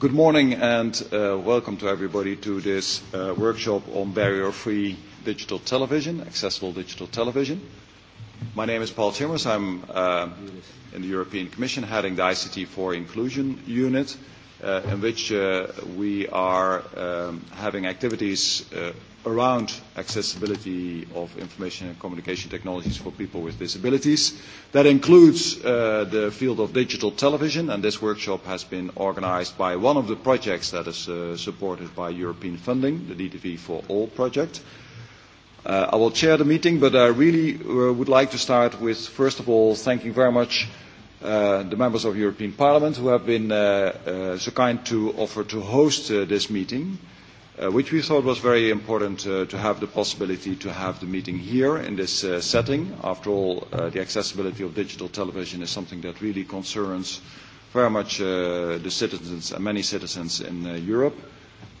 Good morning and welcome to everybody to this workshop on barrier-free digital television, accessible digital television. My name is Paul Timmers. I'm in the European Commission heading the ICT for Inclusion unit in which we are having activities around accessibility of information and communication technologies for people with disabilities. That includes the field of digital television, and this workshop has been organized by one of the projects that is supported by European funding, the DTV for All project. I will chair the meeting, but I really would like to start with, first of all, thanking very much the members of the European Parliament who have been so kind to offer to host this meeting, which we thought was very important to have the possibility to have the meeting here in this setting. After all, the accessibility of digital television is something that really concerns very much the citizens and many citizens in Europe,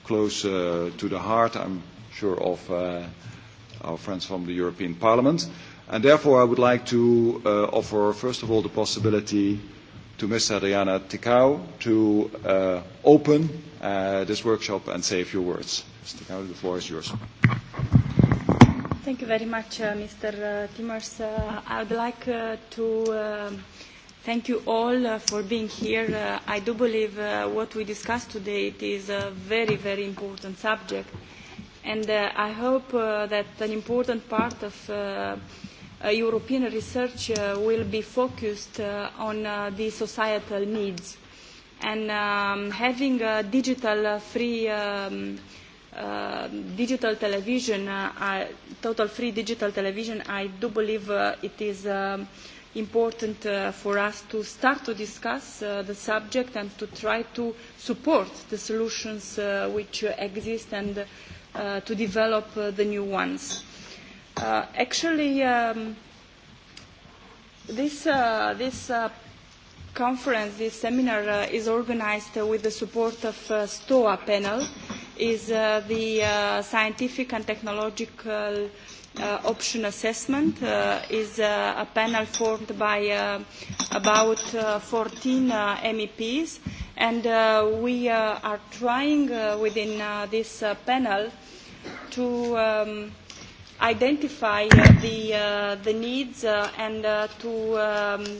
close to the heart, I'm sure, of our friends from the European Parliament. And therefore, I would like to offer, first of all, the possibility to Ms. Adriana Tikau to open this workshop and say a few words. Ms. Ticau, the floor is yours. Thank you very much, Mr. Timmers. I would like to thank you all for being here. I do believe what we discussed today is a very, very important subject. And I hope that an important part of European research will be focused on the societal needs. And having a digital free digital television, total free digital television, I do believe it is important for us to start to discuss the subject and to try to support the solutions which exist and to develop the new ones. Actually, this this conference, this seminar is organized with the support of STOA panel, is the scientific and technological option assessment is a panel formed by about 14 MEPs and we are trying within this panel to identify the needs and to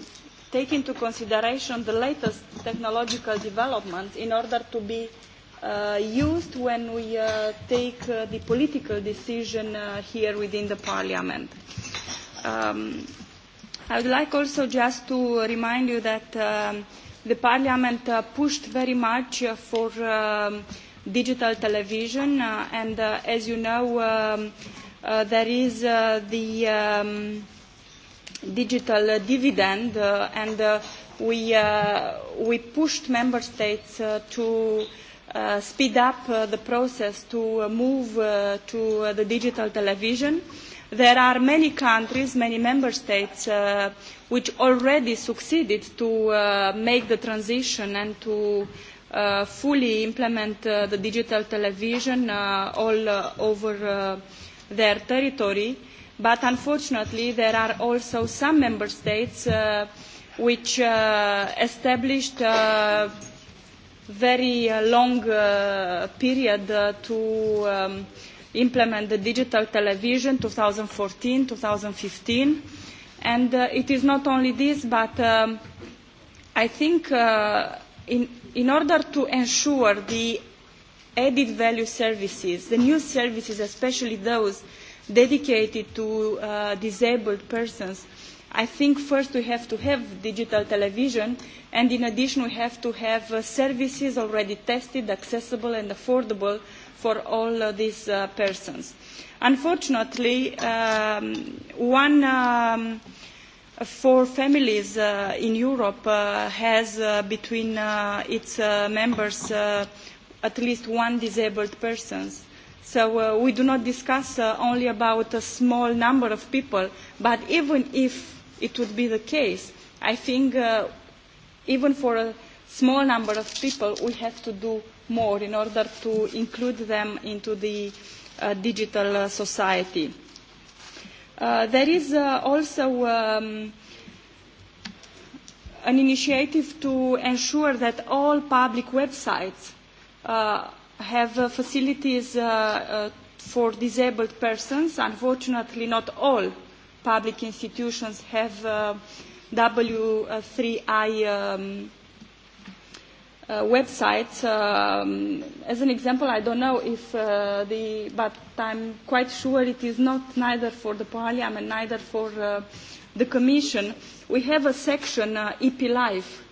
take into consideration the latest technological developments in order to be used when we take the political decision here within the Parliament. I would like also just to remind you that the Parliament pushed very much for digital television and as you know There is the digital dividend and we we pushed member states to speed up the process to move to the digital television. There are many countries, many member states which already succeeded to make the transition and to fully implement the digital television all over their territory but unfortunately there are also some member states which established a very long period to implement the digital television 2014 2015 and it is not only this but i think in order to ensure the added value services, the new services, especially those dedicated to disabled persons. I think first we have to have digital television and in addition we have to have services already tested, accessible and affordable for all these persons. Unfortunately, one for families in Europe has between its members at least one disabled person. So we do not discuss only about a small number of people, but even if it would be the case, I think even for a small number of people we have to do more in order to include them into the digital society. There is also an initiative to ensure that all public websites have facilities for disabled persons. Unfortunately, not all public institutions have W3I websites. As an example, I don't know if the, but I'm quite sure it is not neither for the Parliament, neither for the Commission. We have a section, EP Life,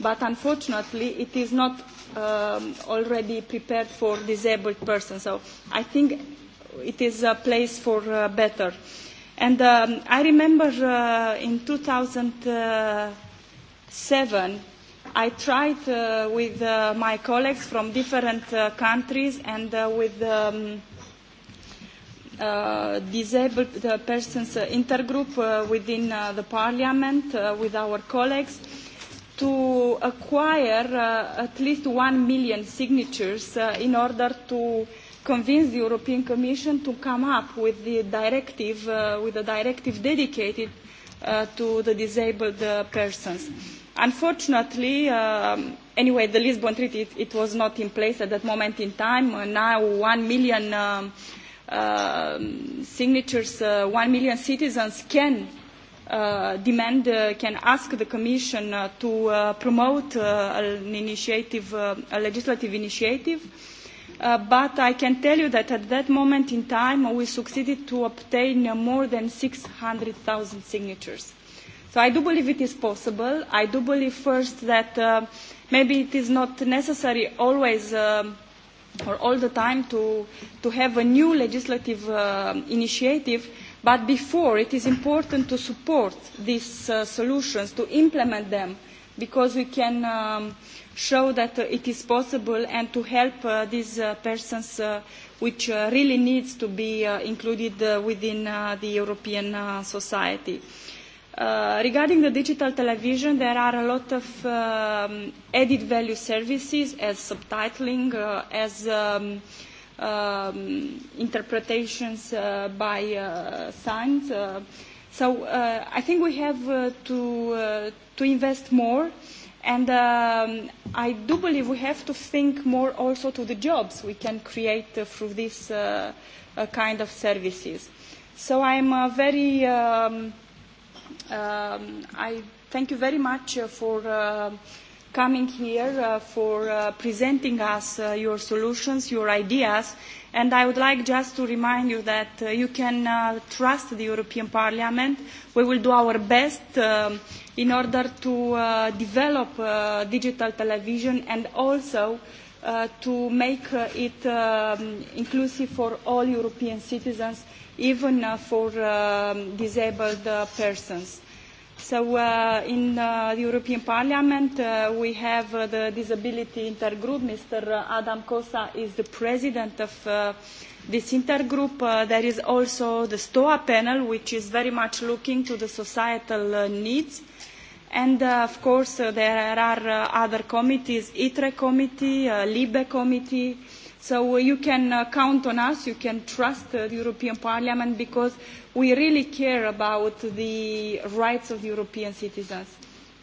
but unfortunately it is not already prepared for disabled persons. So I think it is a place for better. And I remember in 2007 I tried with my colleagues from different countries and with disabled persons intergroup within the parliament with our colleagues to acquire at least one million signatures in order to convince the European Commission to come up with the directive, with a directive dedicated to the disabled persons. Unfortunately, anyway, the Lisbon Treaty it was not in place at that moment in time. Now, one million signatures, one million citizens can demand can ask the Commission to promote an initiative, a legislative initiative. But I can tell you that at that moment in time we succeeded to obtain more than 600,000 signatures. So I do believe it is possible. I do believe first that maybe it is not necessary always or all the time to have a new legislative initiative But before, it is important to support these solutions, to implement them, because we can show that it is possible and to help these persons which really need to be included within the European society. Regarding the digital television, there are a lot of added value services as subtitling, as interpretations by signs. So I think we have to to invest more, and I do believe we have to think more also to the jobs we can create through this kind of services. So I'm very I thank you very much for coming here for presenting us your solutions, your ideas. And I would like just to remind you that you can trust the European Parliament. We will do our best in order to develop digital television and also to make it inclusive for all European citizens, even for disabled persons. So in the European Parliament we have the disability intergroup. Mr. Adam Kosa is the president of this intergroup. There is also the STOA panel which is very much looking to the societal needs. And of course there are other committees, ITRE committee, LIBE committee So you can count on us, you can trust the European Parliament because we really care about the rights of European citizens.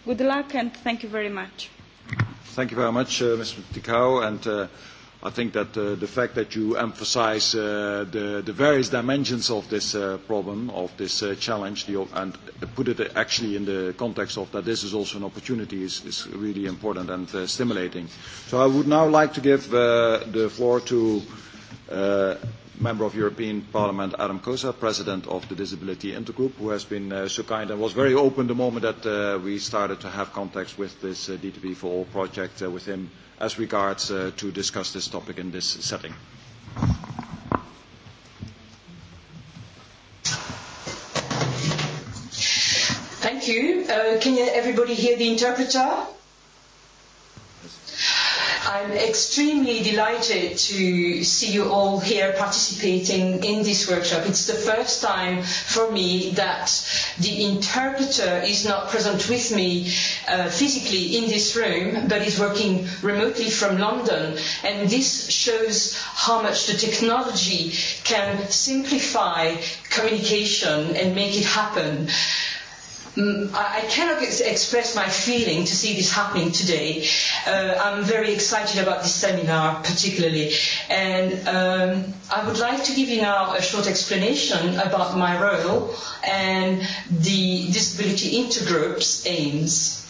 Good luck and thank you very much. Thank you very much, Ms. I think that the fact that you emphasize the various dimensions of this problem, of this challenge, and put it actually in the context of that this is also an opportunity is really important and stimulating. So I would now like to give the floor to Member of European Parliament Adam Kosa, President of the Disability Intergroup, who has been so kind and was very open the moment that we started to have contacts with this DTB for All project with him as regards to discuss this topic in this setting. Thank you. Can everybody hear the interpreter? I'm extremely delighted to see you all here participating in this workshop. It's the first time for me that the interpreter is not present with me physically in this room, but is working remotely from London. And this shows how much the technology can simplify communication and make it happen. I cannot express my feeling to see this happening today. Uh I'm very excited about this seminar particularly and um, I would like to give you now a short explanation about my role and the Disability Intergroup's aims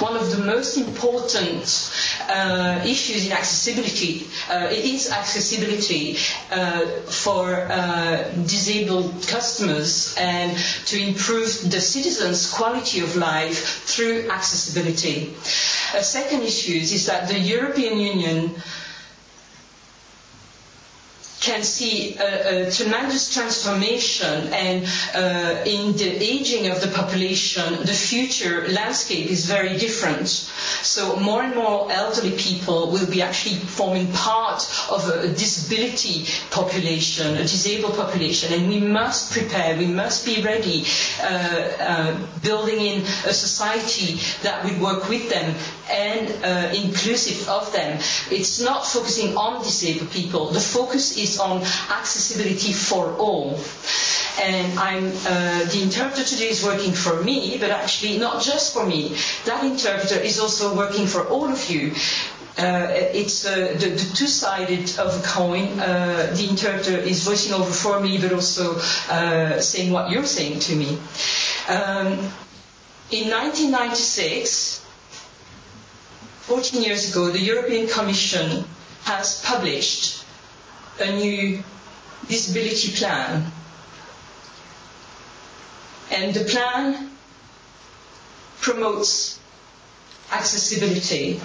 one of the most important uh, issues in accessibility uh, is accessibility uh, for uh, disabled customers and to improve the citizens' quality of life through accessibility. A second issue is that the European Union can see a tremendous transformation and in the aging of the population the future landscape is very different so more and more elderly people will be actually forming part of a disability population a disabled population and we must prepare we must be ready building in a society that would work with them and inclusive of them it's not focusing on disabled people the focus is on accessibility for all. And I'm the interpreter today is working for me, but actually not just for me. That interpreter is also working for all of you. It's the two-sided of a coin. The interpreter is voicing over for me, but also saying what you're saying to me. In 1996, 14 years ago, the European Commission has published a new disability plan. And the plan promotes accessibility.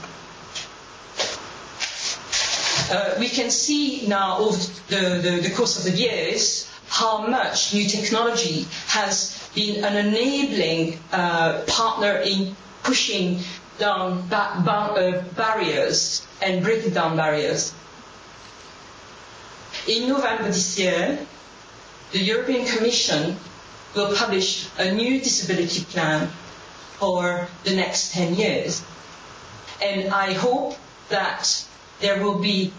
we can see now over the, the, the course of the years how much new technology has been an enabling partner in pushing down barriers and breaking down barriers In November this year, the European Commission will publish a new disability plan for the next 10 years. And I hope that there will be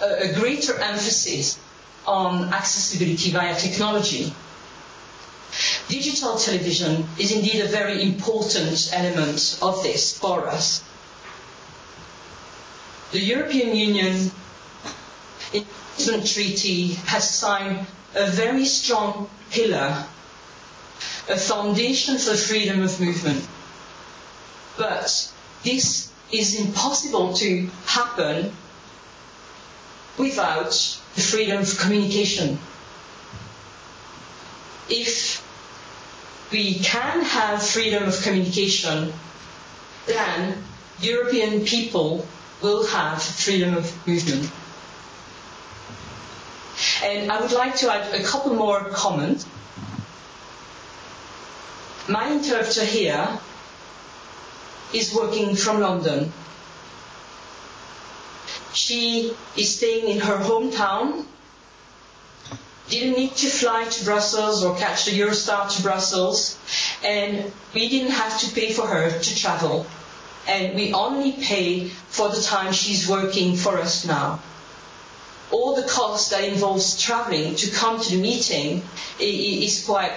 a greater emphasis on accessibility via technology. Digital television is indeed a very important element of this for us. The European Union Lisbon Treaty has signed a very strong pillar, a foundation for freedom of movement. But this is impossible to happen without the freedom of communication. If we can have freedom of communication, then European people will have freedom of movement. And I would like to add a couple more comments. My interpreter here is working from London. She is staying in her hometown, didn't need to fly to Brussels or catch the Eurostar to Brussels, and we didn't have to pay for her to travel. And we only pay for the time she's working for us now all the cost that involves traveling to come to the meeting is quite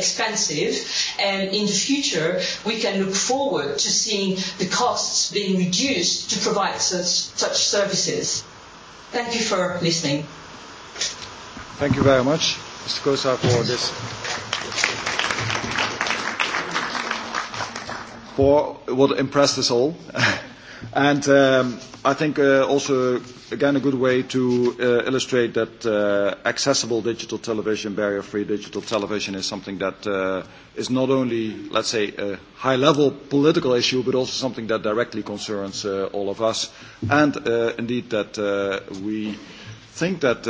expensive. And in the future, we can look forward to seeing the costs being reduced to provide such services. Thank you for listening. Thank you very much, Mr. Kosa, for this. For what impressed us all. And I think also, again, a good way to illustrate that accessible digital television, barrier-free digital television is something that is not only, let's say, a high-level political issue, but also something that directly concerns all of us. And indeed that we think that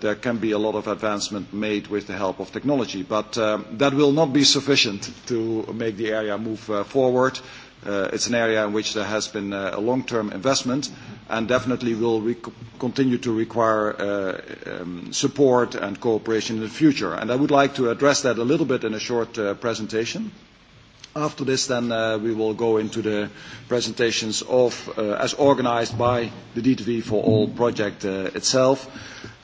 there can be a lot of advancement made with the help of technology, but that will not be sufficient to make the area move forward. It's an area in which there has been a long-term investment and definitely will continue to require support and cooperation in the future. And I would like to address that a little bit in a short presentation. After this, then, we will go into the presentations of, as organized by the DTV for All project itself.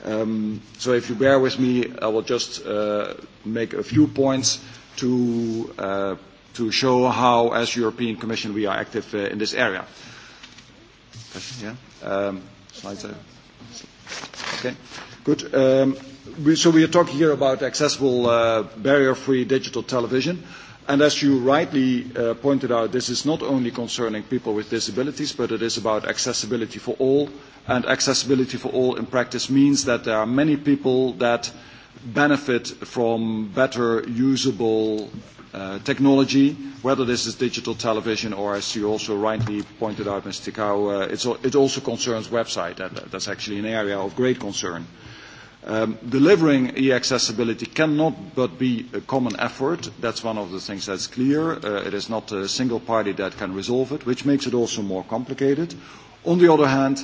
So if you bear with me, I will just make a few points to to show how, as European Commission, we are active in this area. Okay. Good. So we are talking here about accessible, barrier-free digital television. And as you rightly pointed out, this is not only concerning people with disabilities, but it is about accessibility for all. And accessibility for all in practice means that there are many people that benefit from better usable technology, whether this is digital television or, as you also rightly pointed out, Mr. Tikau, it also concerns websites That That's actually an area of great concern. Delivering e-accessibility cannot but be a common effort. That's one of the things that's clear. It is not a single party that can resolve it, which makes it also more complicated. On the other hand,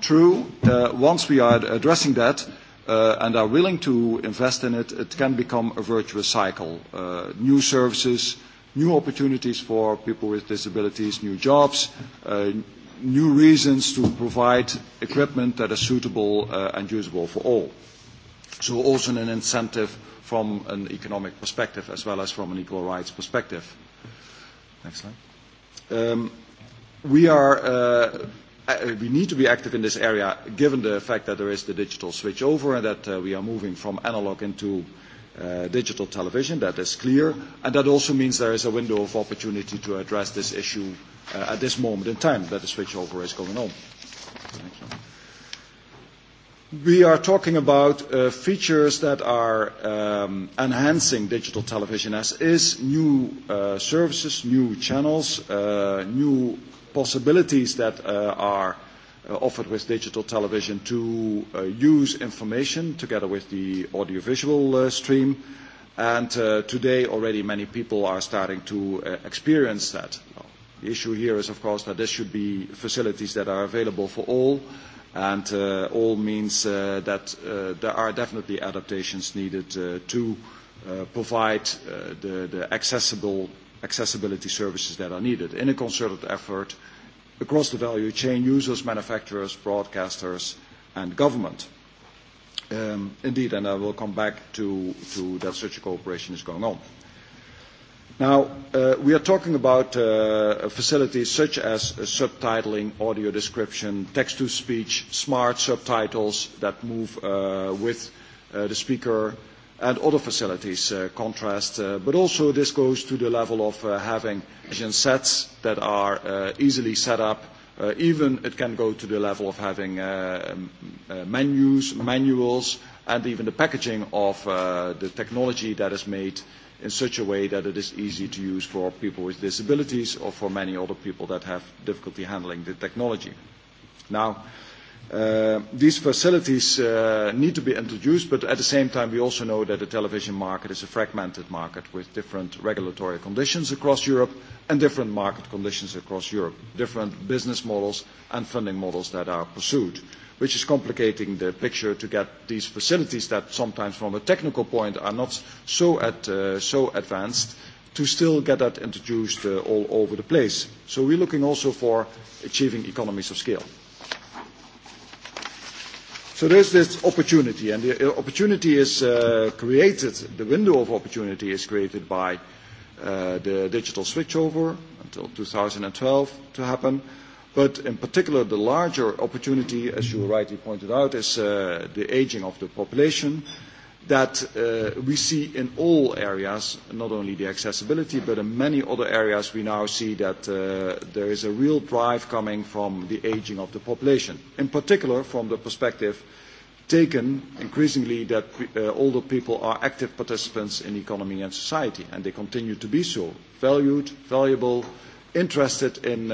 true, once we are addressing that, and are willing to invest in it, it can become a virtuous cycle. New services, new opportunities for people with disabilities, new jobs, new reasons to provide equipment that is suitable and usable for all. So also an incentive from an economic perspective as well as from an equal rights perspective. Next slide. We are we need to be active in this area given the fact that there is the digital switch over and that we are moving from analog into digital television. That is clear. And that also means there is a window of opportunity to address this issue at this moment in time that the switchover is going on. We are talking about features that are enhancing digital television as is, new services, new channels, new possibilities that are offered with digital television to use information together with the audiovisual stream. And today already many people are starting to experience that. The issue here is, of course, that this should be facilities that are available for all, and all means that there are definitely adaptations needed to provide the accessible accessibility services that are needed in a concerted effort across the value chain, users, manufacturers, broadcasters and government. Indeed, and I will come back to that such a cooperation is going on. Now, we are talking about facilities such as subtitling, audio description, text-to-speech, smart subtitles that move with the speaker and other facilities contrast, but also this goes to the level of having sets that are easily set up. Even it can go to the level of having menus, manuals, and even the packaging of the technology that is made in such a way that it is easy to use for people with disabilities or for many other people that have difficulty handling the technology. Now, These facilities need to be introduced, but at the same time we also know that the television market is a fragmented market with different regulatory conditions across Europe and different market conditions across Europe, different business models and funding models that are pursued, which is complicating the picture to get these facilities that sometimes from a technical point are not so advanced to still get that introduced all over the place. So we're looking also for achieving economies of scale. So is this opportunity, and the opportunity is created, the window of opportunity is created by the digital switchover until 2012 to happen. But in particular, the larger opportunity, as you rightly pointed out, is the aging of the population that we see in all areas, not only the accessibility, but in many other areas we now see that there is a real drive coming from the ageing of the population, in particular from the perspective taken increasingly that older people are active participants in economy and society, and they continue to be so, valued, valuable interested in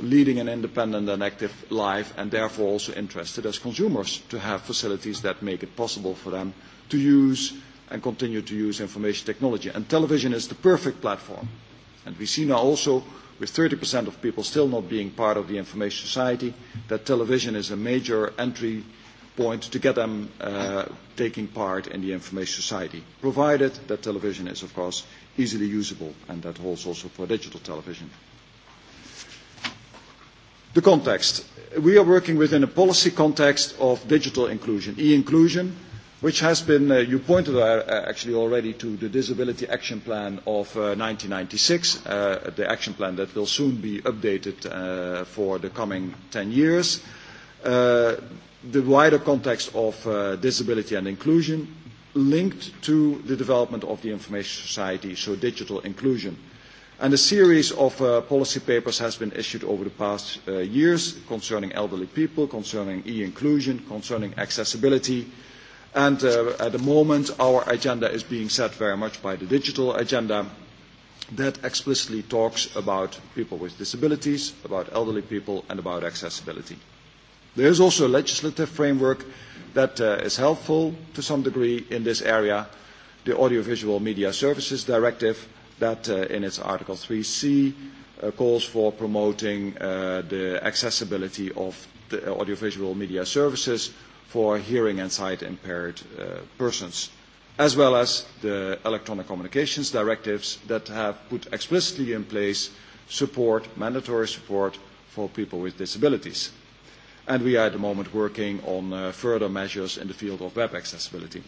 leading an independent and active life and therefore also interested as consumers to have facilities that make it possible for them to use and continue to use information technology. And television is the perfect platform. And we see now also, with 30% of people still not being part of the information society, that television is a major entry point to get them taking part in the information society, provided that television is, of course, easily usable, and that holds also for digital television. The context. We are working within a policy context of digital inclusion, e-inclusion, which has been, you pointed actually already to the Disability Action Plan of 1996, the action plan that will soon be updated for the coming 10 years. The wider context of disability and inclusion, linked to the development of the information society, so digital inclusion. And a series of policy papers has been issued over the past years concerning elderly people, concerning e-inclusion, concerning accessibility. And at the moment, our agenda is being set very much by the digital agenda that explicitly talks about people with disabilities, about elderly people, and about accessibility. There is also a legislative framework that is helpful to some degree in this area. The Audiovisual Media Services Directive that in its Article 3C calls for promoting the accessibility of the audiovisual media services for hearing and sight impaired persons, as well as the electronic communications directives that have put explicitly in place support, mandatory support for people with disabilities and we are at the moment working on further measures in the field of web accessibility.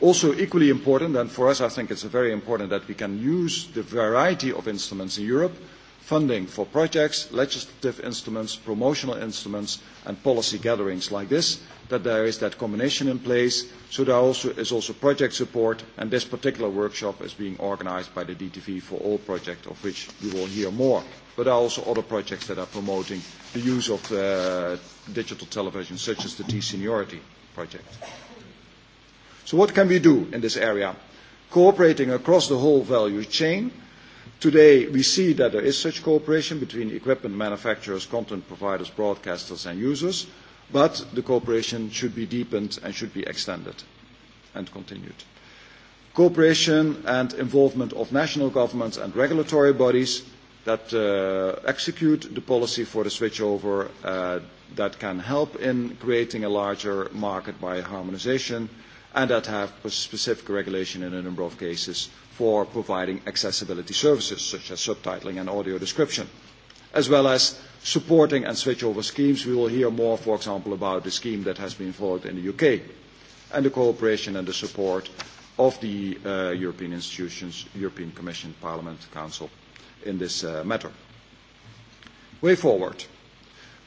Also equally important, and for us I think it's very important that we can use the variety of instruments in Europe, funding for projects, legislative instruments, promotional instruments, and policy gatherings like this, that there is that combination in place, so there also is also project support, and this particular workshop is being organized by the DTV for all projects, of which you will hear more but there are also other projects that are promoting the use of digital television, such as the T-Seniority project. So what can we do in this area? Cooperating across the whole value chain. Today, we see that there is such cooperation between equipment manufacturers, content providers, broadcasters, and users, but the cooperation should be deepened and should be extended and continued. Cooperation and involvement of national governments and regulatory bodies that execute the policy for the switchover that can help in creating a larger market by harmonisation and that have specific regulation in a number of cases for providing accessibility services such as subtitling and audio description, as well as supporting and switchover schemes. We will hear more, for example, about the scheme that has been followed in the UK and the cooperation and the support of the European institutions, European Commission, Parliament, Council in this matter. Way forward.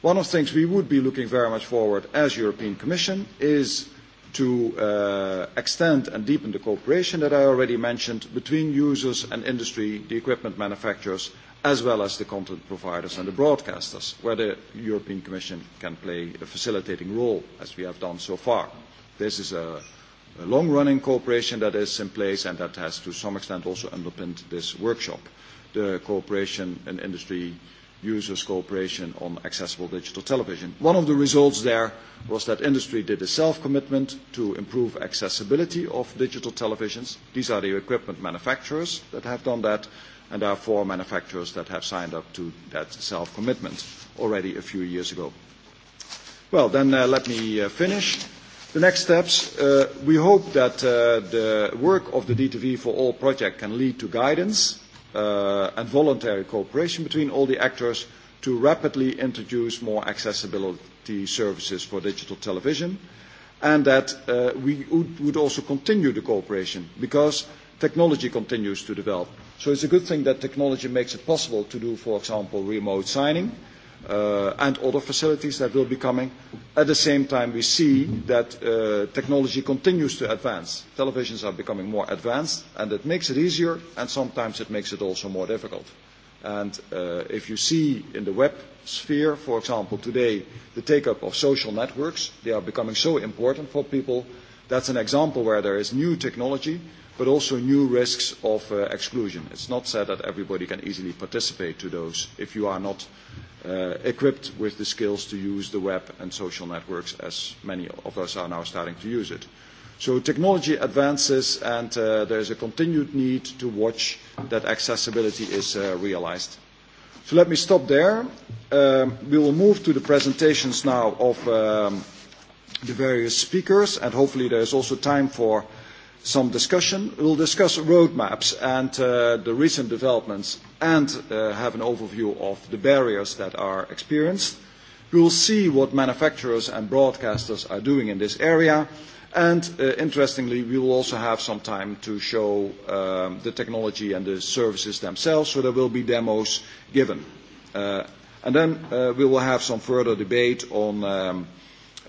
One of the things we would be looking very much forward as European Commission is to extend and deepen the cooperation that I already mentioned between users and industry, the equipment manufacturers, as well as the content providers and the broadcasters, where the European Commission can play a facilitating role, as we have done so far. This is a long-running cooperation that is in place and that has to some extent also underpinned this workshop the cooperation and industry users' cooperation on accessible digital television. One of the results there was that industry did a self-commitment to improve accessibility of digital televisions. These are the equipment manufacturers that have done that, and there are four manufacturers that have signed up to that self-commitment already a few years ago. Well, then let me finish. The next steps, we hope that the work of the DTV for All project can lead to guidance and voluntary cooperation between all the actors to rapidly introduce more accessibility services for digital television, and that we would also continue the cooperation because technology continues to develop. So it's a good thing that technology makes it possible to do, for example, remote signing and other facilities that will be coming. At the same time, we see that technology continues to advance. Televisions are becoming more advanced, and it makes it easier, and sometimes it makes it also more difficult. And if you see in the web sphere, for example, today, the take-up of social networks, they are becoming so important for people. That's an example where there is new technology, but also new risks of exclusion. It's not said that everybody can easily participate to those if you are not equipped with the skills to use the web and social networks as many of us are now starting to use it. So technology advances and there is a continued need to watch that accessibility is realized. So let me stop there. We will move to the presentations now of the various speakers and hopefully there is also time for some discussion. We will discuss roadmaps and the recent developments and have an overview of the barriers that are experienced. We will see what manufacturers and broadcasters are doing in this area. And interestingly, we will also have some time to show the technology and the services themselves, so there will be demos given. And then we will have some further debate on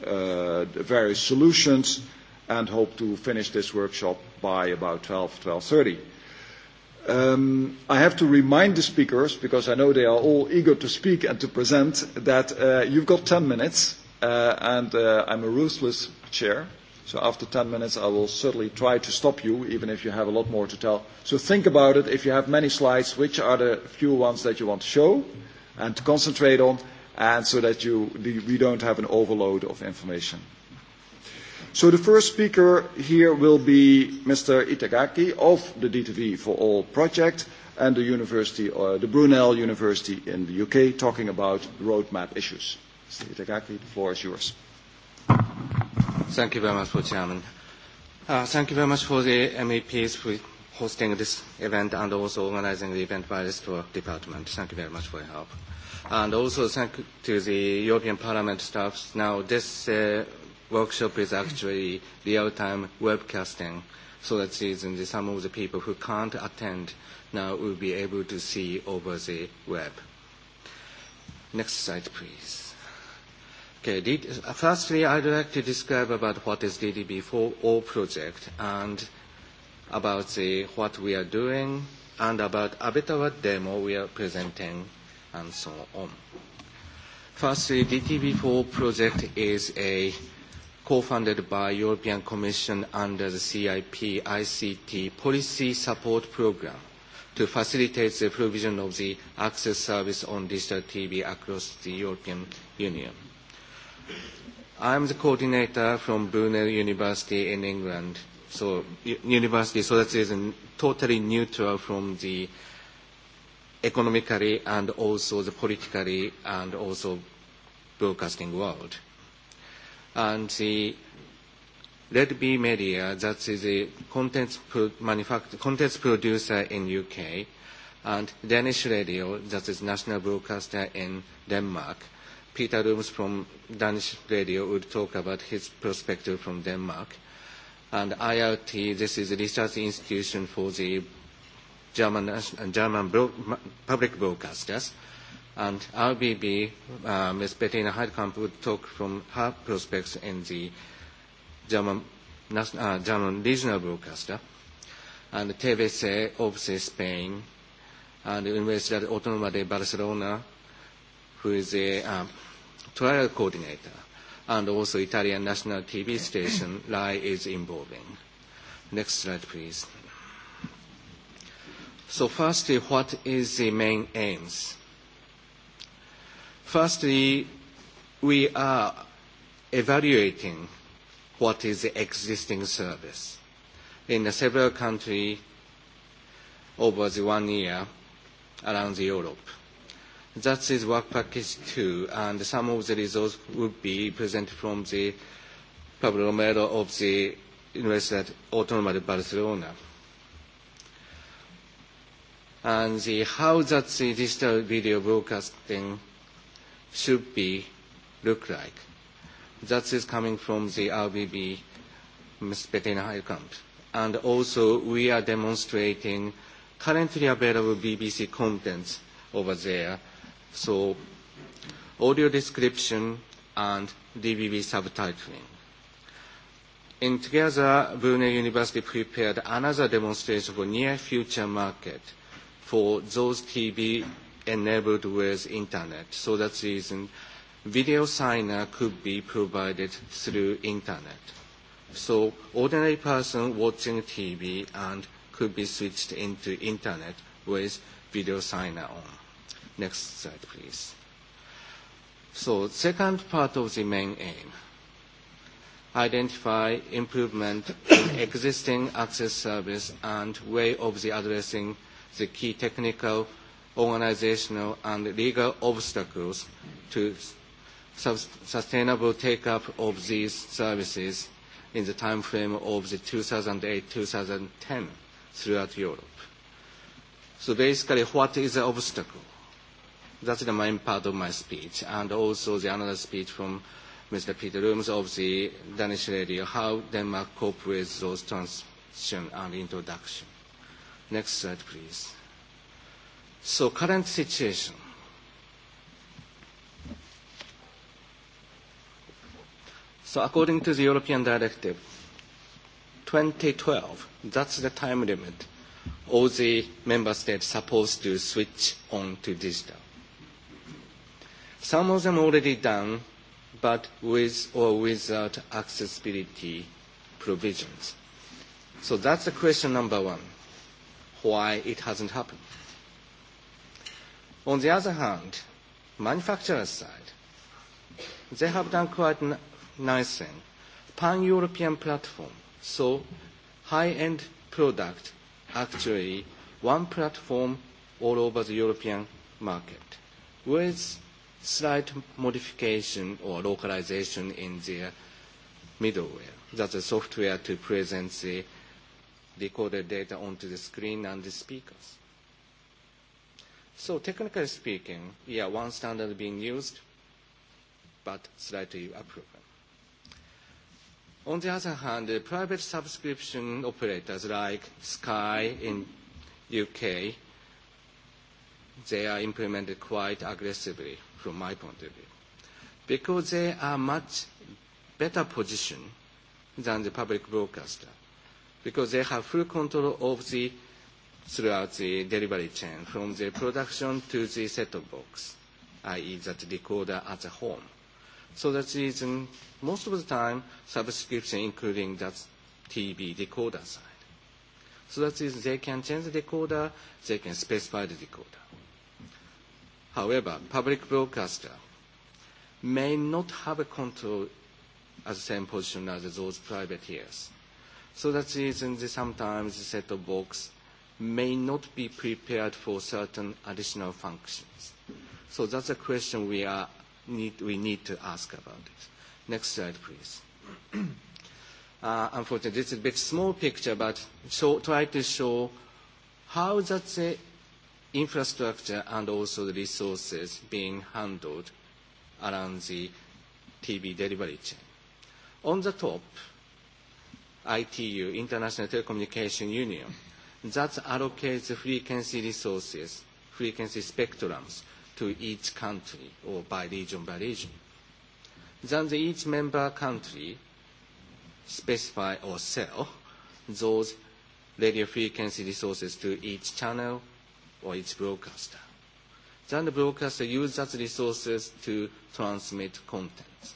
the various solutions and hope to finish this workshop by about 12, 12.30. I have to remind the speakers, because I know they are all eager to speak and to present, that you've got 10 minutes, and I'm a ruthless chair, so after 10 minutes I will certainly try to stop you, even if you have a lot more to tell. So think about it. If you have many slides, which are the few ones that you want to show and to concentrate on, and so that you we don't have an overload of information. So the first speaker here will be Mr. Itagaki of the DTV for All project and the University, the Brunel University in the UK, talking about roadmap issues. Mr. Itagaki, the floor is yours. Thank you very much, Chairman. Thank you very much for the MEPs for hosting this event and also organizing the event by this department. Thank you very much for your help. And also thank you to the European Parliament staff. Now, this workshop is actually real-time webcasting, so that some of the people who can't attend now will be able to see over the web. Next slide, please. Okay, firstly, I'd like to describe about what is ddb 4 all project and about what we are doing and about a bit of a demo we are presenting and so on. Firstly, DTB4 project is a co-funded by European Commission under the CIP ICT Policy Support Programme to facilitate the provision of the access service on digital TV across the European Union. I am the coordinator from Brunel University in England, so university, so that is totally neutral from the economically and also the politically and also broadcasting world and the Red B Media, that is the contents producer in UK, and Danish Radio, that is national broadcaster in Denmark. Peter Rooms from Danish Radio would talk about his perspective from Denmark. And IRT, this is a research institution for the German German public broadcasters and RBB, Ms. Bettina Heidkamp, would talk from her prospects in the German regional broadcaster, and TVC, obviously Spain, and Universidad Autónoma de Barcelona, who is a trial coordinator, and also Italian national TV station, RAI, is involving. Next slide, please. So firstly, what is the main aims? Firstly, we are evaluating what is the existing service. In several countries over the one year around Europe. That is work package two, and some of the results will be presented from the Pablo Romero of the University Autónoma de Barcelona. And how that the digital video broadcasting should be look like. That is coming from the RBB, Ms. Bettina Heilkamp. And also we are demonstrating currently available BBC contents over there. So audio description and DVB subtitling. In together, Brunei University prepared another demonstration for near future market for those TV enabled with internet. So that's the reason video signer could be provided through internet. So ordinary person watching TV and could be switched into internet with video signer on. Next slide, please. So second part of the main aim, identify improvement in existing access service and way of the addressing the key technical organizational and legal obstacles to sustainable take-up of these services in the time frame of the 2008-2010 throughout Europe. So basically, what is the obstacle? That's the main part of my speech, and also the another speech from Mr. Peter Rooms of the Danish radio, how Denmark cope with those transition and introduction. Next slide, please. So current situation. So according to the European Directive 2012, that's the time limit all the member states supposed to switch on to digital. Some of them already done, but with or without accessibility provisions. So that's the question number one, why it hasn't happened. On the other hand, manufacturer side, they have done quite a nice thing. Pan-European platform, so high-end product actually one platform all over the European market with slight modification or localization in the middleware. That's a software to present the recorded data onto the screen and the speakers. So technically speaking, yeah, one standard being used, but slightly approved. On the other hand, the private subscription operators like Sky in UK, they are implemented quite aggressively from my point of view, because they are much better positioned than the public broadcaster, because they have full control of the throughout the delivery chain, from the production to the set-top box, i.e. that decoder at the home. So that is most of the time subscription including that TV decoder side. So that is they can change the decoder, they can specify the decoder. However, public broadcaster may not have a control at the same position as those privateers. So that is sometimes the set-top box may not be prepared for certain additional functions. So that's a question we are need we need to ask about it. Next slide, please. Unfortunately, this is a bit small picture, but try to show how that the infrastructure and also the resources being handled around the TV delivery chain. On the top, ITU, International Telecommunication Union, that allocates frequency resources, frequency spectrums to each country or by region by region. Then each member country specify or sell those radio frequency resources to each channel or each broadcaster. Then the broadcaster uses those resources to transmit content.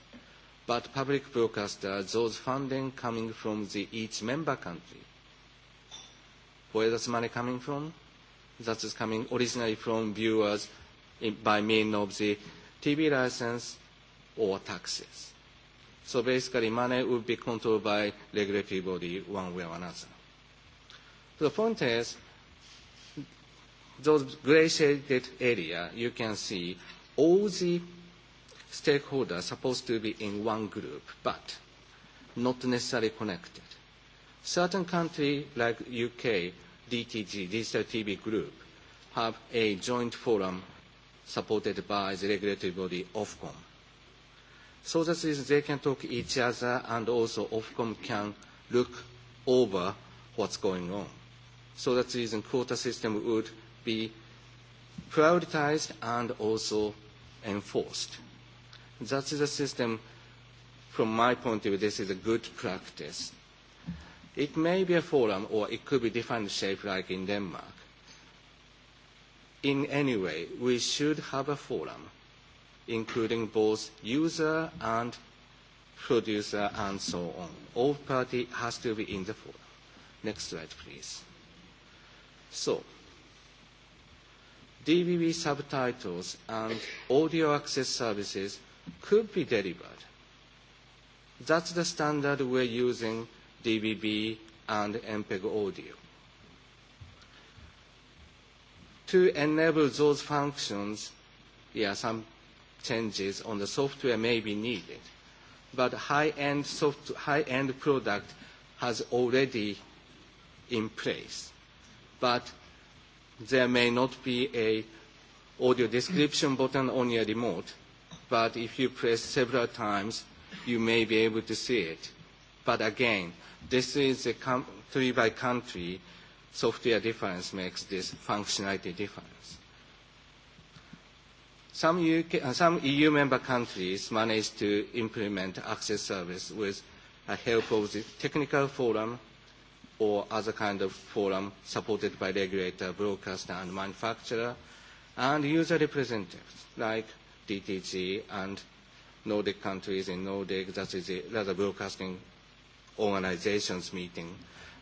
But public broadcaster, those funding coming from the each member country where does money coming from. That is coming originally from viewers by means of the TV license or taxes. So basically money would be controlled by regulatory body one way or another. The point is, those gray shaded area, you can see all the stakeholders supposed to be in one group, but not necessarily connected. Certain countries like UK, DTG, Digital TV Group, have a joint forum supported by the regulatory body Ofcom. So that is they can talk to each other and also Ofcom can look over what's going on. So that the quota system would be prioritized and also enforced. That is a system, from my point of view, this is a good practice It may be a forum or it could be defined shape like in Denmark. In any way, we should have a forum including both user and producer and so on. All party has to be in the forum. Next slide, please. So, DVB subtitles and audio access services could be delivered. That's the standard we're using DVB, and MPEG audio. To enable those functions, yeah, some changes on the software may be needed, but high-end high-end product has already in place, but there may not be a audio description button on your remote, but if you press several times, you may be able to see it But again, this is a country by country software difference makes this functionality difference. Some EU member countries managed to implement access service with the help of the technical forum or other kind of forum supported by regulator, broadcaster and manufacturer and user representatives like DTG and Nordic countries in Nordic, that is the broadcasting organizations meeting,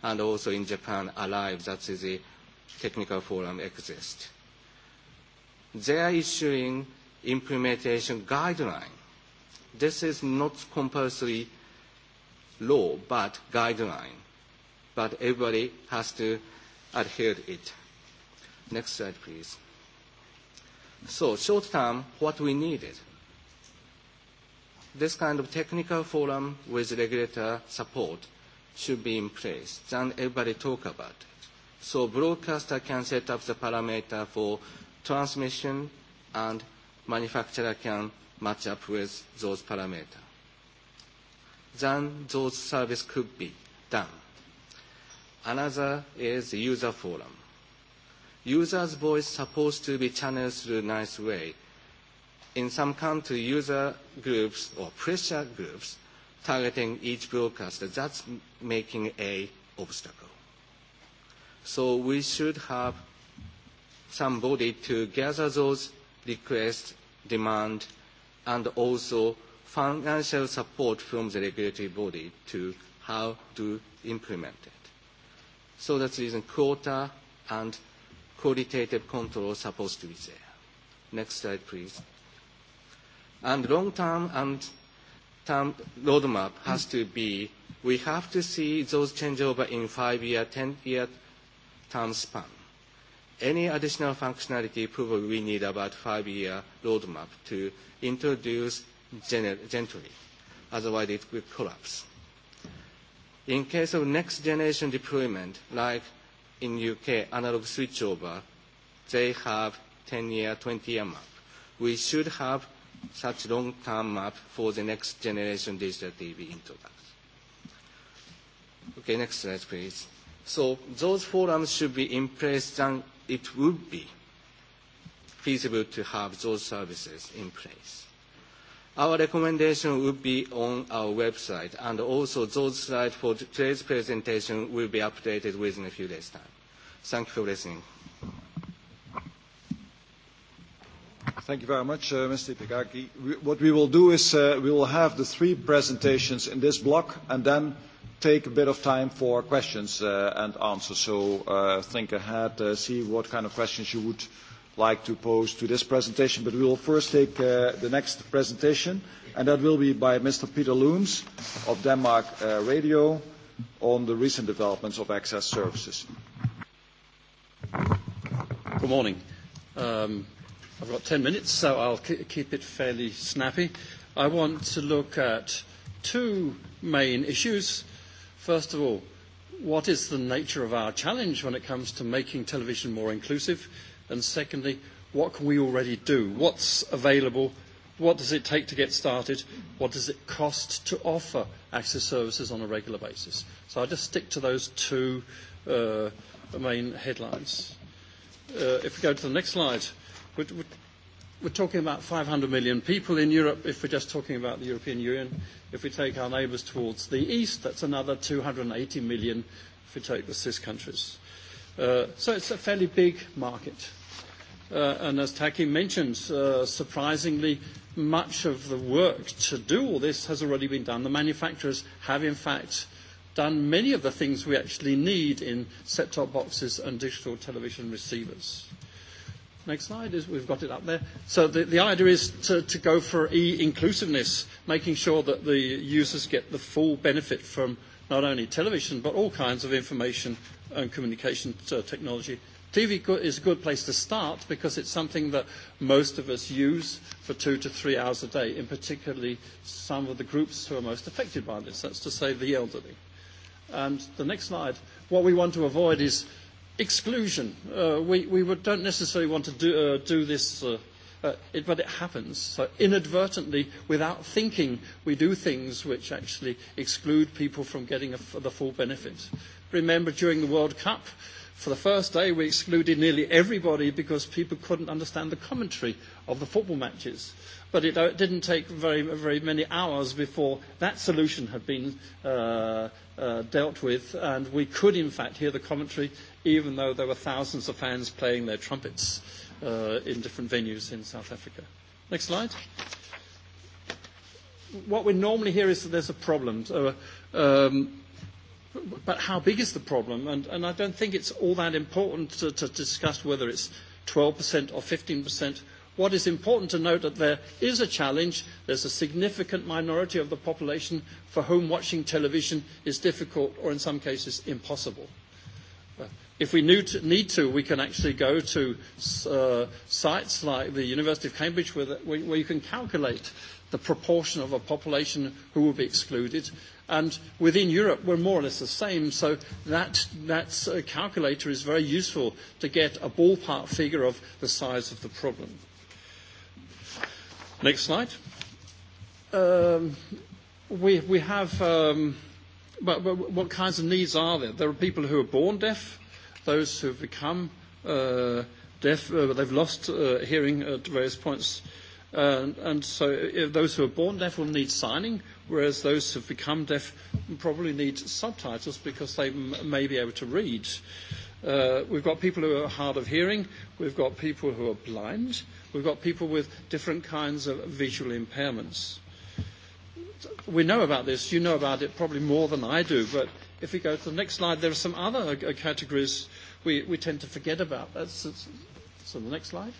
and also in Japan, ALIVE, that is the technical forum exists. They are issuing implementation guideline. This is not compulsory law, but guideline. But everybody has to adhere to it. Next slide, please. So short term, what we needed this kind of technical forum with regulator support should be in place. Then everybody talk about it. So broadcaster can set up the parameter for transmission and manufacturer can match up with those parameters. Then those service could be done. Another is the user forum. Users' voice supposed to be channeled through a nice way in some country user groups or pressure groups targeting each broadcaster. That's making a obstacle. So we should have somebody to gather those requests, demand, and also financial support from the regulatory body to how to implement it. So that's the reason quota and qualitative control are supposed to be there. Next slide, please. And long-term and term roadmap has to be we have to see those changeover in five-year, ten-year time span. Any additional functionality approval we need about five-year roadmap to introduce gently. Otherwise, it will collapse. In case of next-generation deployment, like in UK, analog switchover, they have 10-year, 20-year map. We should have such long-term map for the next generation digital TV introduction. Okay, next slide, please. So those forums should be in place, and it would be feasible to have those services in place. Our recommendation would be on our website, and also those slides for today's presentation will be updated within a few days' time. Thank you for listening. Thank you very much, Mr. Itagaki. What we will do is we will have the three presentations in this block and then take a bit of time for questions and answers. So think ahead, see what kind of questions you would like to pose to this presentation. But we will first take the next presentation, and that will be by Mr. Peter Looms of Denmark Radio on the recent developments of access services. Good morning. I've got 10 minutes, so I'll keep it fairly snappy. I want to look at two main issues. First of all, what is the nature of our challenge when it comes to making television more inclusive? And secondly, what can we already do? What's available? What does it take to get started? What does it cost to offer access services on a regular basis? So I'll just stick to those two main headlines. If we go to the next slide We're talking about 500 million people in Europe if we're just talking about the European Union. If we take our neighbours towards the east, that's another 280 million if we take the CIS countries. So it's a fairly big market. And as Taki mentioned, surprisingly, much of the work to do all this has already been done. The manufacturers have, in fact, done many of the things we actually need in set-top boxes and digital television receivers. Next slide is we've got it up there. So the, the idea is to, to go for e-inclusiveness, making sure that the users get the full benefit from not only television but all kinds of information and communication technology. TV is a good place to start because it's something that most of us use for two to three hours a day, in particularly some of the groups who are most affected by this. That's to say the elderly. And the next slide. What we want to avoid is exclusion. We we don't necessarily want to do this, but it happens. So inadvertently, without thinking, we do things which actually exclude people from getting the full benefit. Remember, during the World Cup, for the first day, we excluded nearly everybody because people couldn't understand the commentary of the football matches. But it didn't take very very many hours before that solution had been dealt with, and we could, in fact, hear the commentary even though there were thousands of fans playing their trumpets uh in different venues in South Africa. Next slide. What we normally hear is that there's a problem. But how big is the problem? And and I don't think it's all that important to discuss whether it's 12% or 15%. What is important to note that there is a challenge. There's a significant minority of the population for whom watching television is difficult or in some cases impossible. If we need to, we can actually go to sites like the University of Cambridge where you can calculate the proportion of a population who will be excluded. And within Europe, we're more or less the same, so that calculator is very useful to get a ballpark figure of the size of the problem. Next slide. We have what kinds of needs are there? There are people who are born deaf those who have become deaf, they've lost hearing at various points. And so those who are born deaf will need signing, whereas those who have become deaf probably need subtitles because they may be able to read. We've got people who are hard of hearing. We've got people who are blind. We've got people with different kinds of visual impairments. We know about this. You know about it probably more than I do. But if we go to the next slide, there are some other categories we, we tend to forget about. that. so the next slide.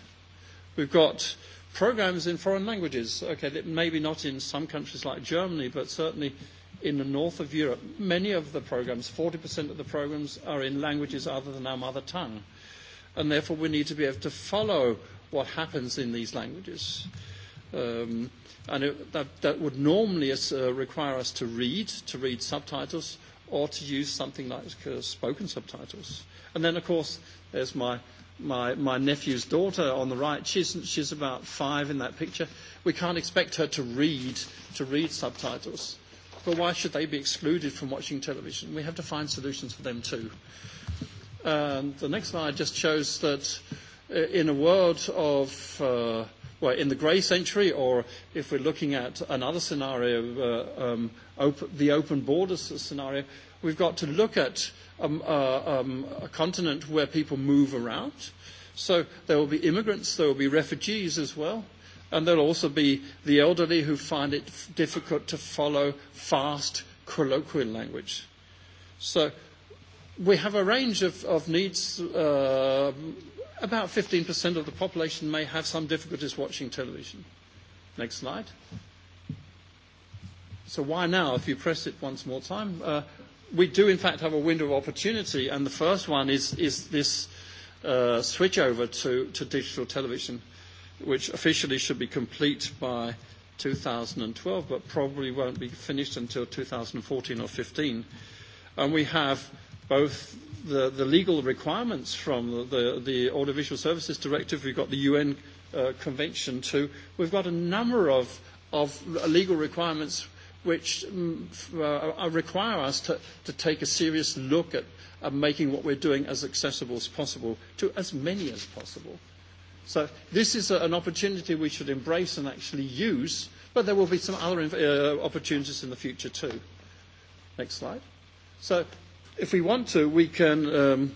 We've got programs in foreign languages. Okay, maybe not in some countries like Germany, but certainly in the north of Europe. Many of the programs, 40% of the programs, are in languages other than our mother tongue. And therefore, we need to be able to follow what happens in these languages. Um, and it, that, that would normally uh, require us to read, to read subtitles, or to use something like spoken subtitles. And then, of course, there's my my my nephew's daughter on the right. She's she's about five in that picture. We can't expect her to read to read subtitles. But why should they be excluded from watching television? We have to find solutions for them too. And the next slide just shows that in a world of well, in the grey century, or if we're looking at another scenario, the open borders scenario, we've got to look at a continent where people move around. So there will be immigrants, there will be refugees as well, and there will also be the elderly who find it difficult to follow fast colloquial language. So we have a range of needs. About 15% of the population may have some difficulties watching television. Next slide. So why now? If you press it once more time, we do in fact have a window of opportunity, and the first one is this switch over to digital television, which officially should be complete by 2012, but probably won't be finished until 2014 or 15. And we have both the legal requirements from the Audiovisual Services Directive, we've got the UN Convention too, we've got a number of legal requirements which require us to take a serious look at making what we're doing as accessible as possible to as many as possible. So this is an opportunity we should embrace and actually use, but there will be some other opportunities in the future too. Next slide. So if we want to, we can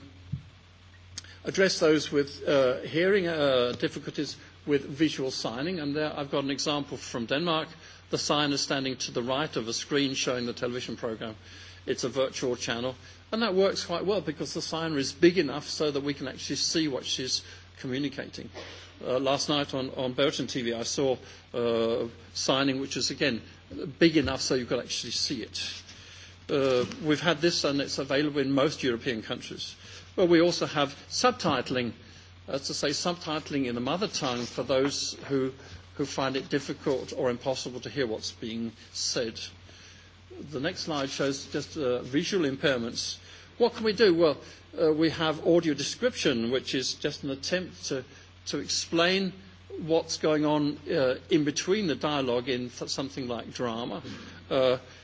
address those with hearing difficulties with visual signing, and there I've got an example from Denmark The sign is standing to the right of a screen showing the television program. It's a virtual channel. And that works quite well because the sign is big enough so that we can actually see what she's communicating. Last night on on Burton TV I saw signing which is again big enough so you could actually see it. We've had this and it's available in most European countries. But we also have subtitling, that's to say subtitling in the mother tongue for those who who find it difficult or impossible to hear what's being said. The next slide shows just visual impairments. What can we do? Well, we have audio description, which is just an attempt to to explain what's going on in between the dialogue in something like drama.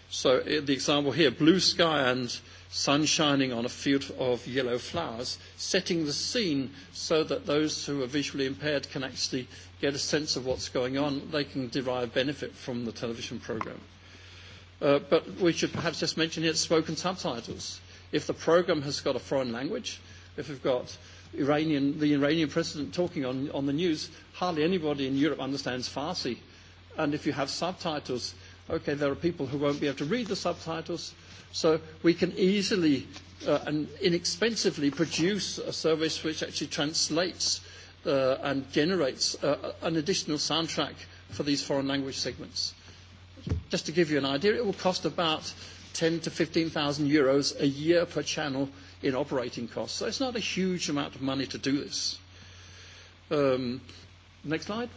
So the example here, blue sky and sun shining on a field of yellow flowers, setting the scene so that those who are visually impaired can actually get a sense of what's going on. They can derive benefit from the television program. But we should perhaps just mention here spoken subtitles. If the program has got a foreign language, if we've got Iranian, the Iranian president talking on, on the news, hardly anybody in Europe understands Farsi. And if you have subtitles, okay, there are people who won't be able to read the subtitles, so we can easily and inexpensively produce a service which actually translates and generates an additional soundtrack for these foreign language segments. Just to give you an idea, it will cost about 10 to 15,000 euros a year per channel in operating costs. So it's not a huge amount of money to do this. Next slide.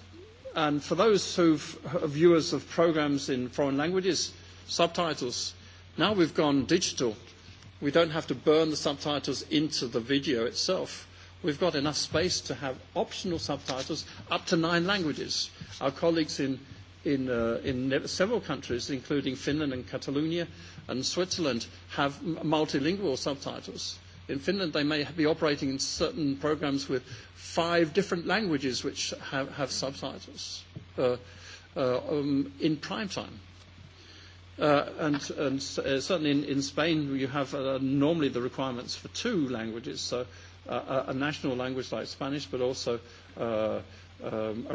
And for those who are viewers of programs in foreign languages, subtitles. Now we've gone digital. We don't have to burn the subtitles into the video itself. We've got enough space to have optional subtitles up to nine languages. Our colleagues in in several countries, including Finland and Catalonia and Switzerland, have multilingual subtitles. In Finland, they may be operating in certain programs with five different languages which have subtitles in prime time. And certainly in Spain, you have normally the requirements for two languages, so a national language like Spanish, but also a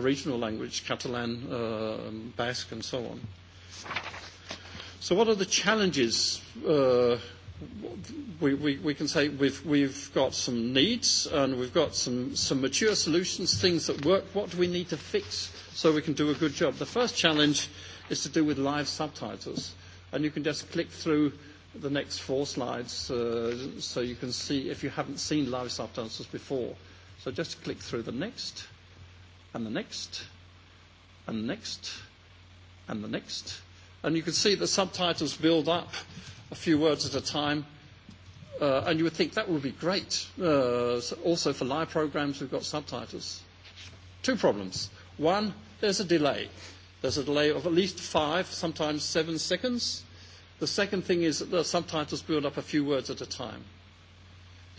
regional language, Catalan, Basque, and so on. So what are the challenges we, can say we've, got some needs and we've got some, some mature solutions, things that work. What do we need to fix so we can do a good job? The first challenge is to do with live subtitles. And you can just click through the next four slides so you can see if you haven't seen live subtitles before. So just click through the next and the next and the next and the next. And you can see the subtitles build up a few words at a time. And you would think that would be great. Also for live programs, we've got subtitles. Two problems. One, there's a delay. There's a delay of at least five, sometimes seven seconds. The second thing is that the subtitles build up a few words at a time.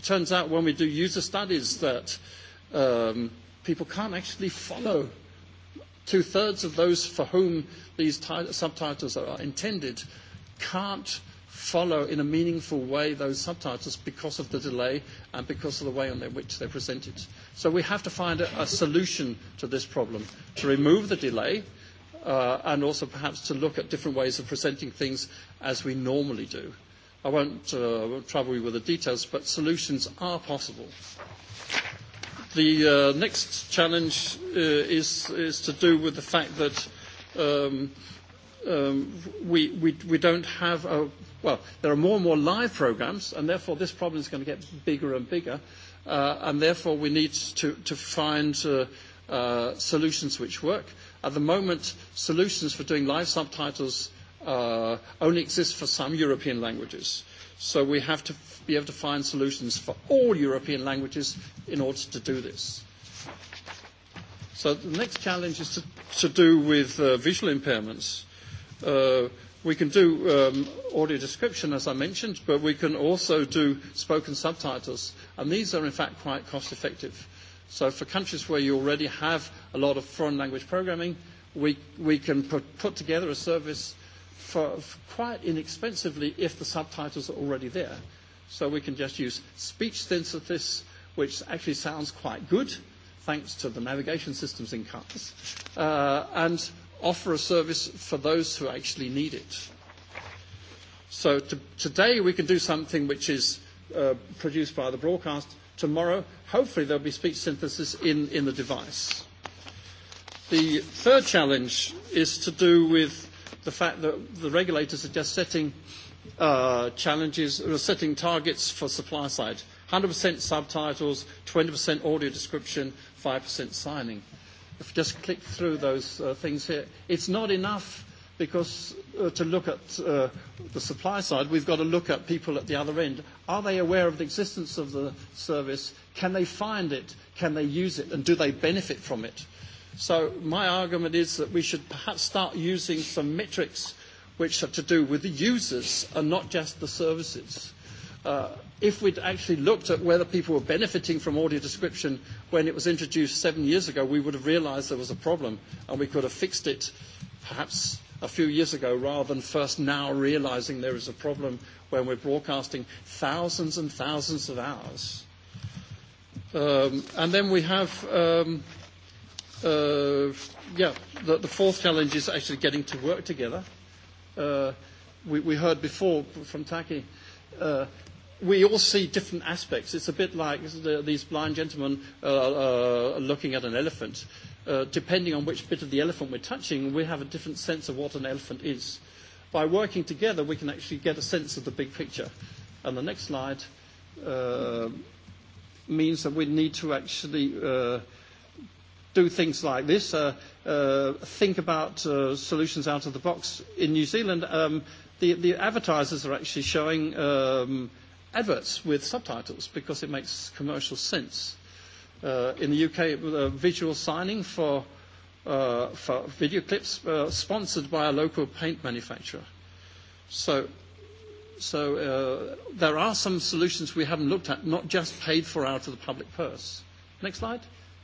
It turns out when we do user studies that people can't actually follow two-thirds of those for whom these subtitles are intended can't follow in a meaningful way those subtitles because of the delay and because of the way in which they're presented. So we have to find a solution to this problem, to remove the delay and also perhaps to look at different ways of presenting things as we normally do. I won't trouble you with the details, but solutions are possible. The next challenge is to do with the fact that we don't have a well, there are more and more live programs, and therefore this problem is going to get bigger and bigger, and therefore we need to find solutions which work. At the moment, solutions for doing live subtitles only exist for some European languages. So we have to be able to find solutions for all European languages in order to do this. So the next challenge is to do with visual impairments. We can do audio description, as I mentioned, but we can also do spoken subtitles, and these are in fact quite cost-effective. So for countries where you already have a lot of foreign language programming, we we can put together a service for quite inexpensively if the subtitles are already there. So we can just use speech synthesis, which actually sounds quite good, thanks to the navigation systems in cars, and offer a service for those who actually need it. So today we can do something which is produced by the broadcast. Tomorrow, hopefully, there will be speech synthesis in in the device. The third challenge is to do with the fact that the regulators are just setting challenges, or setting targets for supply side. 100% subtitles, 20% audio description, 5% signing. If you just click through those things here, it's not enough because to look at the supply side, we've got to look at people at the other end. Are they aware of the existence of the service? Can they find it? Can they use it? And do they benefit from it? So my argument is that we should perhaps start using some metrics which are to do with the users and not just the services if we'd actually looked at whether people were benefiting from audio description when it was introduced seven years ago, we would have realized there was a problem, and we could have fixed it perhaps a few years ago rather than first now realizing there is a problem when we're broadcasting thousands and thousands of hours. Um And then we have, um uh yeah, the the fourth challenge is actually getting to work together. Uh We we heard before from Taki we all see different aspects. It's a bit like these blind gentlemen looking at an elephant. Depending on which bit of the elephant we're touching, we have a different sense of what an elephant is. By working together, we can actually get a sense of the big picture. And the next slide means that we need to actually do things like this, think about solutions out of the box. In New Zealand, the advertisers are actually showing adverts with subtitles because it makes commercial sense. In the UK, visual signing for for video clips sponsored by a local paint manufacturer. So so there are some solutions we haven't looked at, not just paid for out of the public purse. Next slide.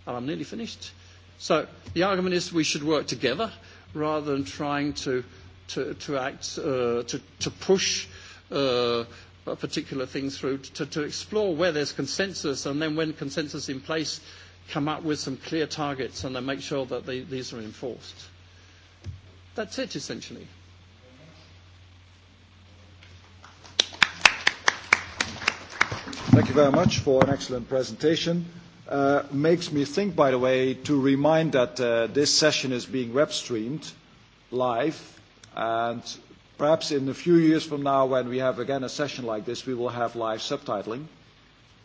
I'm nearly finished. So the argument is we should work together rather than trying to to to act, to push particular things through to explore where there's consensus and then when consensus is in place come up with some clear targets and then make sure that these are enforced. That's it essentially. Thank you very much for an excellent presentation. Makes me think, by the way, to remind that this session is being web streamed live and Perhaps in a few years from now, when we have again a session like this, we will have live subtitling,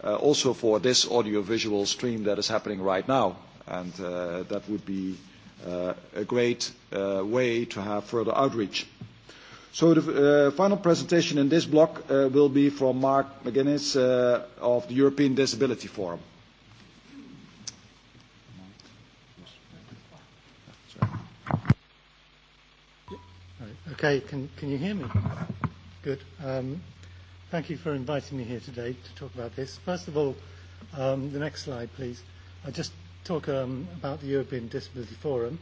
also for this audiovisual stream that is happening right now. And that would be a great way to have further outreach. So the final presentation in this block will be from Mark McGuinness of the European Disability Forum. Okay, can can you hear me? Good. Um, thank you for inviting me here today to talk about this. First of all, um, the next slide, please. I just talk um, about the European Disability Forum.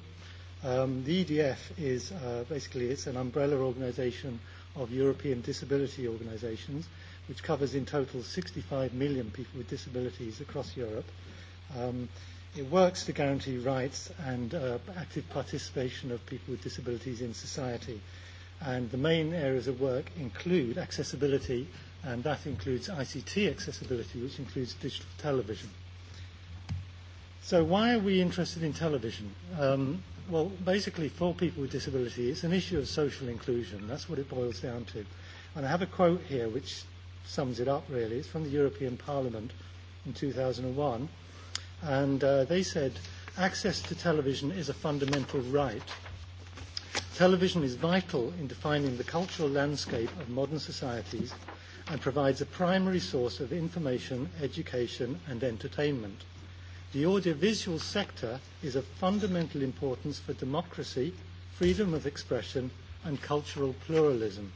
Um, the EDF is uh, basically it's an umbrella organization of European disability organizations, which covers in total 65 million people with disabilities across Europe. Um, It works to guarantee rights and active participation of people with disabilities in society. And the main areas of work include accessibility, and that includes ICT accessibility, which includes digital television. So why are we interested in television? Um, well, basically, for people with disability, it's an issue of social inclusion. That's what it boils down to. And I have a quote here which sums it up, really. It's from the European Parliament in 2001 and they said access to television is a fundamental right. Television is vital in defining the cultural landscape of modern societies and provides a primary source of information, education and entertainment. The audiovisual sector is of fundamental importance for democracy, freedom of expression and cultural pluralism.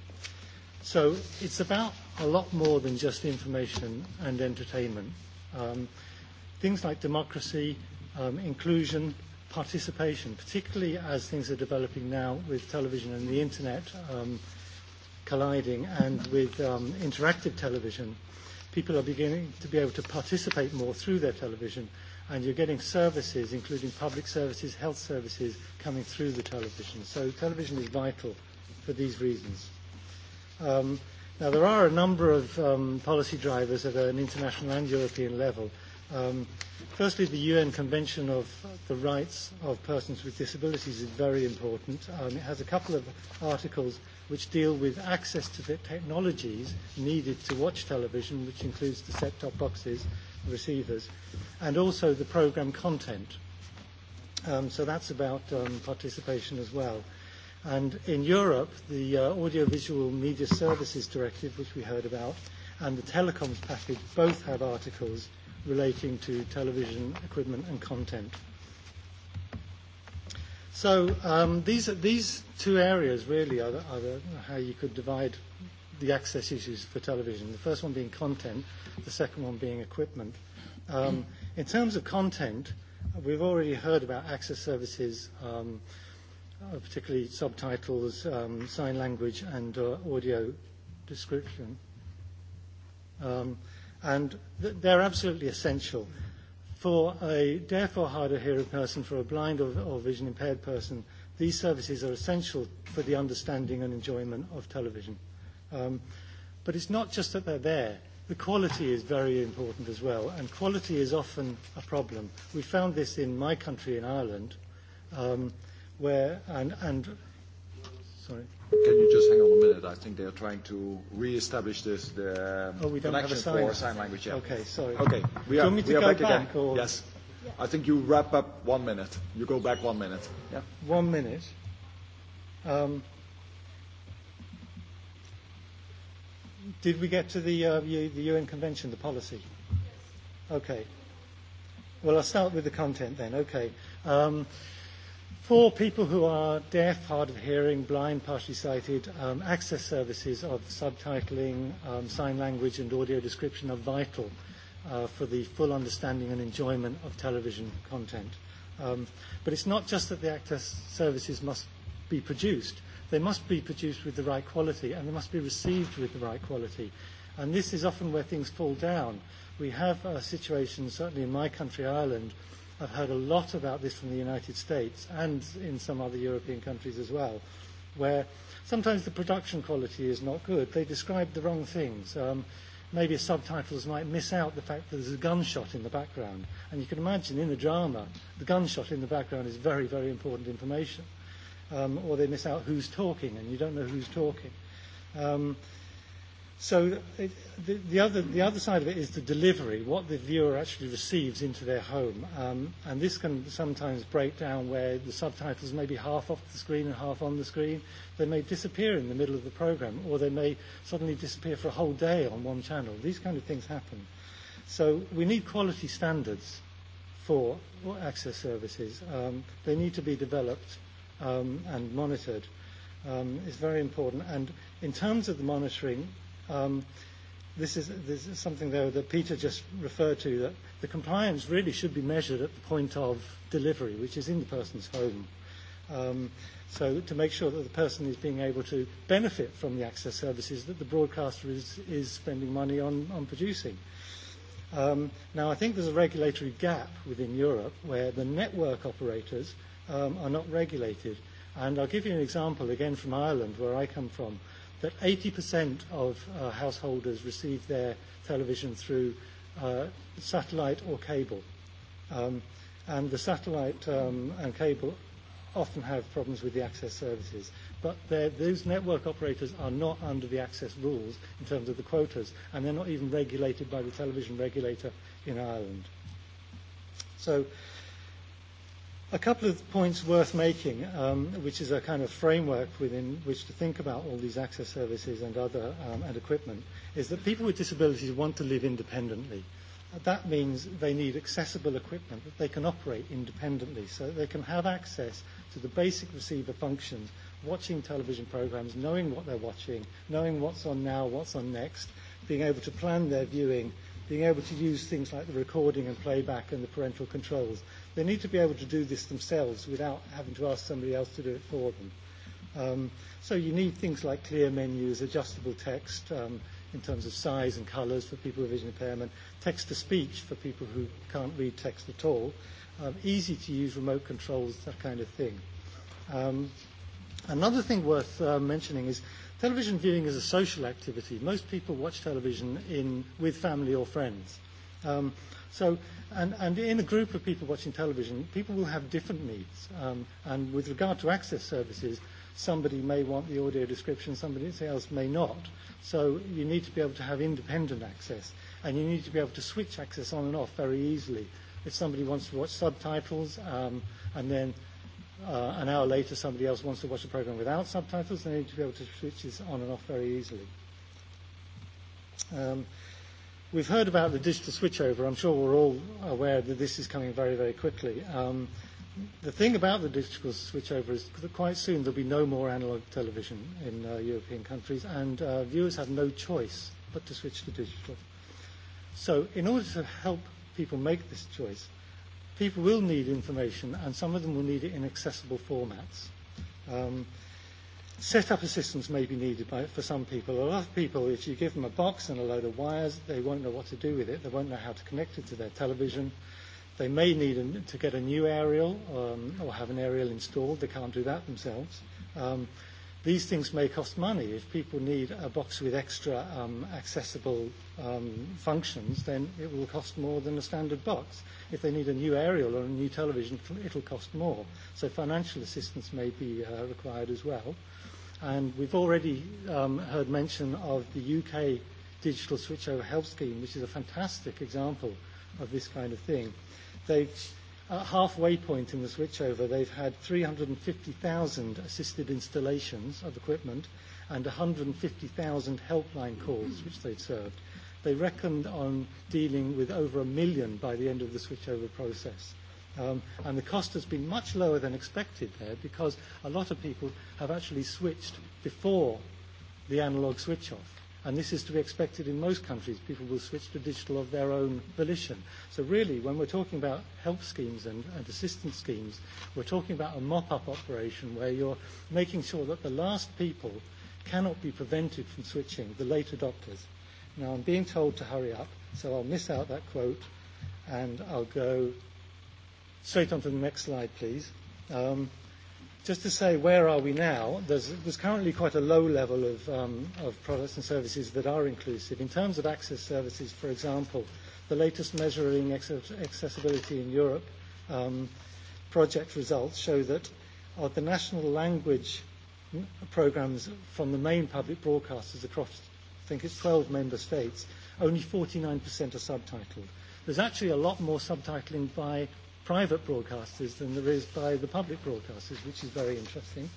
So it's about a lot more than just information and entertainment. Um, things like democracy, inclusion, participation, particularly as things are developing now with television and the internet colliding and with interactive television, people are beginning to be able to participate more through their television and you're getting services, including public services, health services, coming through the television. So television is vital for these reasons. Now, there are a number of policy drivers at an international and European level Um Firstly, the UN Convention of the Rights of Persons with Disabilities is very important. It has a couple of articles which deal with access to the technologies needed to watch television, which includes the set-top boxes, the receivers, and also the program content. So that's about participation as well. And in Europe, the Audiovisual Media Services Directive, which we heard about, and the telecoms package both have articles relating to television equipment and content. So um, these, these two areas really are, are how you could divide the access issues for television. The first one being content, the second one being equipment. Um, in terms of content, we've already heard about access services, um, particularly subtitles, um, sign language, and audio description. Um, and they're absolutely essential. For a deaf or hard of hearing person, for a blind or vision impaired person, these services are essential for the understanding and enjoyment of television. But it's not just that they're there. The quality is very important as well, and quality is often a problem. We found this in my country, in Ireland, where and and Sorry. Can you just hang on a minute? I think they are trying to reestablish this the oh, we don't have a sign. for sign language. Yeah. Okay, sorry. Okay, we are, back, again. Yes. I think you wrap up one minute. You go back one minute. Yeah. One minute. Um, did we get to the, the UN Convention, the policy? Okay. Well, I'll start with the content then. Okay. Um, For people who are deaf, hard of hearing, blind, partially sighted, access services of subtitling, sign language and audio description are vital for the full understanding and enjoyment of television content. But it's not just that the access services must be produced. They must be produced with the right quality and they must be received with the right quality. And this is often where things fall down. We have a situation, certainly in my country, Ireland, I've heard a lot about this from the United States and in some other European countries as well, where sometimes the production quality is not good. They describe the wrong things. Um, maybe subtitles might miss out the fact that there's a gunshot in the background. And you can imagine in the drama, the gunshot in the background is very, very important information. Um, or they miss out who's talking and you don't know who's talking. Um, So the other the other side of it is the delivery, what the viewer actually receives into their home, and this can sometimes break down where the subtitles may be half off the screen and half on the screen. They may disappear in the middle of the program, or they may suddenly disappear for a whole day on one channel. These kind of things happen. So we need quality standards for access services. They need to be developed and monitored. It's very important. And in terms of the monitoring Um, this, is, this is something, though, that Peter just referred to, that the compliance really should be measured at the point of delivery, which is in the person's home. Um, so to make sure that the person is being able to benefit from the access services that the broadcaster is, is spending money on, on producing. Um, now, I think there's a regulatory gap within Europe where the network operators um, are not regulated. And I'll give you an example again from Ireland, where I come from that 80% of householders receive their television through satellite or cable. And the satellite and cable often have problems with the access services. But those network operators are not under the access rules in terms of the quotas, and they're not even regulated by the television regulator in Ireland. So A couple of points worth making, which is a kind of framework within which to think about all these access services and other and equipment, is that people with disabilities want to live independently. That means they need accessible equipment that they can operate independently, so they can have access to the basic receiver functions, watching television programs, knowing what they're watching, knowing what's on now, what's on next, being able to plan their viewing being able to use things like the recording and playback and the parental controls. They need to be able to do this themselves without having to ask somebody else to do it for them. Um, so you need things like clear menus, adjustable text um, in terms of size and colours for people with vision impairment, text-to-speech for people who can't read text at all, um, easy-to-use remote controls, that kind of thing. Um, another thing worth uh, mentioning is Television viewing is a social activity. Most people watch television in with family or friends. Um, so, and, and in a group of people watching television, people will have different needs. Um, and with regard to access services, somebody may want the audio description, somebody else may not. So you need to be able to have independent access, and you need to be able to switch access on and off very easily. If somebody wants to watch subtitles, um, and then an hour later somebody else wants to watch a program without subtitles, they need to be able to switch this on and off very easily. Um, we've heard about the digital switchover. I'm sure we're all aware that this is coming very, very quickly. Um, the thing about the digital switchover is that quite soon there'll be no more analog television in European countries, and uh, viewers have no choice but to switch to digital. So in order to help people make this choice, people will need information and some of them will need it in accessible formats. Um, Set-up assistance may be needed by, for some people. A lot of people, if you give them a box and a load of wires, they won't know what to do with it. They won't know how to connect it to their television. They may need to get a new aerial or have an aerial installed. They can't do that themselves. Um, these things may cost money. If people need a box with extra um, accessible functions, then it will cost more than a standard box. If they need a new aerial or a new television, it'll cost more. So financial assistance may be required as well. And we've already heard mention of the UK Digital Switchover Help Scheme, which is a fantastic example of this kind of thing. They've At halfway point in the switchover, they've had 350,000 assisted installations of equipment and 150,000 helpline calls, which they've served. They reckoned on dealing with over a million by the end of the switchover process. And the cost has been much lower than expected there because a lot of people have actually switched before the analog switch off. And this is to be expected in most countries. People will switch to digital of their own volition. So really, when we're talking about help schemes and, and assistance schemes, we're talking about a mop-up operation where you're making sure that the last people cannot be prevented from switching, the late adopters. Now I'm being told to hurry up, so I'll miss out that quote and I'll go straight on to the next slide, please. Um, just to say where are we now, there's, there's currently quite a low level of, um, of products and services that are inclusive. In terms of access services, for example, the latest measuring accessibility in Europe um, project results show that of the national language programs from the main public broadcasters across think it's 12 member states, only 49% are subtitled. There's actually a lot more subtitling by private broadcasters than there is by the public broadcasters, which is very interesting.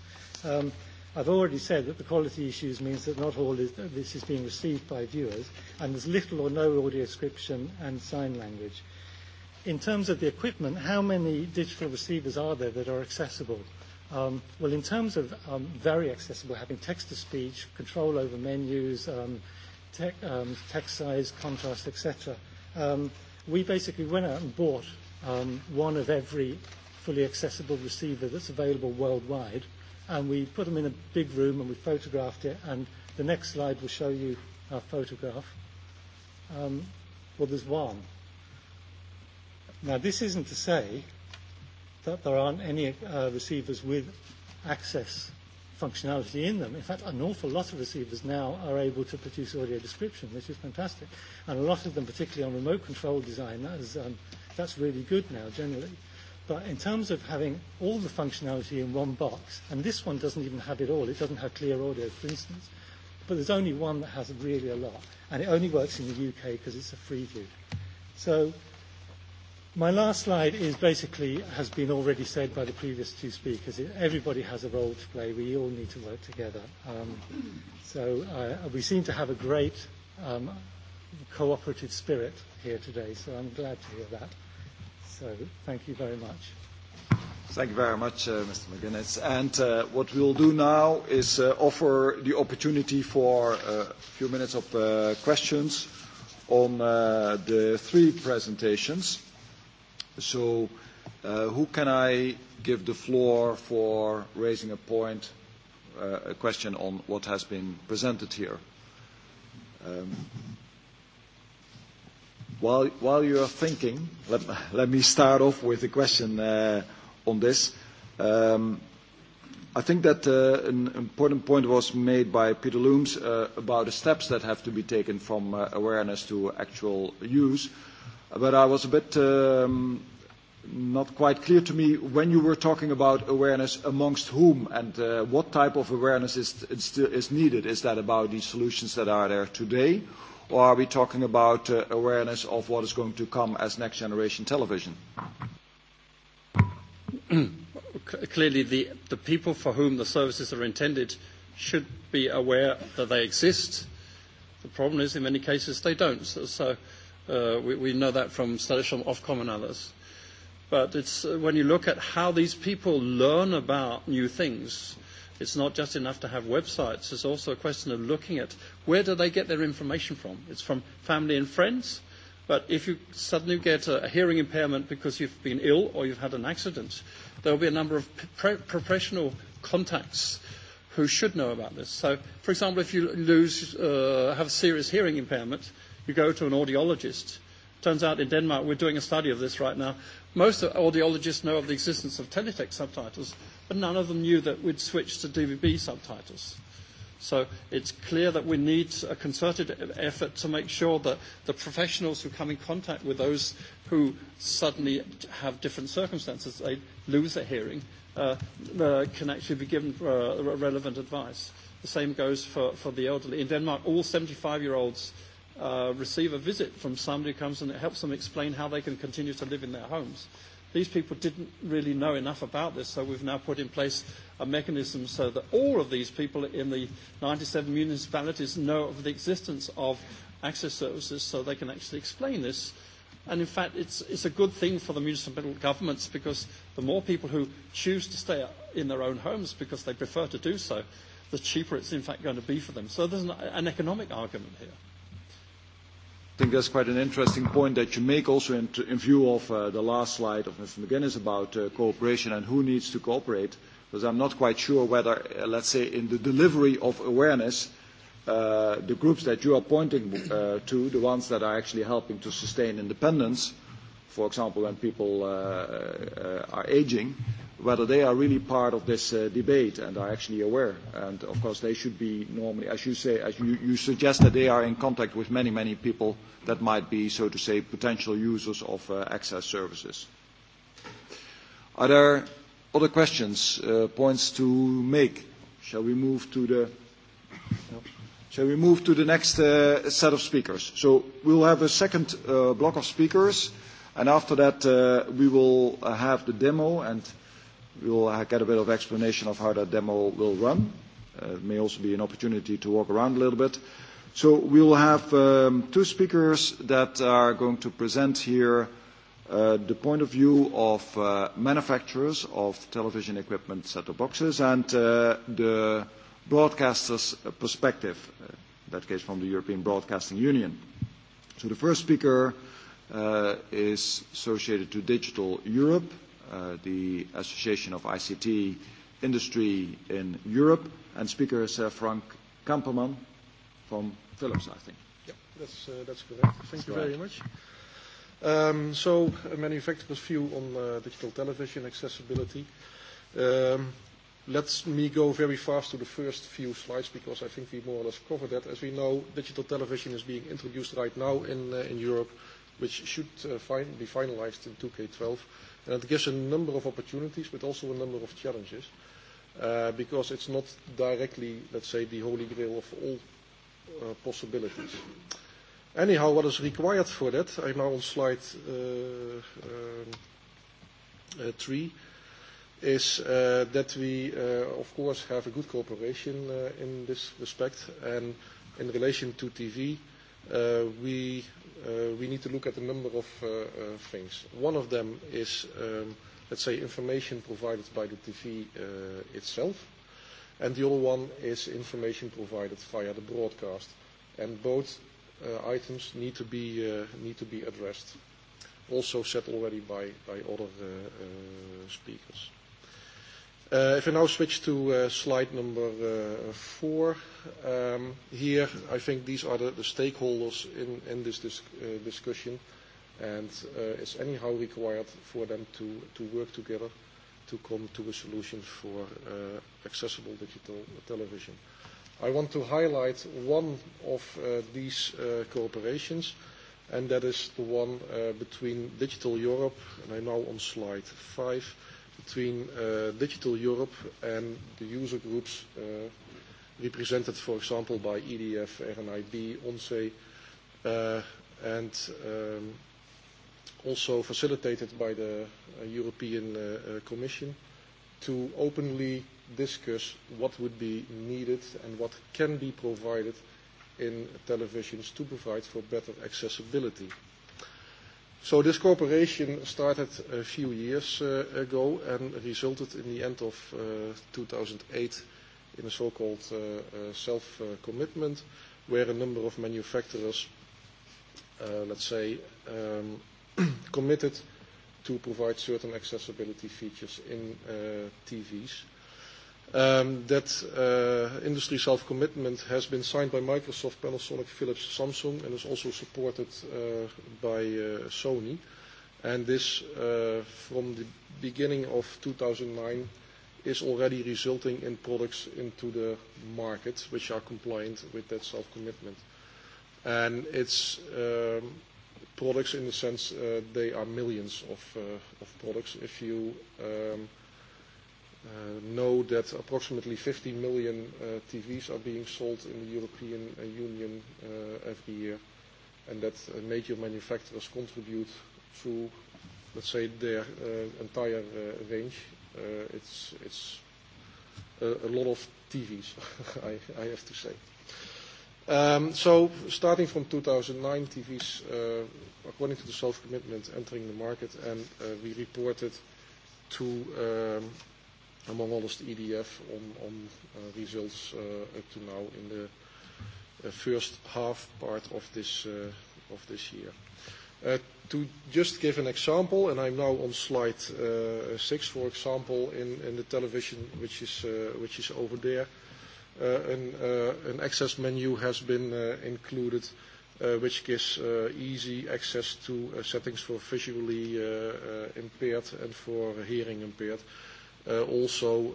Um, I've already said that the quality issues means that not all is, this is being received by viewers, and there's little or no audio description and sign language. In terms of the equipment, how many digital receivers are there that are accessible? Well, in terms of very accessible, having text-to-speech, control over menus, text size, contrast, etc., we basically went out and bought one of every fully accessible receiver that's available worldwide, and we put them in a big room and we photographed it, and the next slide will show you our photograph. Well, there's one. Now, this isn't to say that there aren't any receivers with access functionality in them. In fact, an awful lot of receivers now are able to produce audio description, which is fantastic. And a lot of them, particularly on remote control design, that is, um, that's really good now generally. But in terms of having all the functionality in one box, and this one doesn't even have it all, it doesn't have clear audio, for instance, but there's only one that has really a lot, and it only works in the UK because it's a free view. So My last slide is basically has been already said by the previous two speakers. Everybody has a role to play. We all need to work together. So we seem to have a great um cooperative spirit here today. So I'm glad to hear that. So thank you very much. Thank you very much, Mr. McGuinness. And what we will do now is offer the opportunity for a few minutes of questions on the three presentations. So who can I give the floor for raising a point, a question on what has been presented here? While you are thinking, let me start off with a question on this. I think that an important point was made by Peter Looms about the steps that have to be taken from awareness to actual use but I was a bit not quite clear to me when you were talking about awareness amongst whom and what type of awareness is needed. Is that about the solutions that are there today, or are we talking about awareness of what is going to come as next generation television? Clearly, the people for whom the services are intended should be aware that they exist. The problem is, in many cases, they don't. So We know that from studies from Ofcom and others. But it's when you look at how these people learn about new things, it's not just enough to have websites. It's also a question of looking at where do they get their information from. It's from family and friends. But if you suddenly get a hearing impairment because you've been ill or you've had an accident, there will be a number of professional contacts who should know about this. So, for example, if you lose, have serious hearing impairment, You go to an audiologist. Turns out in Denmark, we're doing a study of this right now, most audiologists know of the existence of teletext subtitles, but none of them knew that we'd switch to DVB subtitles. So it's clear that we need a concerted effort to make sure that the professionals who come in contact with those who suddenly have different circumstances, they lose their hearing, can actually be given relevant advice. The same goes for the elderly. In Denmark, all 75-year-olds receive a visit from somebody who comes and it helps them explain how they can continue to live in their homes. These people didn't really know enough about this, so we've now put in place a mechanism so that all of these people in the 97 municipalities know of the existence of access services so they can actually explain this. And in fact, it's, it's a good thing for the municipal governments because the more people who choose to stay in their own homes because they prefer to do so, the cheaper it's in fact going to be for them. So there's an, an economic argument here think that's quite an interesting point that you make also in view of the last slide of Mr. McGuinness about cooperation and who needs to cooperate, because I'm not quite sure whether, let's say, in the delivery of awareness, the groups that you are pointing to, the ones that are actually helping to sustain independence, for example, when people are aging, whether they are really part of this debate and are actually aware. And, of course, they should be normally, as you say, as you suggest that they are in contact with many, many people that might be, so to say, potential users of access services. Are there other questions, points to make? Shall we move to the... Shall we move to the next set of speakers? So we'll have a second block of speakers. And after that, we will have the demo, and we will get a bit of explanation of how that demo will run. It may also be an opportunity to walk around a little bit. So we will have two speakers that are going to present here the point of view of manufacturers of television equipment set-top boxes and the broadcaster's perspective, in that case from the European Broadcasting Union. So the first speaker is associated to Digital Europe, the Association of ICT Industry in Europe, and speaker is Frank Kamperman from Philips, I think. Yeah, that's that's correct. Thank you very much. So, a manufacturer's view on digital television accessibility. Let me go very fast to the first few slides because I think we more or less covered that. As we know, digital television is being introduced right now in in Europe which should be finalized in 2K12. And it gives a number of opportunities, but also a number of challenges, because it's not directly, let's say, the holy grail of all possibilities. Anyhow, what is required for that, I'm now on slide three, is that we, of course, have a good cooperation in this respect. And in relation to TV, we we need to look at a number of things. One of them is, let's say, information provided by the TV itself, and the other one is information provided via the broadcast. And both items need to be need to be addressed. Also said already by by other speakers. If I now switch to slide number four, here I think these are the stakeholders in this discussion, and it's anyhow required for them to work together to come to a solution for accessible digital television. I want to highlight one of these cooperations, and that is the one between Digital Europe, and I'm now on slide five, between digital Europe and the user groups represented, for example, by EDF, RNIB, uh, and also facilitated by the European Commission to openly discuss what would be needed and what can be provided in televisions to provide for better accessibility. So this cooperation started a few years ago and resulted in the end of 2008 in a so-called self-commitment where a number of manufacturers, let's say, committed to provide certain accessibility features in TVs That industry self-commitment has been signed by Microsoft, Panasonic, Philips, Samsung, and is also supported by Sony. And this, from the beginning of 2009, is already resulting in products into the market which are compliant with that self-commitment. And it's products in the sense they are millions of products. If you know that approximately 50 million TVs are being sold in the European Union every year, and that major manufacturers contribute through, let's say, their entire range. It's it's a lot of TVs, I have to say. So, starting from 2009, TVs, according to the self-commitment, entering the market, and we reported to among others the EDF, on results up to now in the first half part of this year. To just give an example, and I'm now on slide six, for example, in the television, which is over there, an access menu has been included, which gives easy access to settings for visually impaired and for hearing impaired also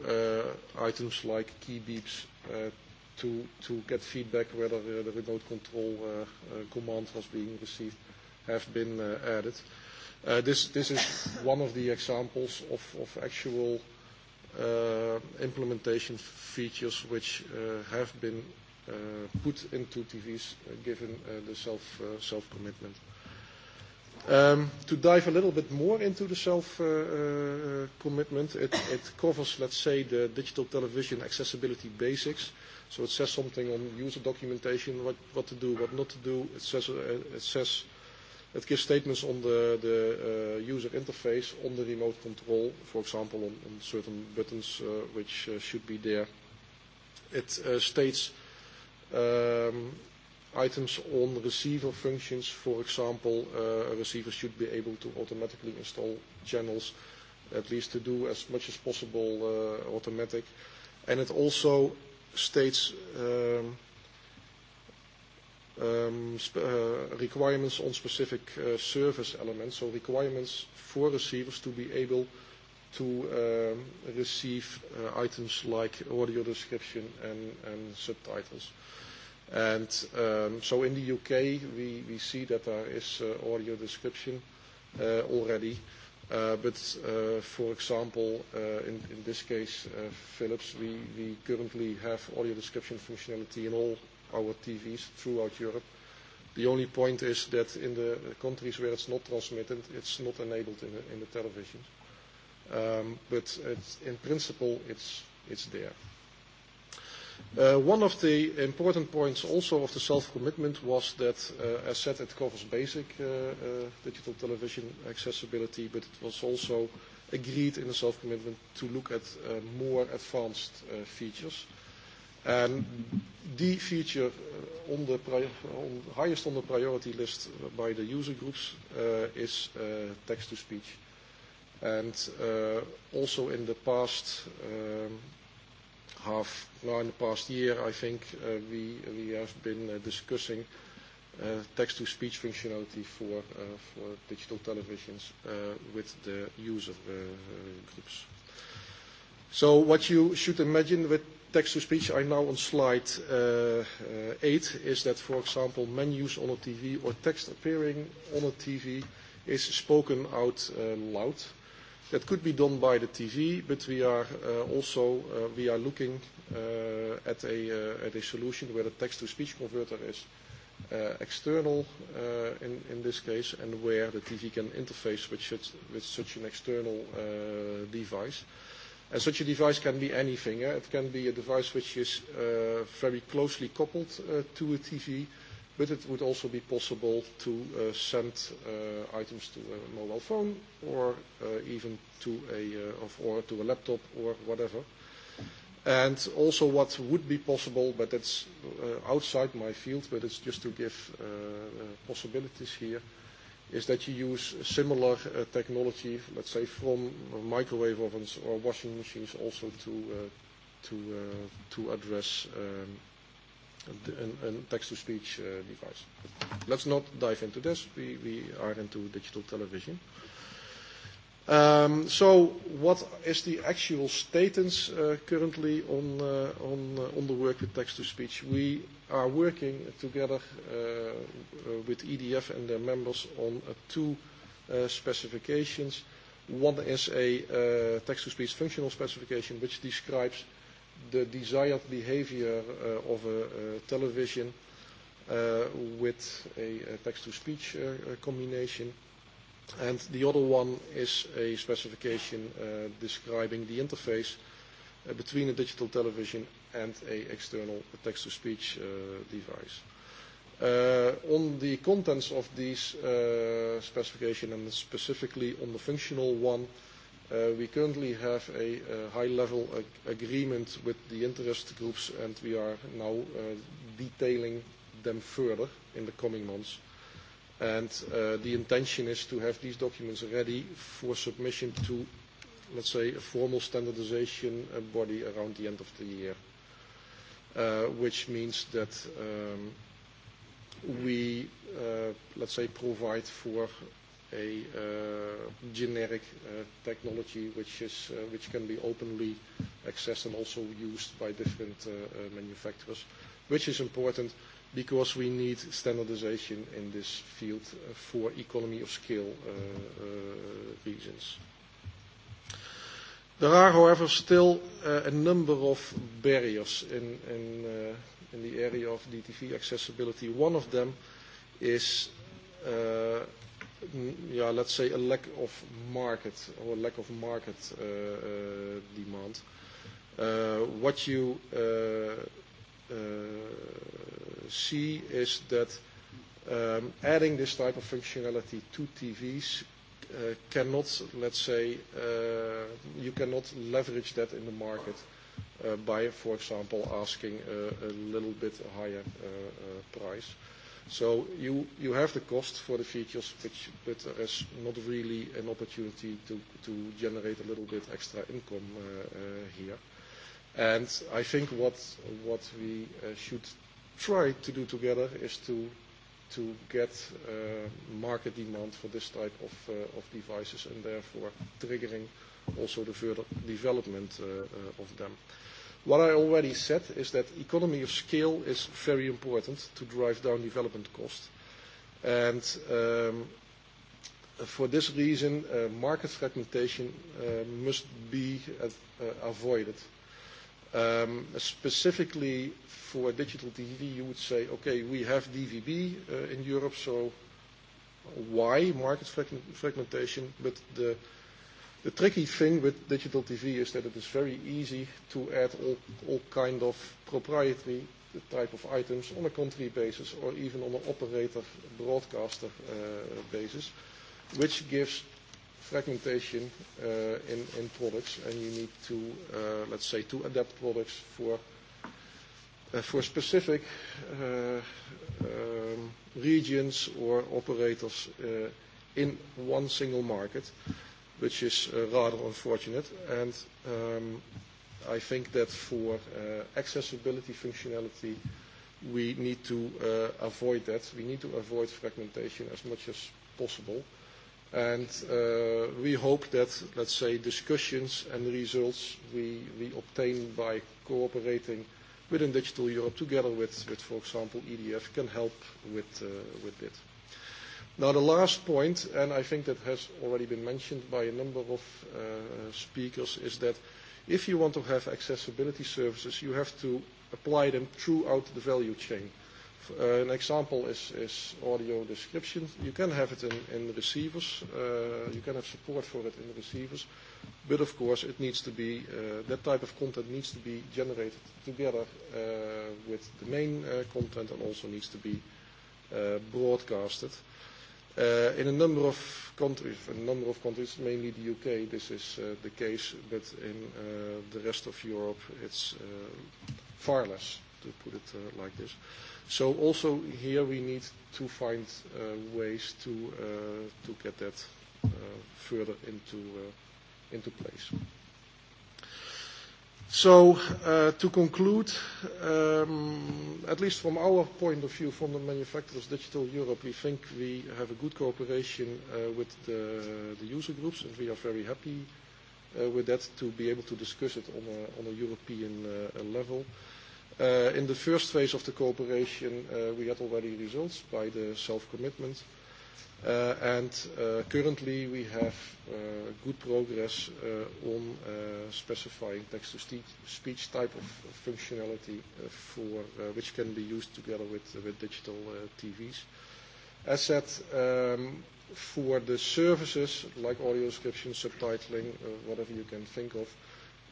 items like key beeps to to get feedback whether the remote control command was being received have been added. This this is one of the examples of actual implementation features which have been put into TVs given the self self-commitment. To dive a little bit more into the self-commitment, it covers, let's say, the digital television accessibility basics. So it says something on user documentation, what to do, what not to do. It says it gives statements on the user interface, on the remote control, for example, on certain buttons which should be there. It states items on receiver functions. For example, a receiver should be able to automatically install channels, at least to do as much as possible automatic. And it also states requirements on specific service elements, so requirements for receivers to be able to receive items like audio description and subtitles. And so in the UK we we see that there is audio description already, but for example in in this case Philips we we currently have audio description functionality in all our TVs throughout Europe. The only point is that in the countries where it's not transmitted, it's not enabled in the in the televisions. But in principle it's it's there. One of the important points also of the self-commitment was that, as said, it covers basic digital television accessibility, but it was also agreed in the self-commitment to look at more advanced features. And the feature on the highest on the priority list by the user groups is text-to-speech. And also in the past half, now in the past year, I think we we have been discussing text-to-speech functionality for for digital televisions with the user groups. So what you should imagine with text-to-speech, I now on slide eight, is that, for example, menus on a TV or text appearing on a TV is spoken out loud That could be done by the TV, but we are also we are looking at a a solution where the text-to-speech converter is external in in this case, and where the TV can interface with such with such an external device. And such a device can be anything. It can be a device which is very closely coupled to a TV But it would also be possible to send items to a mobile phone or even to a or to a laptop or whatever. And also what would be possible, but that's outside my field, but it's just to give possibilities here, is that you use similar technology, let's say from microwave ovens or washing machines, also to to to address. Um, a text-to-speech device. Let's not dive into this. We we are into digital television. So what is the actual status currently on on the work with text-to-speech? We are working together with EDF and their members on two specifications. One is a text-to-speech functional specification, which describes the desired behavior of a television with a text-to-speech combination. And the other one is a specification describing the interface between a digital television and a external text-to-speech device. On the contents of these specification and specifically on the functional one, We currently have a high-level agreement with the interest groups, and we are now detailing them further in the coming months. And the intention is to have these documents ready for submission to, let's say, a formal standardization body around the end of the year, which means that we, let's say, provide for a generic technology which is which can be openly accessed and also used by different manufacturers, which is important because we need standardization in this field for economy of scale reasons. There are, however, still a number of barriers in in in the area of DTV accessibility. One of them is yeah, let's say a lack of market or lack of market demand. What you see is that adding this type of functionality to TVs cannot, let's say, you cannot leverage that in the market by, for example, asking a little bit higher price. So you you have the cost for the features, but there is not really an opportunity to to generate a little bit extra income here. And I think what what we should try to do together is to to get market demand for this type of of devices and therefore triggering also the further development of them. What I already said is that economy of scale is very important to drive down development cost. And for this reason, market fragmentation must be avoided. Specifically for digital TV, you would say, okay, we have DVB in Europe, so why market fragmentation? But the The tricky thing with digital TV is that it is very easy to add all, kind of proprietary type of items on a country basis or even on an operator broadcaster basis, which gives fragmentation in, in products and you need to, let's say, to adapt products for for specific regions or operators in one single market which is rather unfortunate. And I think that for accessibility functionality, we need to avoid that. We need to avoid fragmentation as much as possible. And we hope that, let's say, discussions and results we obtain by cooperating within Digital Europe together with, for example, EDF can help with it. Now, the last point, and I think that has already been mentioned by a number of speakers, is that if you want to have accessibility services, you have to apply them throughout the value chain. An example is audio description. You can have it in the receivers. You can have support for it in the receivers. But, of course, it needs to be that type of content needs to be generated together with the main content and also needs to be broadcasted. In a number of countries, a number of countries, mainly the UK, this is the case, but in the rest of Europe it's far less, to put it like this. So also here we need to find ways to to get that further into into place. So to conclude, at least from our point of view, from the manufacturers Digital Europe, we think we have a good cooperation with the user groups, and we are very happy with that to be able to discuss it on a European level. In the first phase of the cooperation, we had already results by the self-commitment. And currently we have good progress on specifying text-to-speech type of functionality for which can be used together with digital TVs. As said, for the services like audio description, subtitling, whatever you can think of,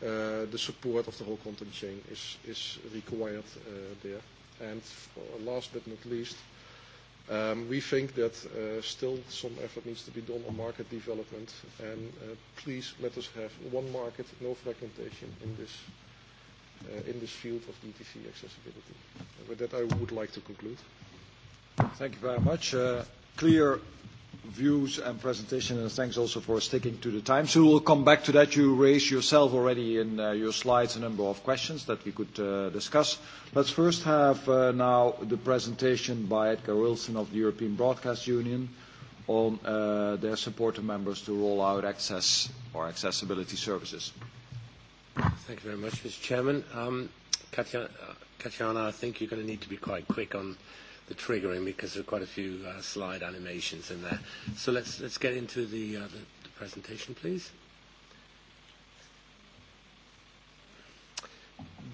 the support of the whole content chain is required there. And last but not least, We think that still some effort needs to be done on market development, and please let us have one market, no fragmentation in this in this field of DTC accessibility. With that, I would like to conclude. Thank you very much. Clear views and presentation, and thanks also for sticking to the time. So we'll come back to that. You raised yourself already in your slides a number of questions that we could discuss. Let's first have now the presentation by Edgar Wilson of the European Broadcast Union on their support to members to roll out access or accessibility services. Thank you very much, Mr. Chairman. Katiana, I think you're going to need to be quite quick on the triggering because there are quite a few slide animations in there. So let's let's get into the the presentation, please.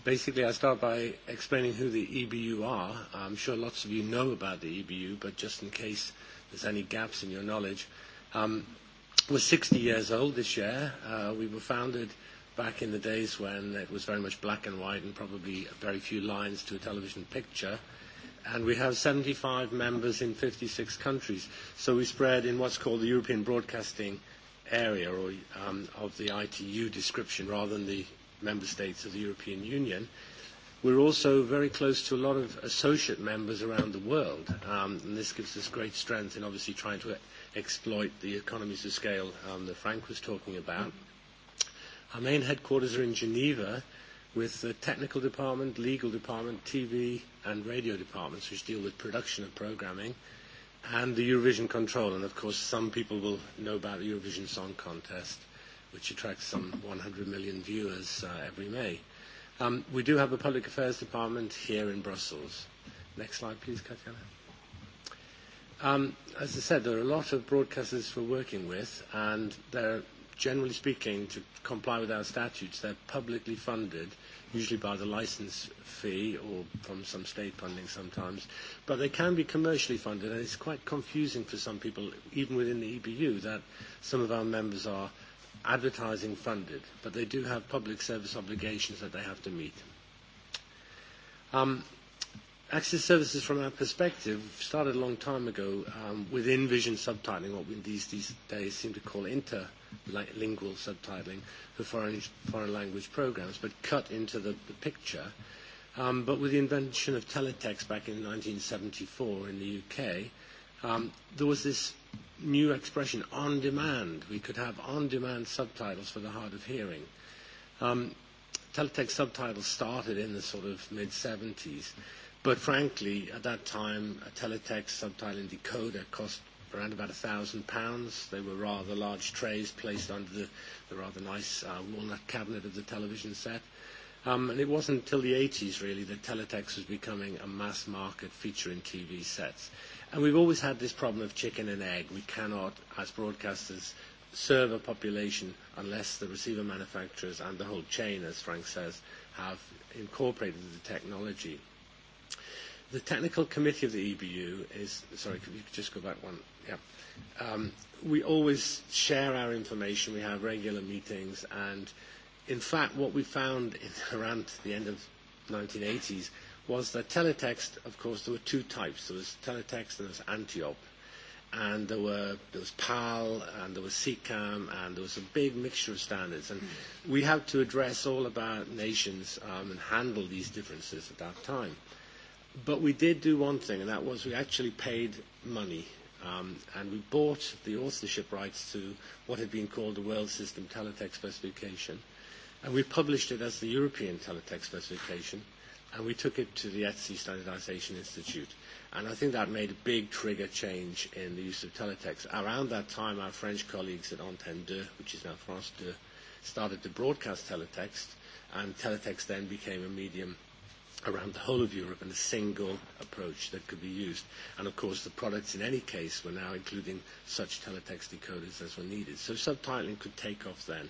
Basically, I start by explaining who the EBU are. I'm sure lots of you know about the EBU, but just in case there's any gaps in your knowledge, um, we're 60 years old this year. we were founded back in the days when it was very much black and white and probably very few lines to a television picture and we have 75 members in 56 countries. So we spread in what's called the European Broadcasting Area, or of the ITU description, rather than the member states of the European Union. We're also very close to a lot of associate members around the world, and this gives us great strength in obviously trying to exploit the economies of scale that Frank was talking about. Our main headquarters are in Geneva, with the technical department, legal department, TV and radio departments which deal with production and programming, and the Eurovision Control. And of course, some people will know about the Eurovision Song Contest, which attracts some 100 million viewers every May. We do have a public affairs department here in Brussels. Next slide, please, Um As I said, there are a lot of broadcasters we're working with, and they're, generally speaking, to comply with our statutes, they're publicly funded usually by the license fee or from some state funding sometimes, but they can be commercially funded, and it's quite confusing for some people, even within the EBU, that some of our members are advertising funded, but they do have public service obligations that they have to meet. Um, Access services, from our perspective, started a long time ago um, within vision subtitling, what we these, these days seem to call inter lingual subtitling for foreign foreign language programs, but cut into the picture. Um But with the invention of teletext back in 1974 in the UK, um there was this new expression, on demand. We could have on-demand subtitles for the hard of hearing. Um Teletext subtitles started in the sort of mid-70s, but frankly, at that time, a teletext subtitling decoder cost around about a thousand pounds. They were rather large trays placed under the, the rather nice uh, walnut cabinet of the television set. Um, and it wasn't until the 80s, really, that teletext was becoming a mass market feature in TV sets. And we've always had this problem of chicken and egg. We cannot, as broadcasters, serve a population unless the receiver manufacturers and the whole chain, as Frank says, have incorporated the technology. The technical committee of the EBU is, sorry, could you just go back one? Yeah. We always share our information. We have regular meetings. And in fact, what we found in around the end of 1980s was that teletext, of course, there were two types. There was teletext and there was Antiop. And there were there was PAL and there was CCAM and there was a big mixture of standards. And we had to address all of our nations and handle these differences at that time. But we did do one thing, and that was we actually paid money and we bought the authorship rights to what had been called the World System Teletext Specification, and we published it as the European Teletext Specification, and we took it to the ETSI Standardization Institute. And I think that made a big trigger change in the use of teletext. Around that time, our French colleagues at Antenne 2, which is now France 2, started to broadcast teletext, and teletext then became a medium around the whole of Europe and a single approach that could be used. And of course, the products in any case were now including such teletext decoders as were needed. So subtitling could take off then,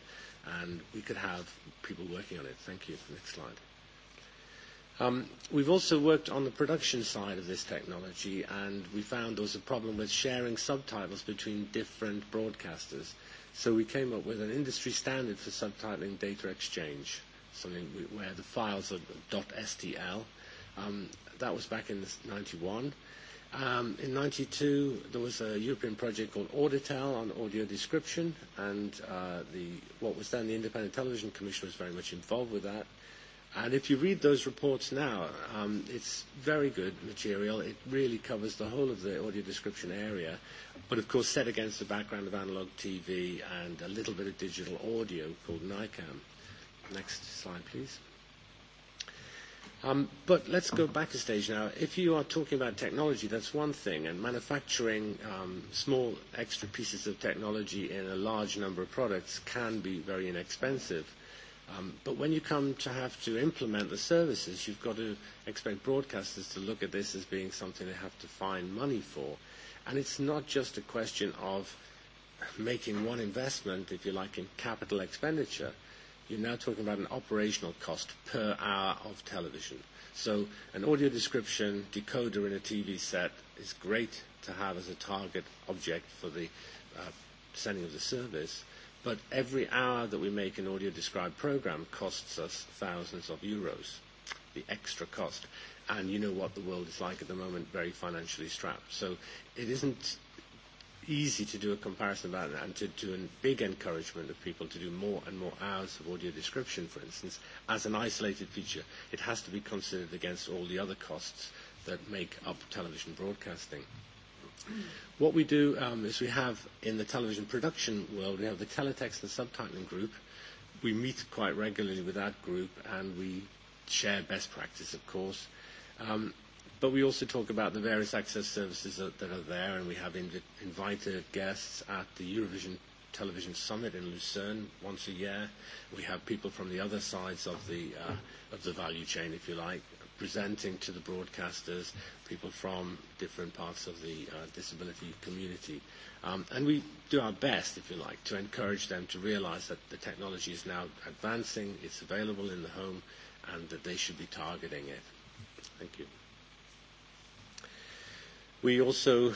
and we could have people working on it. Thank you. Next slide. Um, we've also worked on the production side of this technology, and we found there was a problem with sharing subtitles between different broadcasters. So we came up with an industry standard for subtitling data exchange something where the files are .stl. Um, that was back in 91. Um, in 92, there was a European project called Auditel on audio description, and uh, the, what was then the Independent Television Commission was very much involved with that. And if you read those reports now, um, it's very good material. It really covers the whole of the audio description area, but of course set against the background of analog TV and a little bit of digital audio called NICAM. Next slide, please. But let's go back a stage now. If you are talking about technology, that's one thing, and manufacturing small extra pieces of technology in a large number of products can be very inexpensive. But when you come to have to implement the services, you've got to expect broadcasters to look at this as being something they have to find money for. And it's not just a question of making one investment, if you like, in capital expenditure you're now talking about an operational cost per hour of television. So an audio description decoder in a TV set is great to have as a target object for the sending of the service, but every hour that we make an audio described program costs us thousands of euros, the extra cost. And you know what the world is like at the moment, very financially strapped. So it isn't easy to do a comparison about that and to do a big encouragement of people to do more and more hours of audio description, for instance, as an isolated feature. It has to be considered against all the other costs that make up television broadcasting. What we do is we have, in the television production world, we have the teletext and subtitling group. We meet quite regularly with that group and we share best practice, of course. But we also talk about the various access services that are there, and we have invited guests at the Eurovision Television Summit in Lucerne once a year. We have people from the other sides of the of the value chain, if you like, presenting to the broadcasters, people from different parts of the disability community. And we do our best, if you like, to encourage them to realise that the technology is now advancing, it's available in the home, and that they should be targeting it. Thank you. We also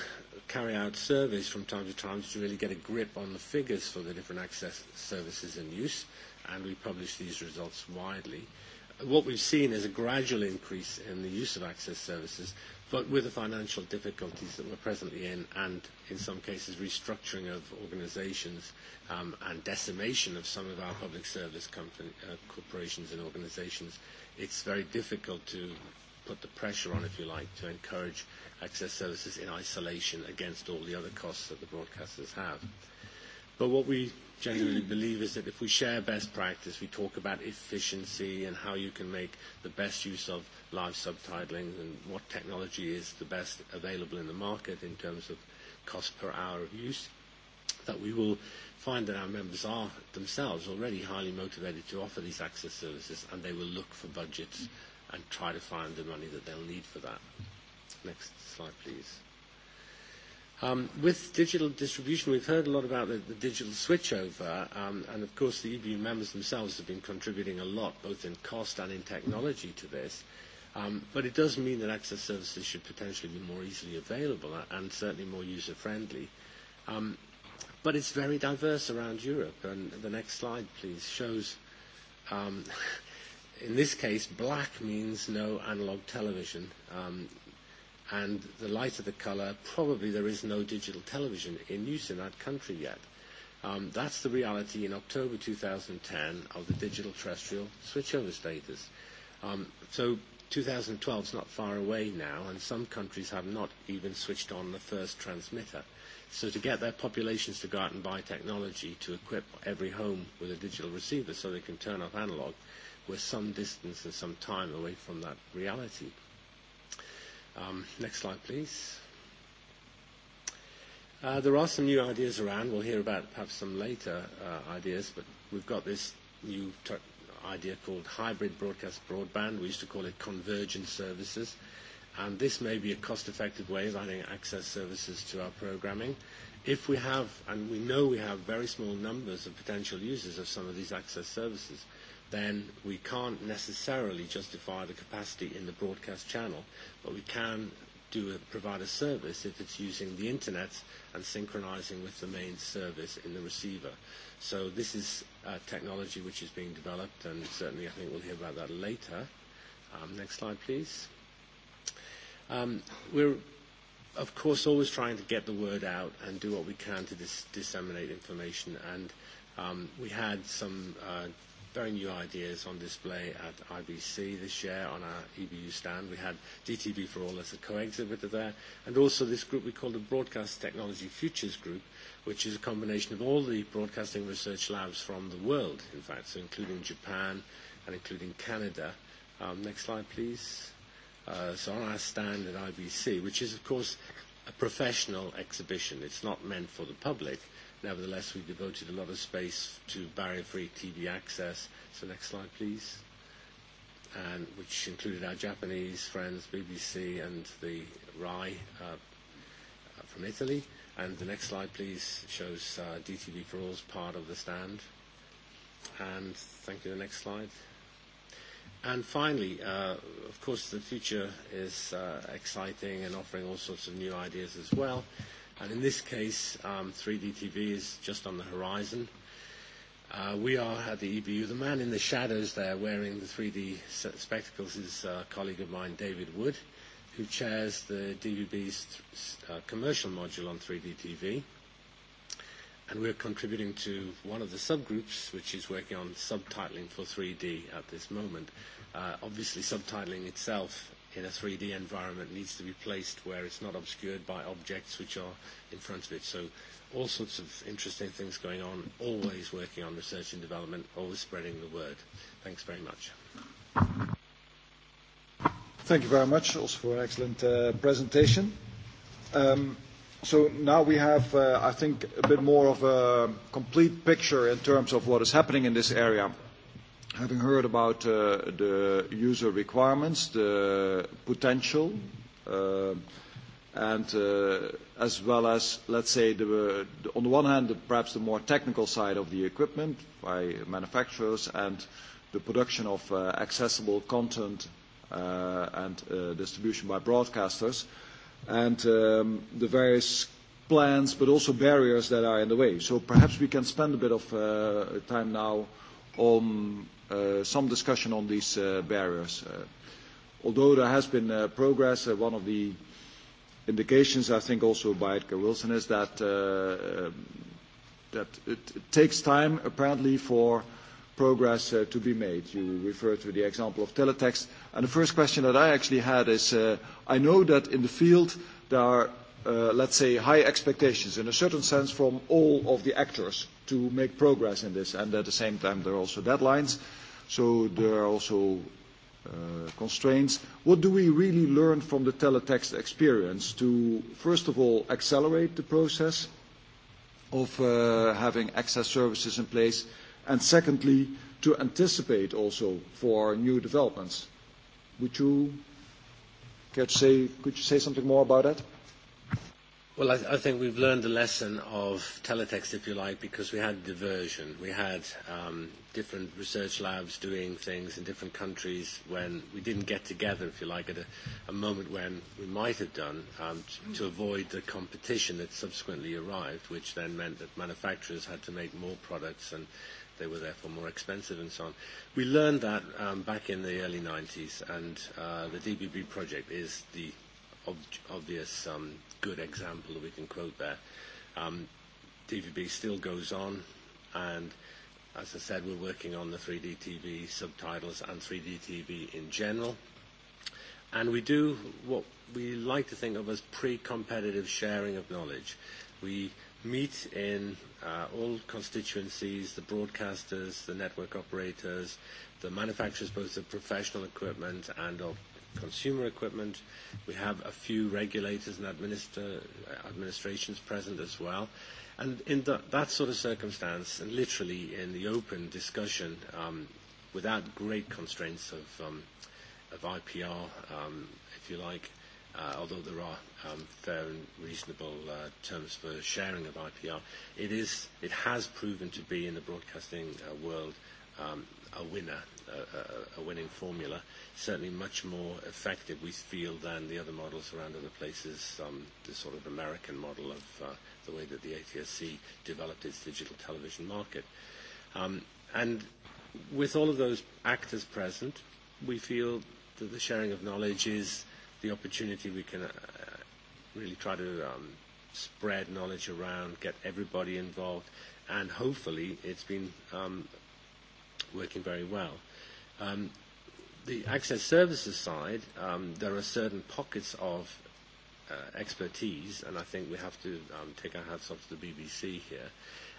carry out surveys from time to time to really get a grip on the figures for the different access services in use, and we publish these results widely. What we've seen is a gradual increase in the use of access services, but with the financial difficulties that we're presently in, and in some cases restructuring of organisations and decimation of some of our public service corporations and organisations, it's very difficult to put the pressure on, if you like, to encourage access services in isolation against all the other costs that the broadcasters have. But what we genuinely believe is that if we share best practice, we talk about efficiency and how you can make the best use of live subtitling and what technology is the best available in the market in terms of cost per hour of use, that we will find that our members are themselves already highly motivated to offer these access services and they will look for budgets and try to find the money that they'll need for that. Next slide, please. with digital distribution, we've heard a lot about the, digital switchover, and of course the EBU members themselves have been contributing a lot, both in cost and in technology to this. but it does mean that access services should potentially be more easily available and certainly more user-friendly. but it's very diverse around Europe, and the next slide, please, shows in this case, black means no analog television, um, and the light of the color, probably there is no digital television in use in that country yet. Um, that's the reality in October 2010 of the digital terrestrial switchover status. Um, so 2012 is not far away now, and some countries have not even switched on the first transmitter. So to get their populations to go out and buy technology to equip every home with a digital receiver so they can turn off analog, we're some distance and some time away from that reality. Um, next slide, please. Uh, there are some new ideas around. We'll hear about perhaps some later uh, ideas, but we've got this new idea called hybrid broadcast broadband. We used to call it convergent services. And this may be a cost-effective way of adding access services to our programming. If we have, and we know we have very small numbers of potential users of some of these access services, then we can't necessarily justify the capacity in the broadcast channel, but we can do provide a service if it's using the internet and synchronizing with the main service in the receiver. So this is a technology which is being developed, and certainly I think we'll hear about that later. Next slide, please. We're, of course, always trying to get the word out and do what we can to disseminate information, and we had some very new ideas on display at IBC this year on our EBU stand. We had DTV for All as a co-exhibitor there, and also this group we call the Broadcast Technology Futures Group, which is a combination of all the broadcasting research labs from the world, in fact, so including Japan and including Canada. Next slide, please. So on our stand at IBC, which is, of course, a professional exhibition. It's not meant for the public nevertheless, we devoted a lot of space to barrier-free TV access. So next slide, please. And which included our Japanese friends, BBC, and the RAI from Italy. And the next slide, please, shows DTV for All's part of the stand. And thank you. The next slide. And finally, of course, the future is exciting and offering all sorts of new ideas as well. And in this case, 3D TV is just on the horizon. We are at the EBU. The man in the shadows there wearing the 3D spectacles is a colleague of mine, David Wood, who chairs the DVB's commercial module on 3D TV. And we're contributing to one of the subgroups, which is working on subtitling for 3D at this moment. Obviously, subtitling itself in a 3D environment needs to be placed where it's not obscured by objects which are in front of it. So all sorts of interesting things going on, always working on research and development, always spreading the word. Thanks very much. Thank you very much also for an excellent presentation. So now we have, I think, a bit more of a complete picture in terms of what is happening in this area having heard about the user requirements, the potential, and as well as, let's say, on the one hand, perhaps the more technical side of the equipment by manufacturers and the production of accessible content and distribution by broadcasters, and the various plans, but also barriers that are in the way. So perhaps we can spend a bit of time now on some discussion on these barriers. Although there has been progress, one of the indications, I think, also by Edgar Wilson is that it takes time, apparently, for progress to be made. You refer to the example of teletext. And the first question that I actually had is, I know that in the field there are, let's say, high expectations, in a certain sense, from all of the actors to make progress in this. And at the same time, there are also deadlines. So there are also constraints. What do we really learn from the teletext experience to, first of all, accelerate the process of having access services in place, and secondly, to anticipate also for new developments? Would you care to say, could you say something more about that? Well, I think we've learned the lesson of teletext, if you like, because we had diversion. We had different research labs doing things in different countries when we didn't get together, if you like, at a moment when we might have done to avoid the competition that subsequently arrived, which then meant that manufacturers had to make more products and they were therefore more expensive and so on. We learned that back in the early 90s, and the DBB project is the obvious good example that we can quote there. TVB still goes on, and as I said, we're working on the 3D TV subtitles and 3D TV in general. And we do what we like to think of as pre-competitive sharing of knowledge. We meet in all constituencies, the broadcasters, the network operators, the manufacturers both of professional equipment and of consumer equipment. We have a few regulators and administrations present as well. And in that sort of circumstance, and literally in the open discussion, without great constraints of of IPR, if you like, although there are fair and reasonable terms for sharing of IPR, it is it has proven to be in the broadcasting world a winner a winning formula, certainly much more effective, we feel, than the other models around other places, the sort of American model of the way that the ATSC developed its digital television market. And with all of those actors present, we feel that the sharing of knowledge is the opportunity we can really try to spread knowledge around, get everybody involved, and hopefully it's been um, working very well. The access services side, there are certain pockets of expertise, and I think we have to take our hats off to the BBC here.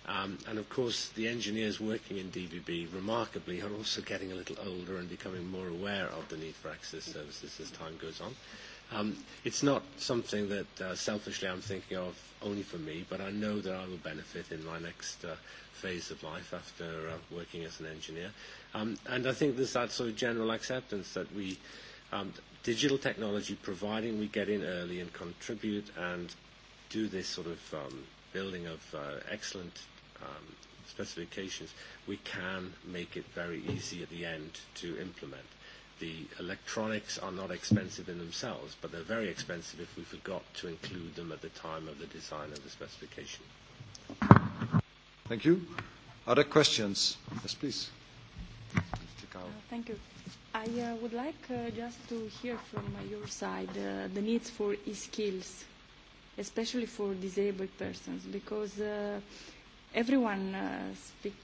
And of course, the engineers working in DVB remarkably are also getting a little older and becoming more aware of the need for access services as time goes on. It's not something that selfishly I'm thinking of only for me, but I know that I will benefit in my next phase of life after working as an engineer. Um And I think there's that sort of general acceptance that we, um digital technology, providing we get in early and contribute and do this sort of um building of excellent um specifications, we can make it very easy at the end to implement the electronics are not expensive in themselves, but they're very expensive if we forgot to include them at the time of the design of the specification. Thank you. Other questions? Yes, please. Thank you. I would like just to hear from your side the needs for e-skills, especially for disabled persons, because everyone speaks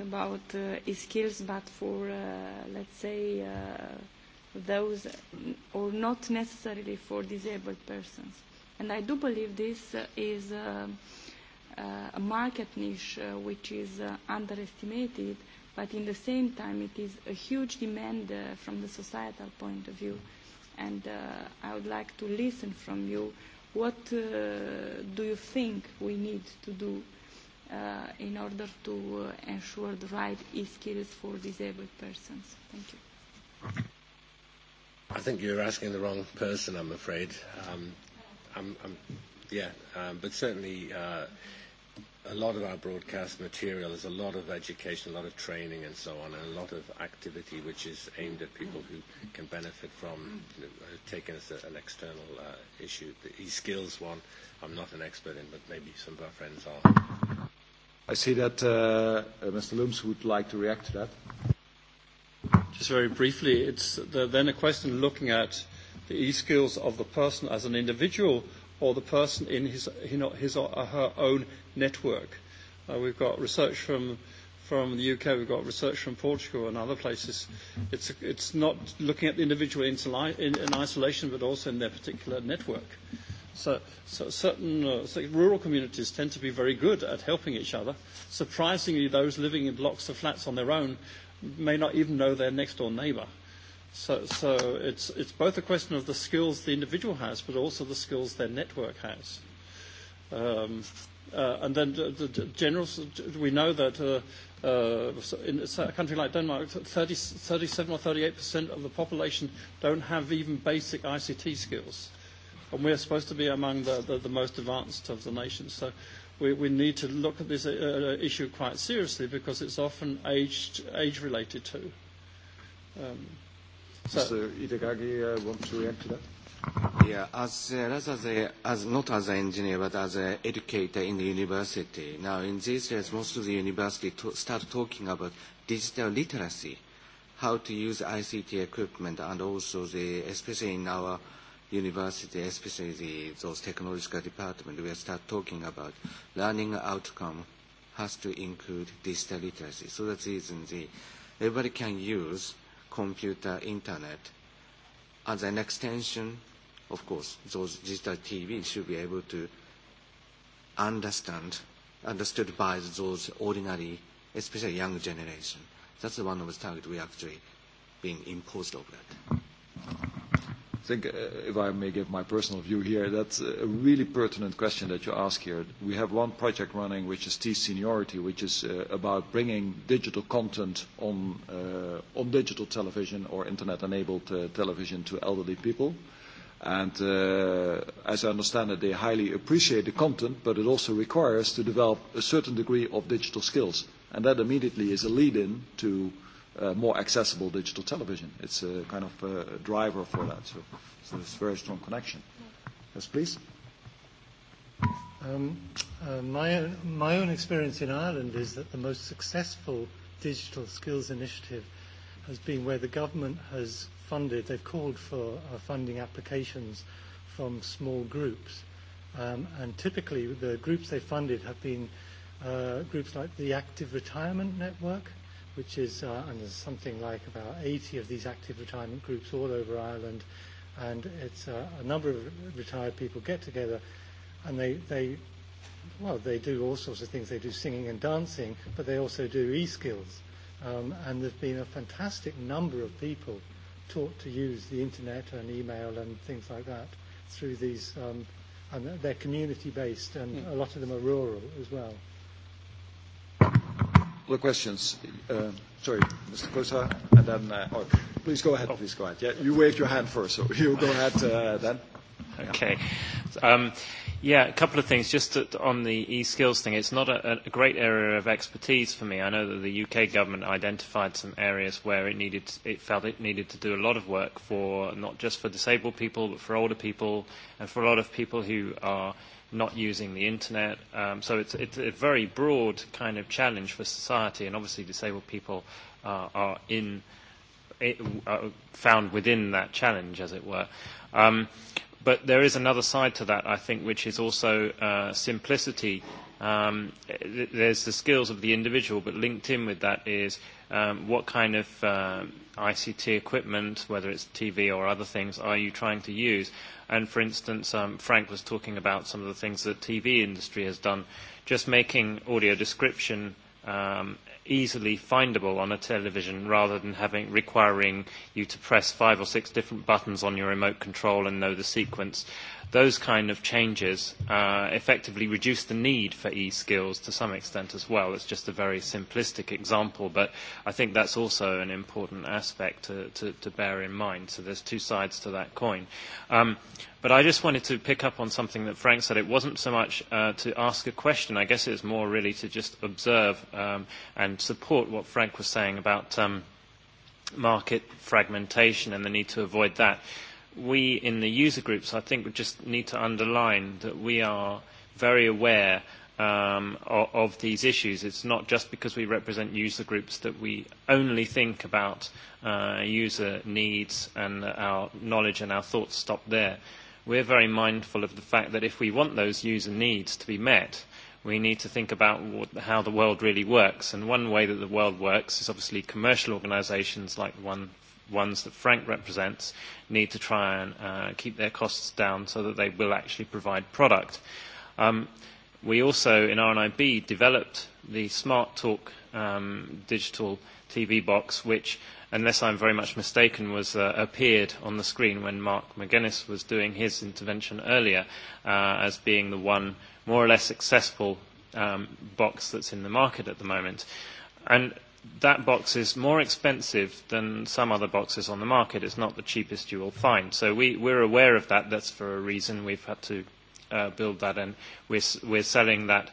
about skills, but for, let's say, those or not necessarily for disabled persons. And I do believe this is a market niche which is underestimated, but in the same time it is a huge demand from the societal point of view. And I would like to listen from you. What do you think we need to do? in order to ensure the right e-skills for disabled persons. Thank you. I think you're asking the wrong person, I'm afraid. Um, I'm, I'm, yeah, um, but certainly uh, a lot of our broadcast material is a lot of education, a lot of training and so on, and a lot of activity which is aimed at people who can benefit from taking as an external uh, issue. The e-skills one, I'm not an expert in, but maybe some of our friends are. I see that Mr. Looms would like to react to that. Just very briefly, it's then a question looking at the e-skills of the person as an individual or the person in his his or her own network. We've got research from from the UK, we've got research from Portugal and other places. It's it's not looking at the individual in isolation, but also in their particular network. So certain rural communities tend to be very good at helping each other. Surprisingly, those living in blocks of flats on their own may not even know their next-door neighbor. So it's both a question of the skills the individual has, but also the skills their network has. And then the general, we know that in a country like Denmark, 37 or 38% of the population don't have even basic ICT skills and we are supposed to be among the the most advanced of the nations. So we we need to look at this issue quite seriously because it's often age age related too. Mr. Itagaki, want to react to that? Yeah, as as not as an engineer, but as an educator in the university. Now, in these years most of the universities start talking about digital literacy, how to use ICT equipment, and also the, especially in our university, especially those technological departments, we start talking about learning outcome has to include digital literacy. So that's the reason the, everybody can use computer, internet as an extension. Of course, those digital TV should be able to understand, understood by those ordinary, especially young generation. That's one of the targets we actually being imposed over that think, if I may give my personal view here, that's a really pertinent question that you ask here. We have one project running, which is T-Seniority, which is about bringing digital content on digital television or Internet-enabled television to elderly people. And as I understand it, they highly appreciate the content, but it also requires to develop a certain degree of digital skills. And that immediately is a lead-in to more accessible digital television. It's a kind of a driver for that. So, so there's a very strong connection. Yes, please. Um, my, my own experience in Ireland is that the most successful digital skills initiative has been where the government has funded, they've called for funding applications from small groups. Um, and typically the groups they funded have been uh, groups like the Active Retirement Network, which is, and there's something like about 80 of these active retirement groups all over Ireland, and it's a number of retired people get together, and they, they, well, they do all sorts of things. They do singing and dancing, but they also do e-skills, um, and there's been a fantastic number of people taught to use the internet and email and things like that through these, um, and they're community-based, and a lot of them are rural as well couple of questions. Sorry, Mr. Kosa, and then... please go ahead. Please go ahead. Yeah, you waved your hand first, so you go ahead then. Okay. Yeah, a couple of things. Just on the e-skills thing, it's not a great area of expertise for me. I know that the UK government identified some areas where it needed, it felt it needed to do a lot of work for, not just for disabled people, but for older people and for a lot of people who are not using the internet. So it's it's a very broad kind of challenge for society, and obviously disabled people are in found within that challenge, as it were. But there is another side to that, I think, which is also simplicity. There's the skills of the individual, but linked in with that is what kind of ICT equipment, whether it's TV or other things, are you trying to use? And for instance, Frank was talking about some of the things that the TV industry has done, just making audio description easily findable on a television rather than having requiring you to press five or six different buttons on your remote control and know the sequence those kind of changes effectively reduce the need for e-skills to some extent as well. It's just a very simplistic example, but I think that's also an important aspect to bear in mind. So there's two sides to that coin. But I just wanted to pick up on something that Frank said. It wasn't so much to ask a question. I guess it was more really to just observe and support what Frank was saying about market fragmentation and the need to avoid that we in the user groups, I think, we just need to underline that we are very aware of these issues. It's not just because we represent user groups that we only think about user needs and our knowledge and our thoughts stop there. We're very mindful of the fact that if we want those user needs to be met, we need to think about how the world really works. And one way that the world works is obviously commercial organisations like the one ones that Frank represents need to try and keep their costs down so that they will actually provide product. We also, in RNIB, developed the Smart Talk digital TV box, which, unless I'm very much mistaken, was appeared on the screen when Mark McGuinness was doing his intervention earlier as being the one more or less successful box that's in the market at the moment. And that box is more expensive than some other boxes on the market. It's not the cheapest you will find. So we, we're aware of that. That's for a reason. We've had to uh, build that, and we're, we're selling that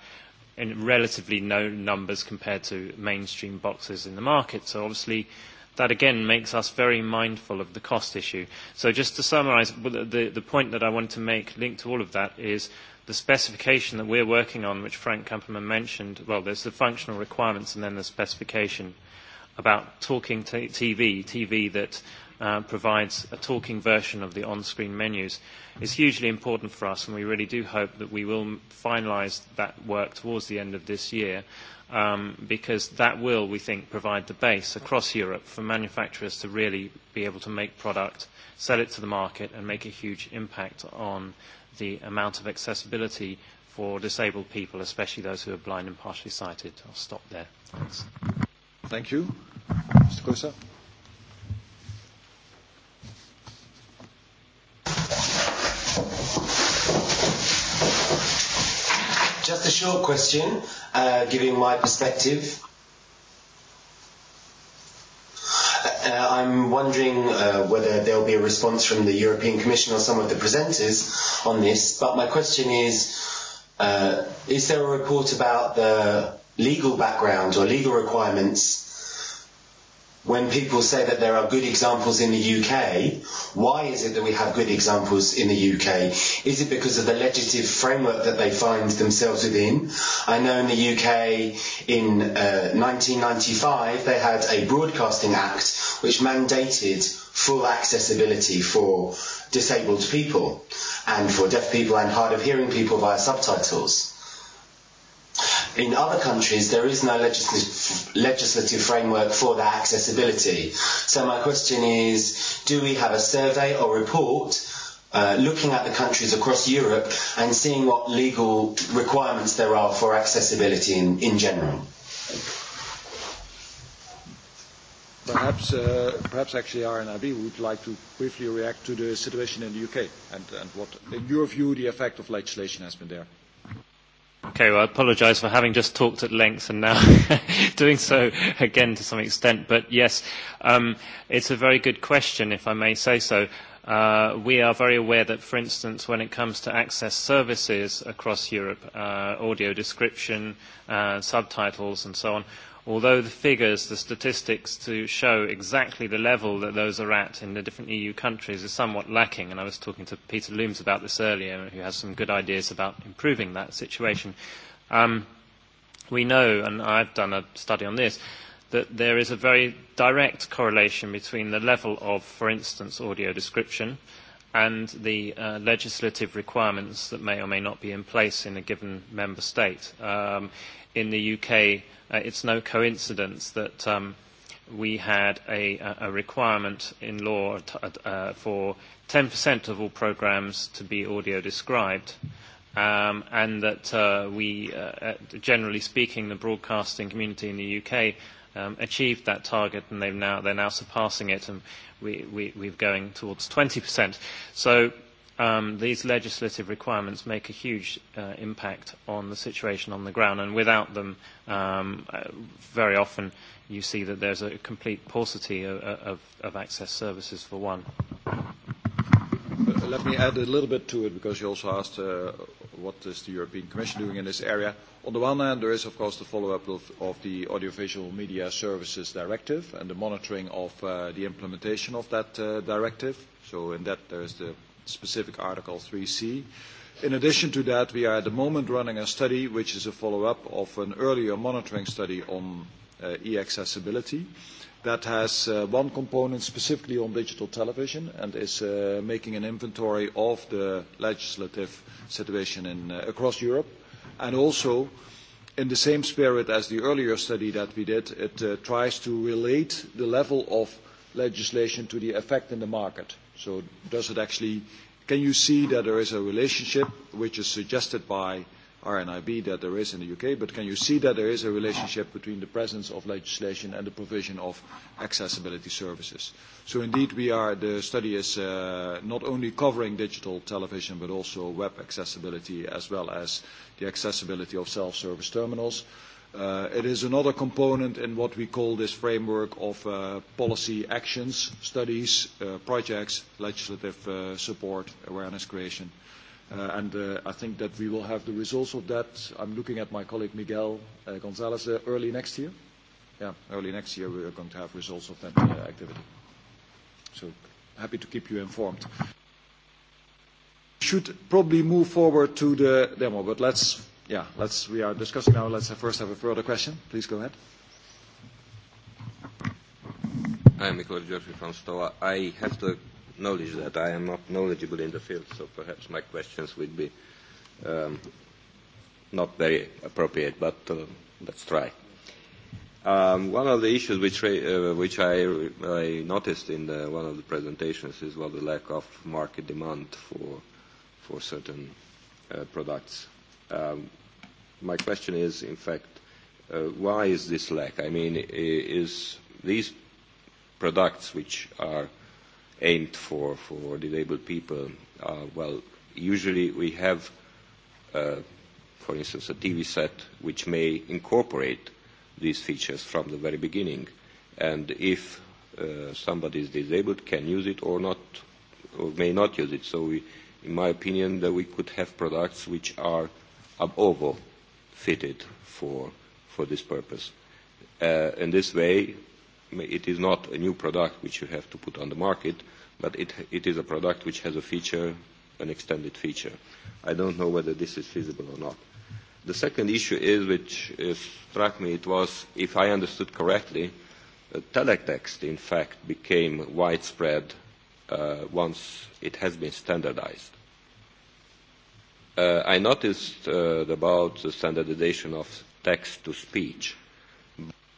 in relatively no numbers compared to mainstream boxes in the market. So obviously, that again makes us very mindful of the cost issue. So just to summarize, the, the point that I want to make linked to all of that is the specification that we're working on, which Frank Kamperman mentioned, well, there's the functional requirements and then the specification about talking TV, TV that provides a talking version of the on-screen menus, is hugely important for us, and we really do hope that we will finalise that work towards the end of this year, because that will, we think, provide the base across Europe for manufacturers to really be able to make product, sell it to the market, and make a huge impact on the amount of accessibility for disabled people, especially those who are blind and partially sighted. I'll stop there. Thanks. Thank you. Mr. Kosa. Just a short question, giving my perspective I'm wondering whether there will be a response from the European Commission or some of the presenters on this, but my question is, is there a report about the legal background or legal requirements when people say that there are good examples in the UK, why is it that we have good examples in the UK? Is it because of the legislative framework that they find themselves within? I know in the UK in uh, 1995 they had a Broadcasting Act which mandated full accessibility for disabled people and for deaf people and hard of hearing people via subtitles. In other countries, there is no legislative, legislative framework for that accessibility. So my question is, do we have a survey or report uh, looking at the countries across Europe and seeing what legal requirements there are for accessibility in, in general? Perhaps, uh, perhaps actually RNIB would like to briefly react to the situation in the UK and, and what, in your view, the effect of legislation has been there. Okay, well, I apologize for having just talked at length and now doing so again to some extent. But yes, um, it's a very good question, if I may say so. we are very aware that, for instance, when it comes to access services across Europe, uh, audio description, uh, subtitles and so on, although the figures, the statistics to show exactly the level that those are at in the different EU countries is somewhat lacking, and I was talking to Peter Looms about this earlier, who has some good ideas about improving that situation. We know, and I've done a study on this, that there is a very direct correlation between the level of, for instance, audio description and the legislative requirements that may or may not be in place in a given member state in the UK, it's no coincidence that um we had a requirement in law for 10% of all programs to be audio described um and that we, generally speaking, the broadcasting community in the UK achieved that target and they've now they're now surpassing it and we we we're going towards 20%. So these legislative requirements make a huge impact on the situation on the ground, and without them, very often you see that there's a complete paucity of access services, for one. Let me add a little bit to it, because you also asked what is the European Commission doing in this area. On the one hand, there is, of course, the follow-up of the Audiovisual Media Services Directive and the monitoring of the implementation of that directive. So in that, there is the specific Article 3C. In addition to that, we are at the moment running a study which is a follow-up of an earlier monitoring study on e-accessibility that has one component specifically on digital television and is making an inventory of the legislative situation across Europe. And also, in the same spirit as the earlier study that we did, it tries to relate the level of legislation to the effect in the market. So does it actually, can you see that there is a relationship which is suggested by RNIB that there is in the UK, but can you see that there is a relationship between the presence of legislation and the provision of accessibility services? So indeed, we are, the study is not only covering digital television, but also web accessibility as well as the accessibility of self-service terminals. It is another component in what we call this framework of policy actions, studies, projects, legislative support, awareness creation. And I think that we will have the results of that. I'm looking at my colleague Miguel González early next year. Yeah, early next year we are going to have results of that activity. So happy to keep you informed. We Should probably move forward to the demo, but let's yeah, let's, we are discussing now. Let's first have a further question. Please go ahead. I am Michael Giorgi from STOA. I have to acknowledge that I am not knowledgeable in the field, so perhaps my questions would be um, not very appropriate, but uh, let's try. Um, one of the issues which, uh, which I, I noticed in the, one of the presentations is well, the lack of market demand for, for certain uh, products. Um, my question is, in fact, why is this lack? I mean, is these products which are aimed for for disabled people, well, usually we have, for instance, a TV set which may incorporate these features from the very beginning, and if somebody is disabled, can use it or not, or may not use it. So, in my opinion, that we could have products which are ab ovo fitted for for this purpose. In this way, it is not a new product which you have to put on the market, but it it is a product which has a feature, an extended feature. I don't know whether this is feasible or not. The second issue is, which struck me, it was, if I understood correctly, teletext in fact became widespread once it has been standardized I noticed about the standardization of text to speech.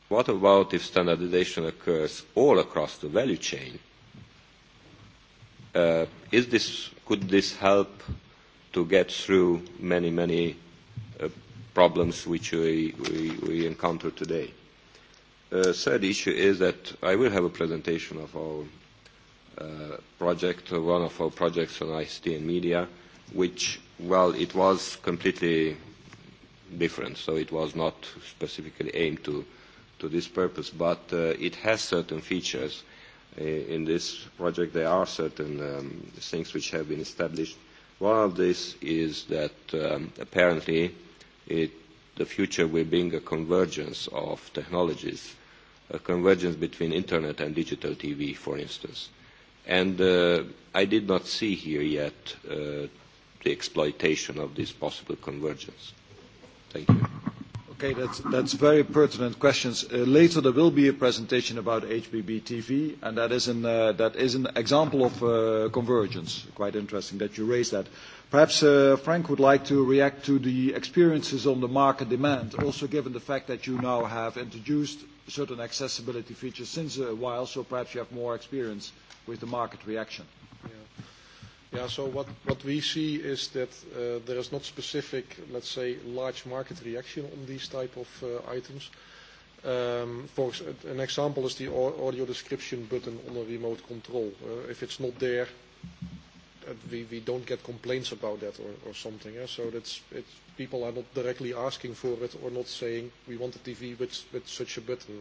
What about if standardization occurs all across the value chain? Is this could this help to get through many many problems which we encounter today? The third issue is that I will have a presentation of our project, one of our projects on ICT and media, which well, it was completely different, so it was not specifically aimed to to this purpose, but it has certain features. In this project, there are certain things which have been established. One of these is that apparently the future will bring a convergence of technologies, a convergence between Internet and digital TV, for instance. And I did not see here yet the exploitation of this possible convergence. Thank you. Okay, that's very pertinent questions. Later there will be a presentation about HBB TV, and that is an that is an example of convergence. Quite interesting that you raised that. Perhaps Frank would like to react to the experiences on the market demand, also given the fact that you now have introduced certain accessibility features since a while, so perhaps you have more experience with the market reaction. Yeah, so what we see is that there is not specific, let's say, large market reaction on these type of items. For an example is the audio description button on a remote control. If it's not there, we don't get complaints about that or something. So that's people are not directly asking for it or not saying we want a TV with such a button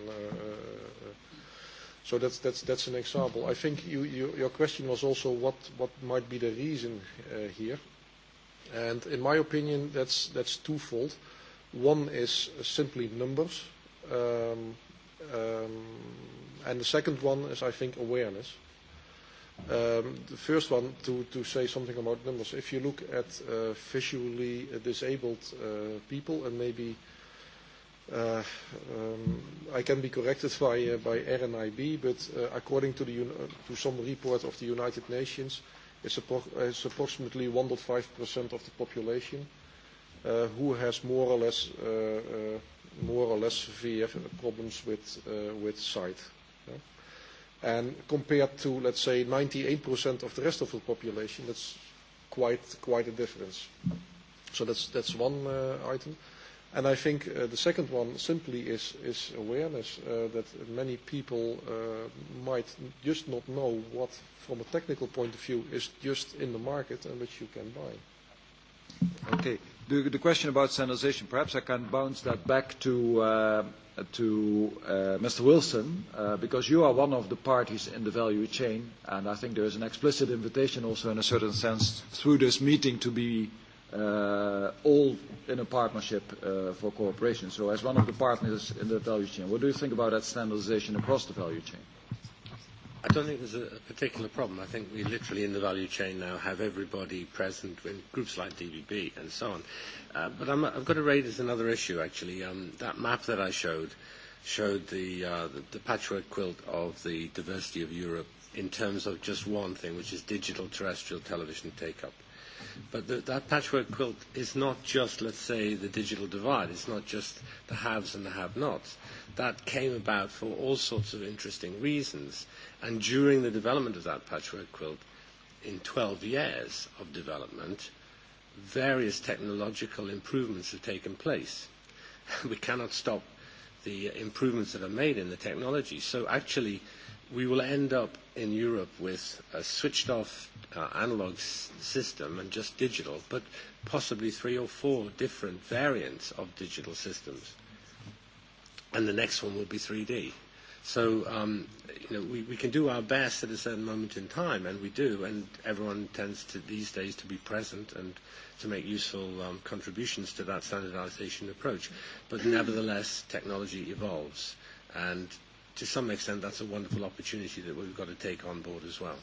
So that's an example. I think your question was also what might be the reason here. And in my opinion, that's twofold. One is simply numbers, and the second one is, I think, awareness. The first one, to say something about numbers. If you look at visually disabled people and maybe I can be corrected by by RNIB, but according to the to some report of the United Nations, it's approximately 1.5% of the population who has more or less more or less severe problems with with sight. And compared to, let's say, 98% of the rest of the population, that's quite quite a difference. So that's that's one item. And I think the second one simply is is awareness that many people might just not know what, from a technical point of view, is just in the market and which you can buy. Okay. The the question about standardization, perhaps I can bounce that back to to Mr. Wilson, because you are one of the parties in the value chain, and I think there is an explicit invitation also in a certain sense through this meeting to be all in a partnership for cooperation. So as one of the partners in the value chain, what do you think about that standardization across the value chain? I don't think there's a particular problem. I think we literally in the value chain now have everybody present in groups like DVB and so on. But I've got to raise another issue, actually. That map that I showed showed the patchwork quilt of the diversity of Europe in terms of just one thing, which is digital terrestrial television take-up But that patchwork quilt is not just, let's say, the digital divide. It's not just the haves and the have-nots. That came about for all sorts of interesting reasons. And during the development of that patchwork quilt, in 12 years of development, various technological improvements have taken place. We cannot stop the improvements that are made in the technology. So actually, we will end up in Europe with a switched off analog system and just digital, but possibly three or four different variants of digital systems. And the next one will be 3D. So um, you know, we, we can do our best at a certain moment in time, and we do, and everyone tends to these days to be present and to make useful um, contributions to that standardization approach. But nevertheless, technology evolves, and to some extent, that's a wonderful opportunity that we've got to take on board as well.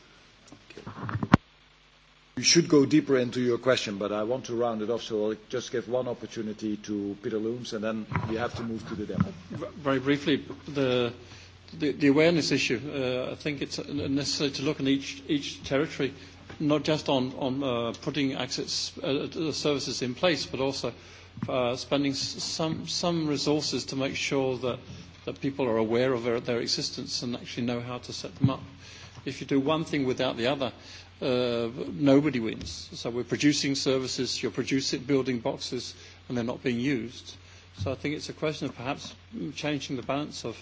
We should go deeper into your question, but I want to round it off, so I'll just give one opportunity to Peter Looms, and then we have to move to the demo. Very briefly, the awareness issue, I think it's necessary to look in each territory, not just on putting access services in place, but also spending some resources to make sure that that people are aware of their existence and actually know how to set them up. If you do one thing without the other, nobody wins. So we're producing services, you're producing building boxes, and they're not being used. So I think it's a question of perhaps changing the balance of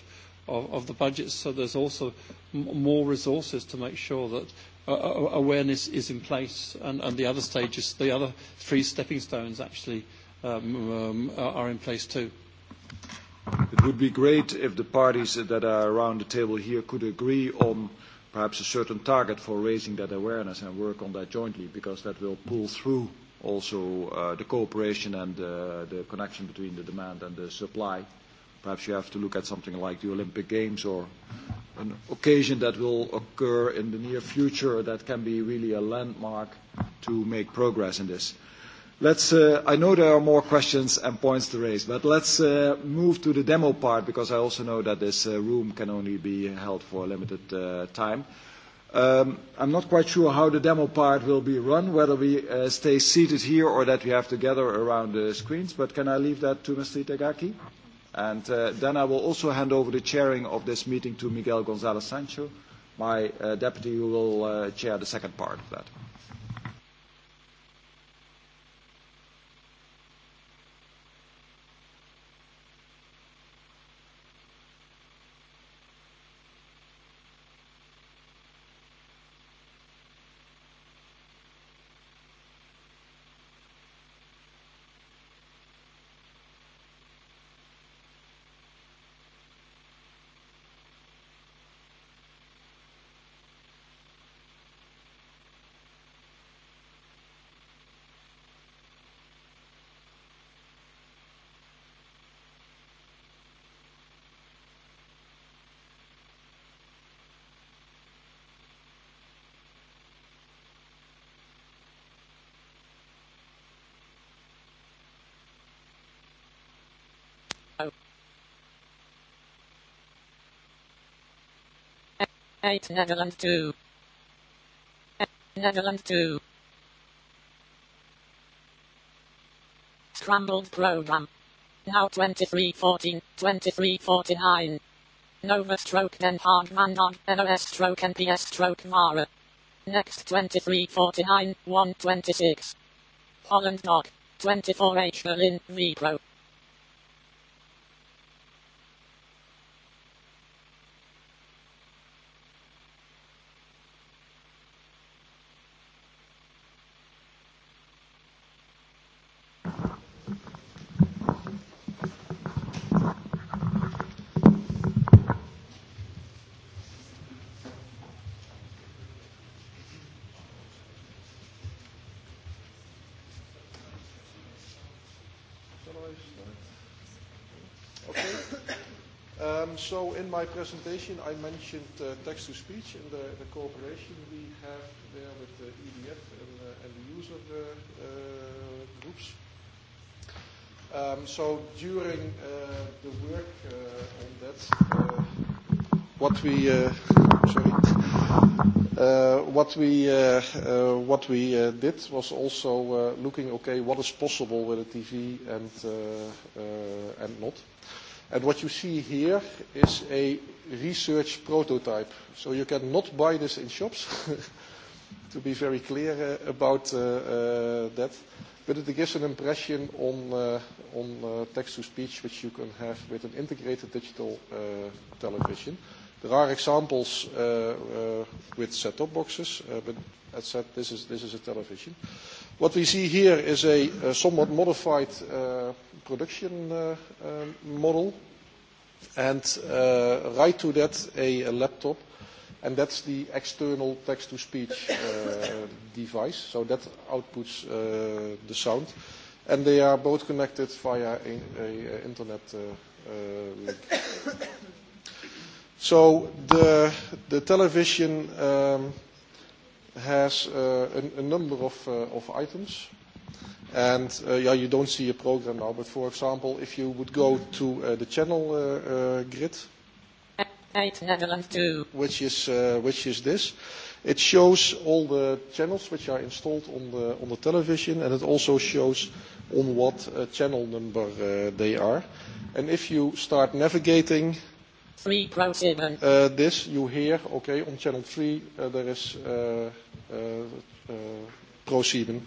of the budget so there's also more resources to make sure that awareness is in place and the other stages, the other three stepping stones actually are in place too. It would be great if the parties that are around the table here could agree on perhaps a certain target for raising that awareness and work on that jointly, because that will pull through also the cooperation and the connection between the demand and the supply. Perhaps you have to look at something like the Olympic Games or an occasion that will occur in the near future that can be really a landmark to make progress in this. Let's, I know there are more questions and points to raise, but let's move to the demo part because I also know that this room can only be held for a limited time. I'm not quite sure how the demo part will be run, whether we stay seated here or that we have to gather around the screens, but can I leave that to Mr. Itagaki? And then I will also hand over the chairing of this meeting to Miguel González Sancho, my deputy who will chair the second part of that. 8 Netherlands 2. Netherlands 2. Scrambled program. Now 2314, 2349. Nova stroke then hard dog, NOS stroke NPS PS stroke Mara. Next 2349, 126. Holland dog, 24H Berlin, V Pro. So in my presentation, I mentioned text-to-speech and the cooperation we have there with the EDF and the user groups. Um So during the work on that, what we sorry, uh what we uh what we did was also looking, okay, what is possible with a TV and uh and not. And what you see here is a research prototype. So you cannot buy this in shops, to be very clear about that. But it gives an impression on on text-to-speech which you can have with an integrated digital television. There are examples with set-top boxes, but as said, this is this is a television. What we see here is a somewhat modified production model and right to that a laptop and that's the external text-to-speech device. So that outputs the sound and they are both connected via an internet link. So the television has a number of items. And you don't see a program now, but for example, if you would go to the channel grid, which is which is this, it shows all the channels which are installed on the on the television, and it also shows on what channel number they are. And if you start navigating this, you hear, okay, on channel 3 there is Pro7.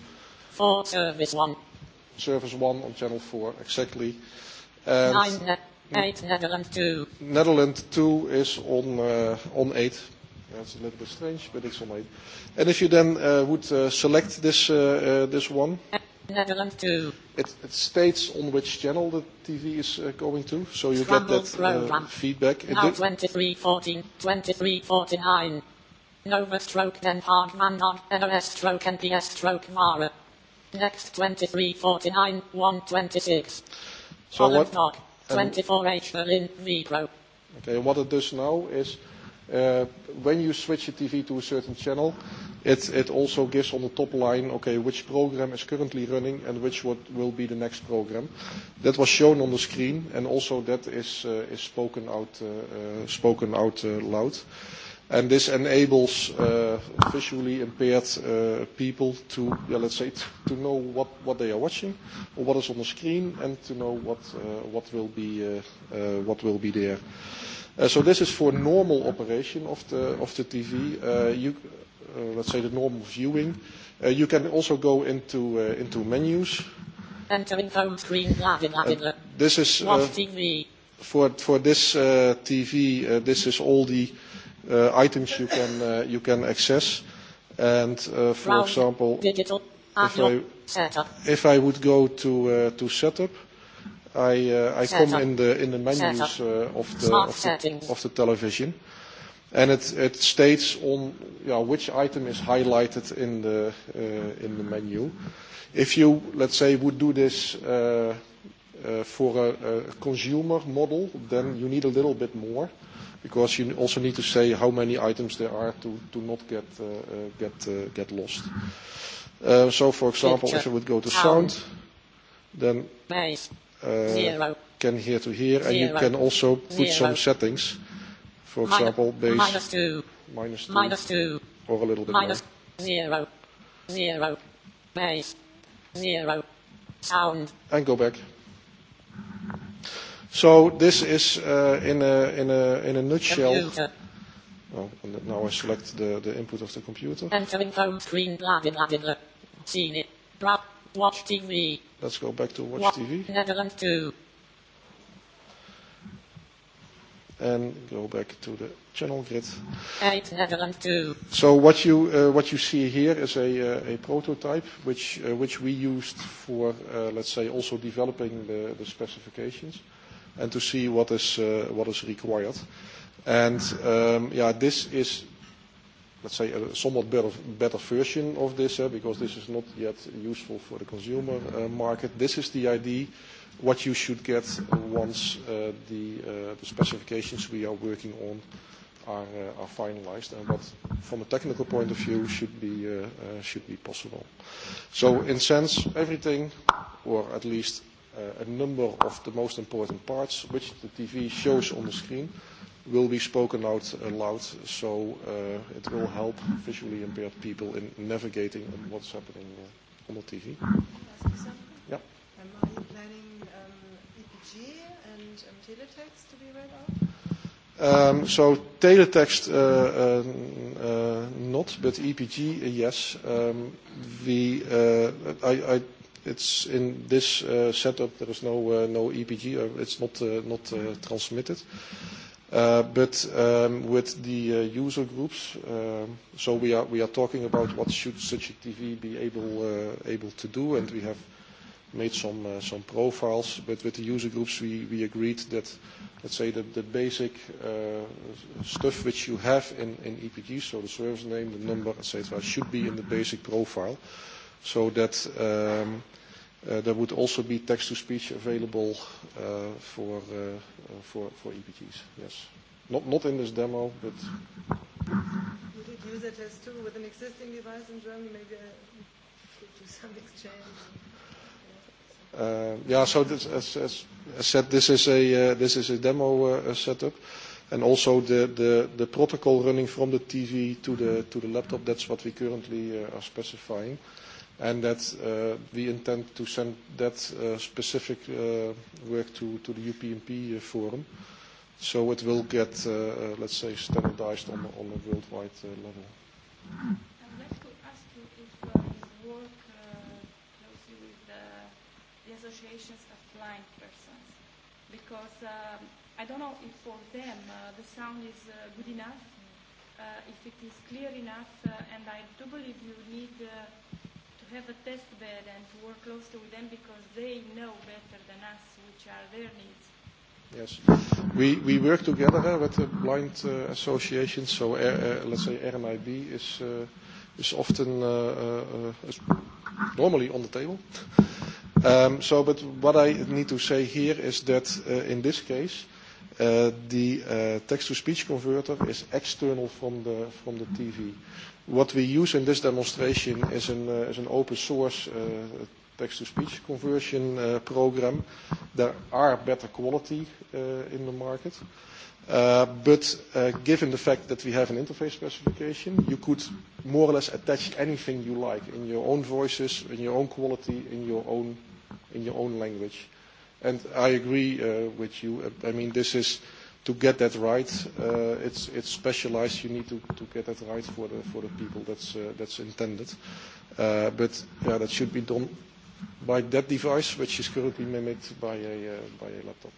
For service one. Service one on channel four, exactly. And eight, Netherlands two. Netherlands two is on on eight. That's a little bit strange, but it's on eight. And if you then would select this this one. Netherlands two. It, it states on which channel the TV is going to, so you get that feedback. Now 2314, 2349. Nova stroke then man on NOS stroke and PS stroke Mara. Next 2349 126. So what? 24H Berlin V-Pro. Okay, what it does now is uh, when you switch a TV to a certain channel, it, it also gives on the top line, okay, which program is currently running and which what will be the next program. That was shown on the screen and also that is, uh, is spoken out, uh, uh, spoken out uh, loud and this enables visually impaired people to, let's say, to know what they are watching or what is on the screen and to know what will be there. So this is for normal operation of the TV. You, let's say, the normal viewing. You can also go into into menus. Entering home screen. This is for for this TV. This is all the items you can you can access. And for example, if I would go to to setup, I I come in the in the menus of the of the of the television, and it it states on which item is highlighted in the in the menu. If you let's say would do this for a consumer model, then you need a little bit more because you also need to say how many items there are to to not get get get lost. So, for example, if I would go to sound, then can hear to hear and you can also put some settings. For example, base minus two, minus two, or a little bit minus zero, zero, base zero, sound, and go back. So this is in a nutshell. Now I select the input of the computer. Entering home screen, blah, blah, blah. Seen it. Watch TV. Let's go back to Watch TV. Netherlands 2. And go back to the channel grid. Netherlands 2. So what you what you see here is a a prototype which which we used for let's say also developing the the specifications and to see what is what is required. And yeah, this is, let's say, a somewhat better better version of this, because this is not yet useful for the consumer market. This is the idea, what you should get once the the specifications we are working on are are finalized and what, from a technical point of view, should be should be possible. So, in sense, everything, or at least a number of the most important parts which the TV shows on the screen will be spoken out loud, so it will help visually impaired people in navigating what's happening on the TV. Yeah. Are you planning EPG and teletext to be read out? So teletext not, but EPG yes. We I It's in this setup. There is no EPG. It's not transmitted. But with the user groups, so we are talking about what should such a TV be able to do, and we have made some profiles. But with the user groups, we agreed that, let's say, the basic stuff which you have in EPG, so the service name, the number, etc., should be in the basic profile, so that There would also be text-to-speech available for for for EPTs, yes. Not not in this demo, but... use it as too, with an existing device in Germany, maybe do some exchange? Yeah, so as as said, this is a this is a demo setup. And also the the the protocol running from the TV to the laptop, that's what we currently are specifying and that we intend to send that specific work to the UPMP forum. So it will get, let's say, standardized on a worldwide level. I would like to ask you if you work closely with the associations of blind persons, because I don't know if for them the sound is good enough, if it is clear enough, and I do believe you need have a test bed and to work closely with them because they know better than us which are their needs. Yes. We we work together with the blind uh associations, so let's say RMIB is uh is often uh uh is normally on the table. Um So, but what I need to say here is that uh in this case, uh the uh text-to-speech converter is external from the from the TV. What we use in this demonstration is an open source text-to-speech conversion program. There are better quality in the market. But given the fact that we have an interface specification, you could more or less attach anything you like in your own voices, in your own quality, in your own language. And I agree with you. I mean, this is to get that right, it's it's specialized. You need to get that right for the people that's intended. But yeah, that should be done by that device, which is currently mimicked by a by a laptop.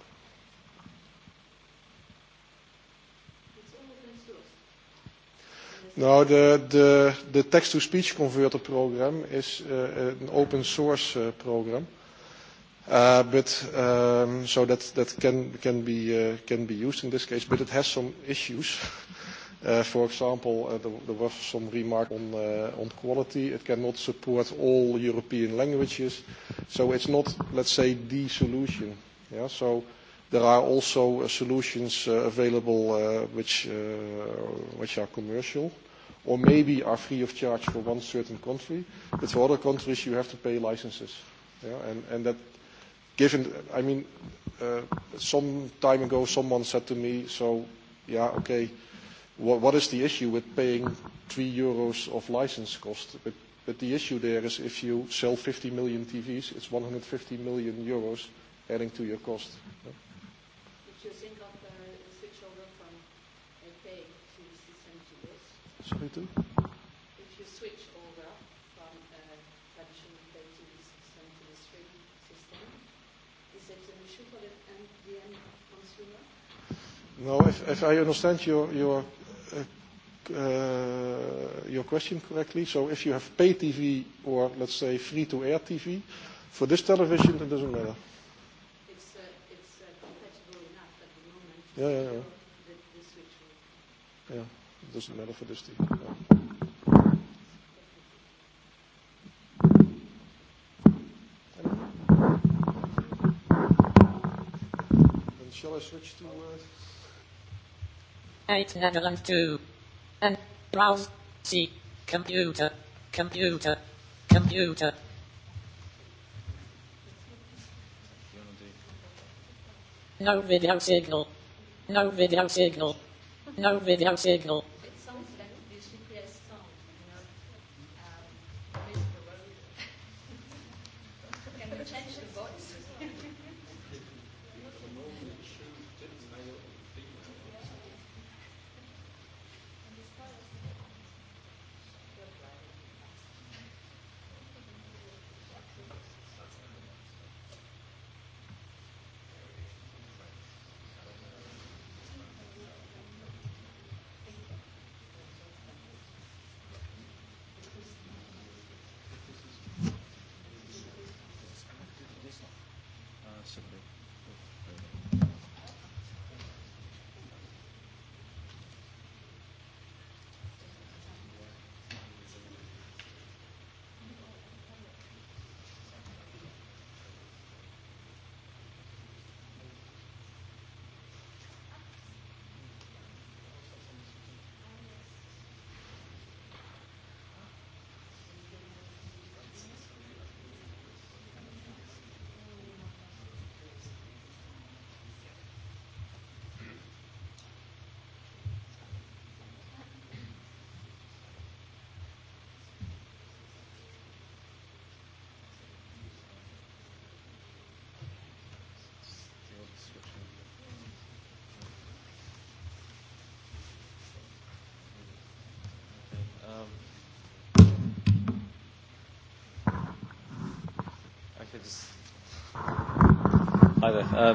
open the the the text to speech converter program is an open source program so that that can can be used in this case, but it has some issues. For example, there was some remark on quality. It cannot support all European languages, so it's not, let's say, the solution. so. There are also solutions available which which are commercial or maybe are free of charge for one certain country, but for other countries you have to pay licenses. And that given, I mean, some time ago someone said to me, so, yeah, okay, what is the issue with paying 3 euros of license cost? But the issue there is if you sell 50 million TVs, it's 150 million euros adding to your cost. No, if I understand your your question correctly, so if you have pay TV or let's say free-to-air TV, for this television it doesn't matter. It's compatible enough at the moment. Yeah, yeah, yeah. Yeah, it doesn't matter for this TV. Shall I switch to? 8 Netherlands 2. And browse. C. Computer. Computer. Computer. No video signal. No video signal. No video signal.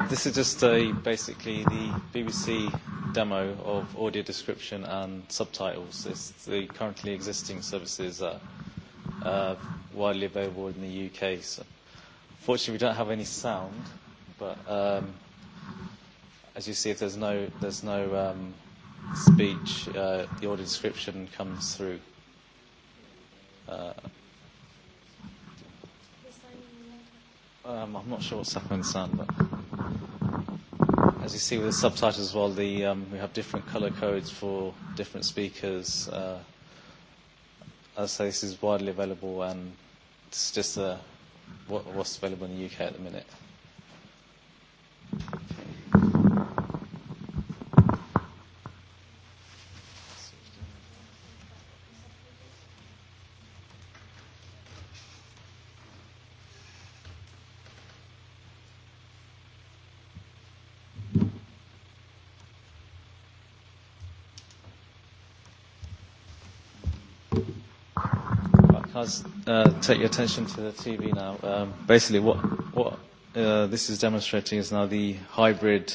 This is just basically the BBC demo of audio description and subtitles. It's the currently existing services that are widely available in the UK. So Fortunately, we don't have any sound, but as you see, if there's no, there's no speech, the audio description comes through. Uh, Um, I'm not sure what's happening with sound, but as you see with the subtitles as well, the, um, we have different color codes for different speakers. Uh, as I say, this is widely available, and it's just uh, what, what's available in the UK at the minute. I'll take your attention to the TV now? Basically, what what this is demonstrating is now the hybrid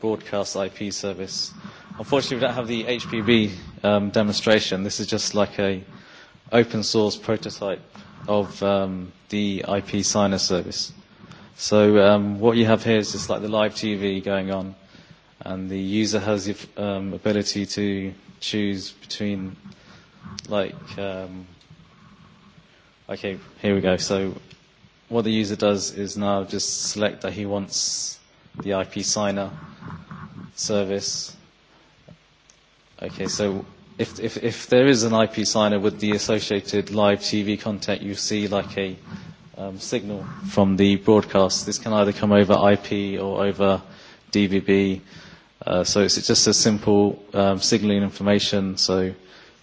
broadcast IP service. Unfortunately, we don't have the HPB demonstration. This is just like a open source prototype of the IP signer service. So what you have here is just like the live TV going on, and the user has the ability to choose between like um, Okay, here we go. So what the user does is now just select that he wants the IP signer service. Okay, so if, if, if there is an IP signer with the associated live TV content, you see like a um, signal from the broadcast. This can either come over IP or over DVB. Uh, so it's just a simple um, signaling information. So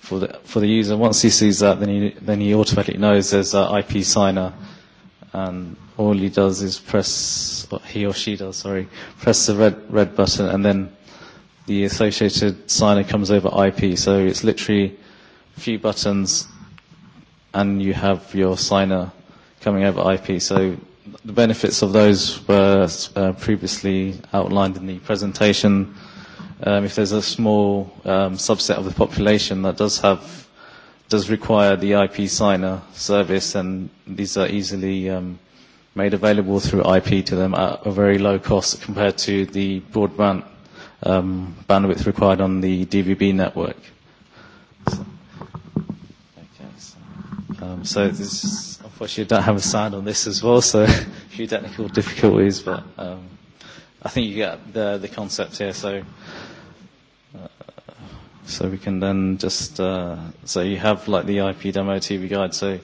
for the for the user. Once he sees that, then he then he automatically knows there's an IP signer, and all he does is press he or she does sorry press the red red button, and then the associated signer comes over IP. So it's literally a few buttons, and you have your signer coming over IP. So the benefits of those were previously outlined in the presentation if there's a small subset of the population that does have does require the IP signer service and these are easily made available through IP to them at a very low cost compared to the broadband bandwidth required on the DVB network. So this unfortunately don't have a sign on this as well, so a few technical difficulties, but I think you get the the concept here. So So we can then just, so you have like the IP demo TV guide. So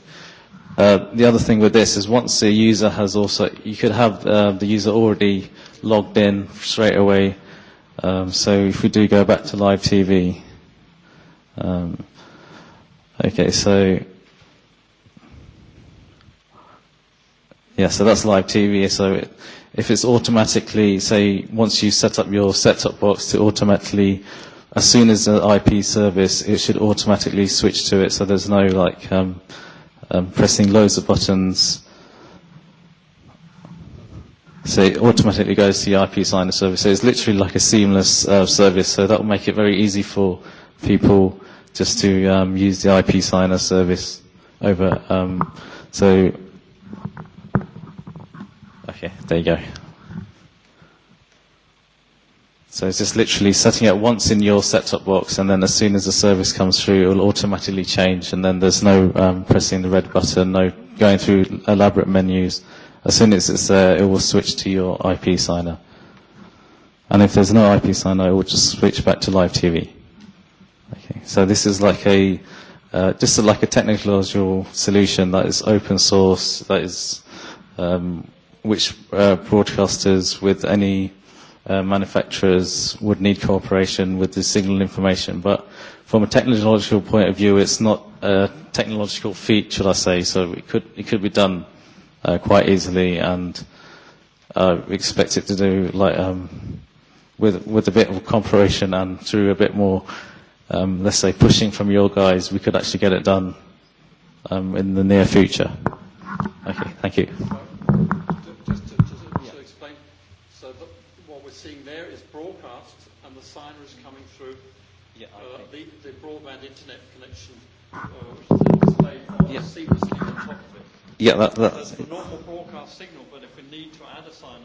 the other thing with this is once the user has also, you could have the user already logged in straight away. So if we do go back to live TV, okay, so yeah, so that's live TV. So if it's automatically, say once you set up your setup box to automatically as soon as the IP service, it should automatically switch to it, so there's no like um, um, pressing loads of buttons. So it automatically goes to the IP signer service. So it's literally like a seamless uh, service. So that will make it very easy for people just to um, use the IP signer service over. Um, so, okay, there you go. So it's just literally setting it once in your set-top box, and then as soon as the service comes through, it will automatically change, and then there's no um, pressing the red button, no going through elaborate menus. As soon as it's there, it will switch to your IP signer. And if there's no IP signer, it will just switch back to live TV. Okay, so this is like a, uh, just like a technological solution that is open source, that is, um, which uh, broadcasters with any manufacturers would need cooperation with the signal information. But from a technological point of view, it's not a technological feat, should I say. So it could it could be done quite easily, and we expect it to do like with with a bit of cooperation and through a bit more, let's say, pushing from your guys, we could actually get it done in the near future. Okay, thank you. broadcast and the sign was coming through the, the broadband internet connection which is seamlessly on top of it. Yeah, that, That's the normal broadcast signal, but if we need to add a sign,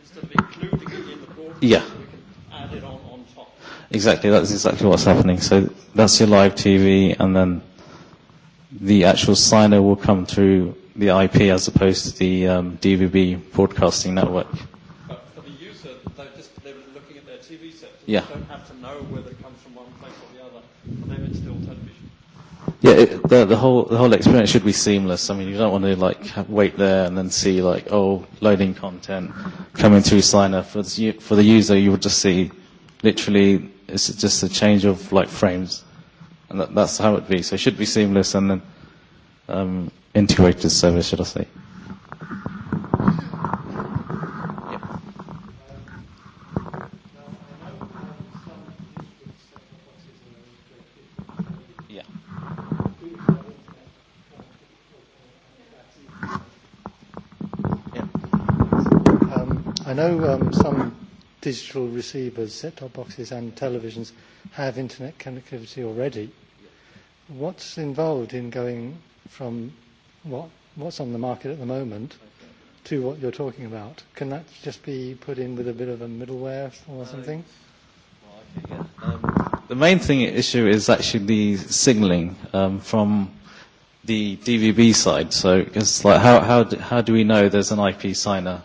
instead of including it in the broadcast, yeah. we can add it on, on top. Exactly, that's exactly what's happening. So that's your live TV, and then the actual signer will come through the IP as opposed to the um, DVB broadcasting network. Yeah. the Yeah, it, the, the whole the whole experience should be seamless. I mean, you don't want to like wait there and then see like oh loading content coming through signer for the, for the user. You would just see literally it's just a change of like frames, and that, that's how it be. So it should be seamless and then um, integrated service, should I say? digital receivers, set-top boxes and televisions have internet connectivity already. What's involved in going from what's on the market at the moment to what you're talking about? Can that just be put in with a bit of a middleware or something? The main thing issue is actually the signaling um, from the DVB side. So it's like how, how, how do we know there's an IP signer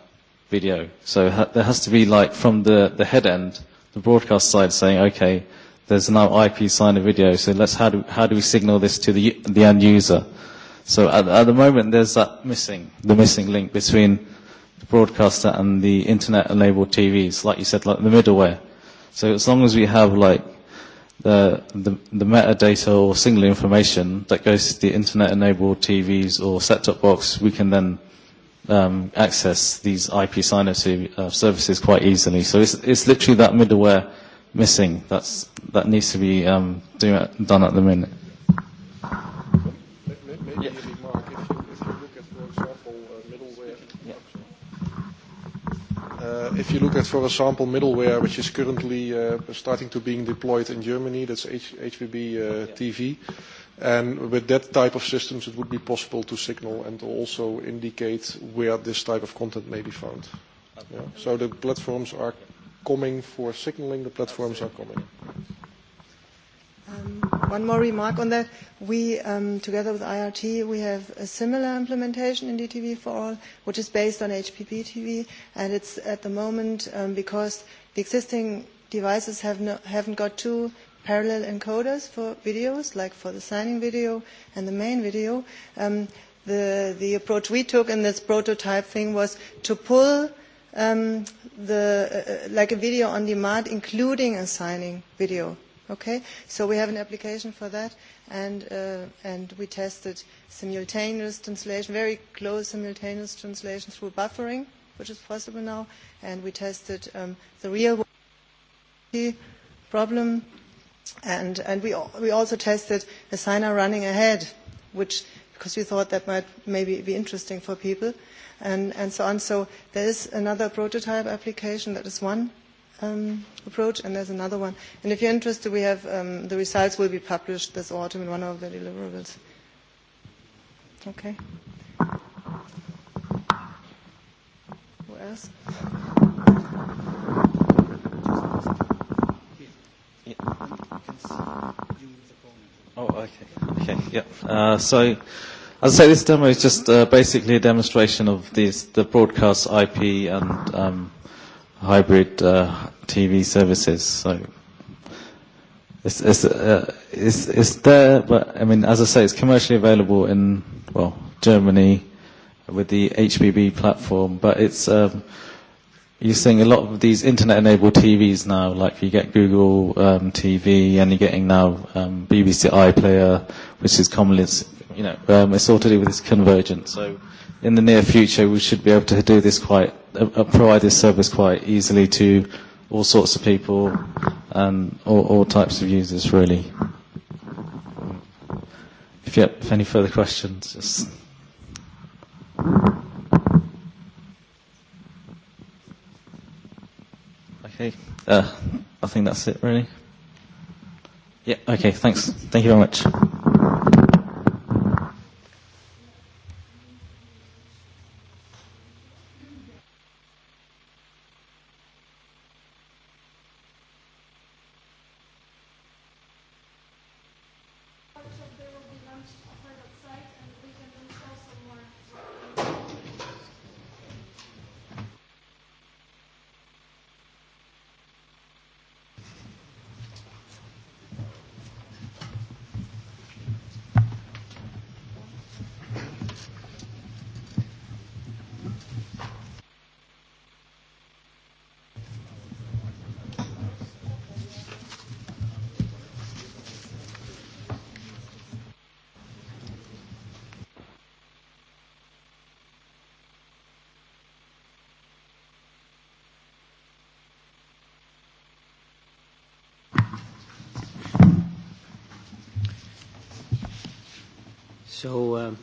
video. So there has to be like from the, the head end, the broadcast side saying, okay, there's now IP sign of video, so let's how do, how do we signal this to the, the end user? So at, the moment there's that missing, the missing link between the broadcaster and the internet enabled TVs, like you said, like the middleware. So as long as we have like the, the, the metadata or single information that goes to the internet enabled TVs or set-top box, we can then access these IP uh services quite easily. So it's it's literally that middleware missing that's that needs to be um done at the minute. If you look at, for example, middleware, which is currently starting to being deployed in Germany, that's HVB TV. And with that type of systems, it would be possible to signal and also indicate where this type of content may be found. So the platforms are coming for signaling. The platforms are coming. One more remark on that. We, together with IRT, we have a similar implementation in DTV for all, which is based on HPP TV, and it's at the moment because the existing devices haven't got two parallel encoders for videos, like for the signing video and the main video. The approach we took in this prototype thing was to pull the like a video on demand, including a signing video. Okay, so we have an application for that, and we tested simultaneous translation, very close simultaneous translation through buffering, which is possible now, and we tested the real problem And we also tested a signer running ahead, which because we thought that might maybe be interesting for people, and so on. So there is another prototype application. That is one approach, and there's another one. And if you're interested, we have the results will be published this autumn in one of the deliverables. Okay. Who else? Oh, okay. Okay, yeah. So, as I say, this demo is just basically a demonstration of these the broadcast IP and um hybrid uh TV services. So, it's it's it's it's there, but I mean, as I say, it's commercially available in well Germany with the HBB platform, but it's um you're seeing a lot of these internet-enabled TVs now, like you get Google TV and you're getting now BBC iPlayer, which is commonly, you know, it's all to do with this convergence. So in the near future, we should be able to do this quite, provide this service quite easily to all sorts of people and all types of users, really. If you have any further questions, just... Okay. Uh, I think that's it, really. Yeah, okay, thanks. Thank you very much. So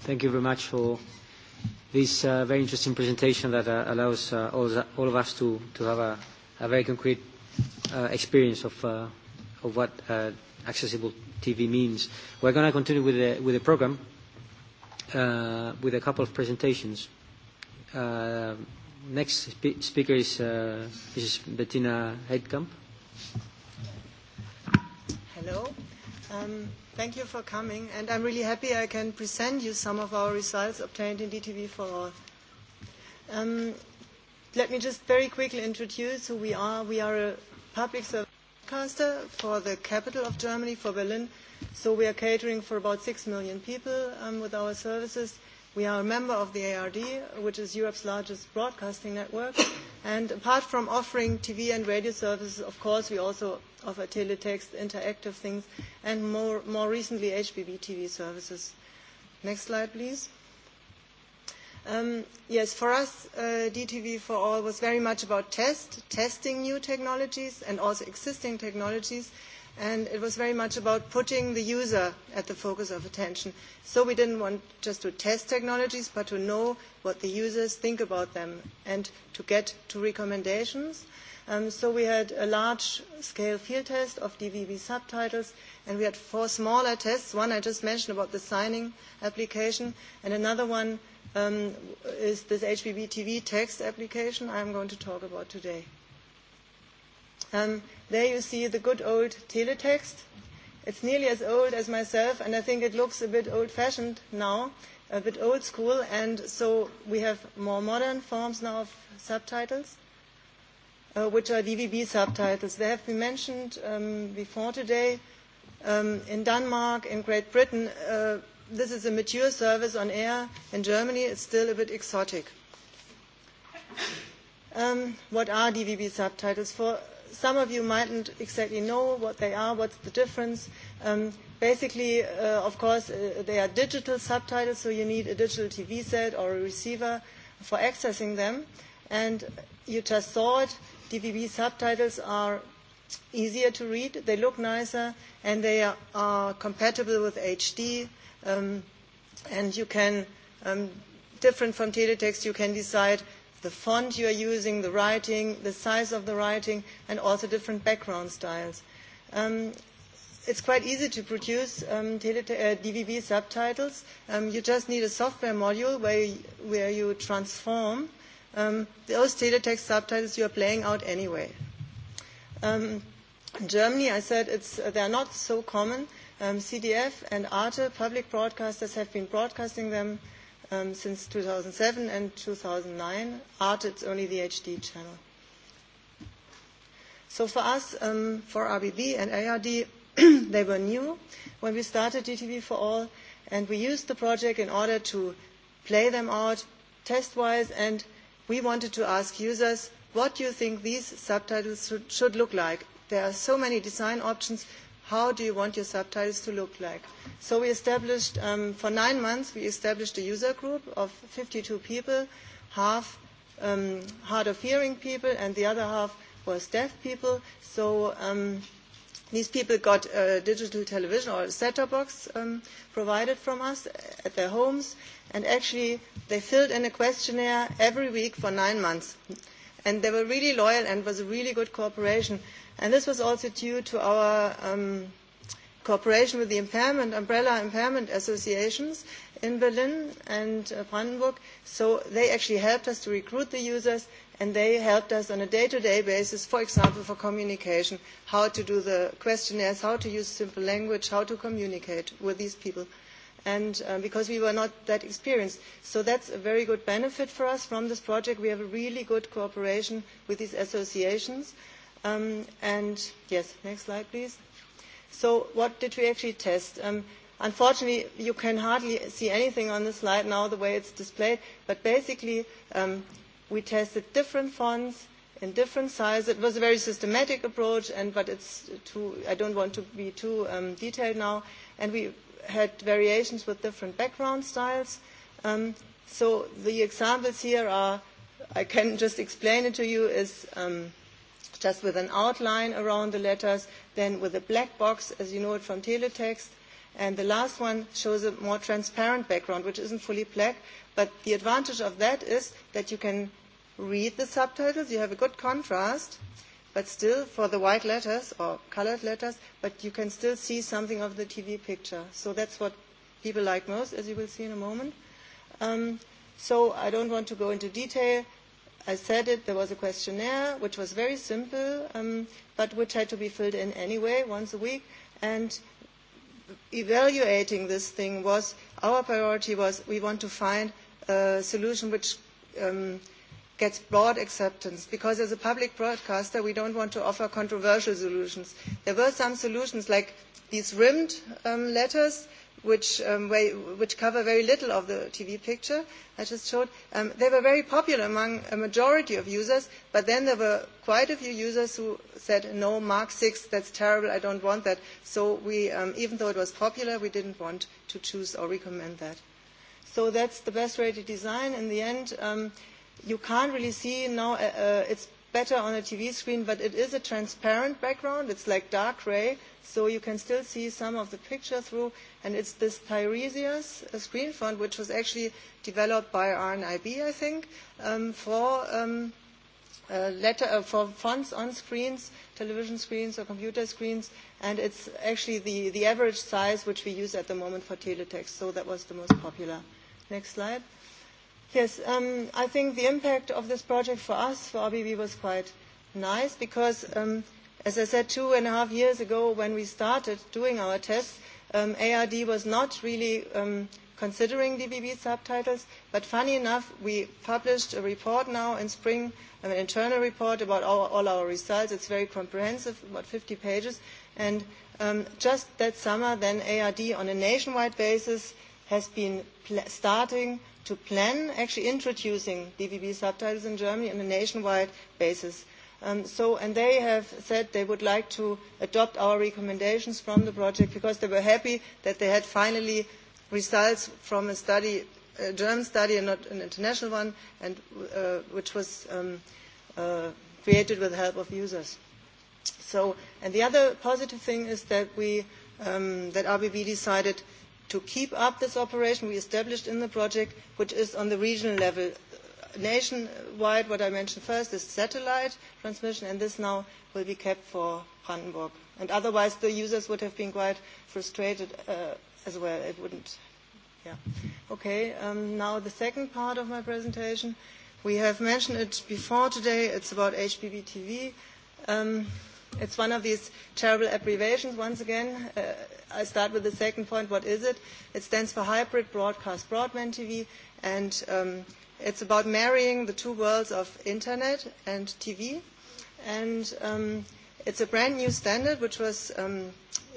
thank you very much for this very interesting presentation that allows all of us to to have a very concrete experience of of what accessible TV means. We're going to continue with the with program with a couple of presentations. Next speaker is Mrs. Bettina Heidkamp. Thank you for coming, and I'm really happy I can present you some of our results obtained in DTV for all. Um Let me just very quickly introduce who we are. We are a public service broadcaster for the capital of Germany, for Berlin, so we are catering for about six million people um with our services. We are a member of the ARD, which is Europe's largest broadcasting network, and apart from offering TV and radio services, of course, we also of a teletext, interactive things, and more, more recently HBB TV services. Next slide, please. yes, for us, DTV for All was very much about test, testing new technologies and also existing technologies, and it was very much about putting the user at the focus of attention. So we didn't want just to test technologies, but to know what the users think about them and to get to recommendations So we had a large-scale field test of DVB subtitles, and we had four smaller tests. One I just mentioned about the signing application, and another one is this HBB TV text application I'm going to talk about today. There you see the good old teletext. It's nearly as old as myself, and I think it looks a bit old-fashioned now, a bit old-school, and so we have more modern forms now of subtitles which are DVB subtitles. They have been mentioned before today. In Denmark, in Great Britain, this is a mature service on air. In Germany, it's still a bit exotic. What are DVB subtitles? For some of you mightn't exactly know what they are, what's the difference. Basically, of course, they are digital subtitles, so you need a digital TV set or a receiver for accessing them. And you just saw it DVB subtitles are easier to read, they look nicer, and they are compatible with HD, and you can, different from teletext, you can decide the font you are using, the writing, the size of the writing, and also different background styles. It's quite easy to produce DVB subtitles. You just need a software module where you transform those text subtitles you are playing out anyway. In Germany, I said it's they are not so common. CDF and Arte public broadcasters have been broadcasting them since 2007 and 2009. Arte it's only the HD channel. So for us, for RBB and ARD, they were new when we started DTV for All, and we used the project in order to play them out test-wise and we wanted to ask users what do you think these subtitles should look like? There are so many design options. How do you want your subtitles to look like? So we established, for nine months, we established a user group of 52 people, half hard of hearing people and the other half was deaf people. So These people got a digital television or set-top box provided from us at their homes, and actually they filled in a questionnaire every week for nine months. And they were really loyal and was a really good cooperation. And this was also due to our cooperation with the impairment, umbrella impairment associations, in Berlin and Brandenburg. So they actually helped us to recruit the users and they helped us on a day-to-day basis, for example, for communication, how to do the questionnaires, how to use simple language, how to communicate with these people. And because we were not that experienced. So that's a very good benefit for us from this project. We have a really good cooperation with these associations. And yes, next slide, please. So what did we actually test? Unfortunately, you can hardly see anything on the slide now the way it's displayed, but basically we tested different fonts in different sizes. It was a very systematic approach, and but it's too, I don't want to be too detailed now, and we had variations with different background styles. So the examples here are, I can just explain it to you, is just with an outline around the letters, then with a black box, as you know it from teletext, And the last one shows a more transparent background, which isn't fully black. But the advantage of that is that you can read the subtitles, you have a good contrast, but still for the white letters or colored letters, but you can still see something of the TV picture. So that's what people like most, as you will see in a moment. Um So I don't want to go into detail. I said it, there was a questionnaire, which was very simple, um but which had to be filled in anyway, once a week. And evaluating this thing was our priority was we want to find a solution which gets broad acceptance because as a public broadcaster we do not want to offer controversial solutions. There were some solutions like these rimmed letters which cover very little of the TV picture I just showed. They were very popular among a majority of users, but then there were quite a few users who said, no, Mark 6, that's terrible, I don't want that. So we, even though it was popular, we didn't want to choose or recommend that. So that's the best rated design. In the end, you can't really see now, it's better on a TV screen, but it is a transparent background. It's like dark gray So you can still see some of the picture through, and it's this Tiresias screen font, which was actually developed by RNIB, I think, for letter for fonts on screens, television screens or computer screens, and it's actually the the average size which we use at the moment for teletext. So that was the most popular. Next slide. Yes, I think the impact of this project for us, for RBB, was quite nice because As I said two and a half years ago when we started doing our tests, ARD was not really considering DVB subtitles, but funny enough, we published a report now in spring, an internal report about all our results. It's very comprehensive, about 50 pages. And just that summer, then ARD on a nationwide basis has been starting to plan, actually introducing DVB subtitles in Germany on a nationwide basis. So, and they have said they would like to adopt our recommendations from the project because they were happy that they had finally results from a study, a German study and not an international one, and which was created with the help of users. So, and the other positive thing is that we, that RBB decided to keep up this operation we established in the project, which is on the regional level nationwide, what I mentioned first, is satellite transmission, and this now will be kept for Brandenburg. And otherwise, the users would have been quite frustrated as well. It wouldn't. Yeah. Okay. Now the second part of my presentation. We have mentioned it before today. It's about HBB TV. It's one of these terrible abbreviations. Once again, I start with the second point. What is it? It stands for Hybrid Broadcast Broadband TV, and It's about marrying the two worlds of Internet and TV. And it's a brand new standard which was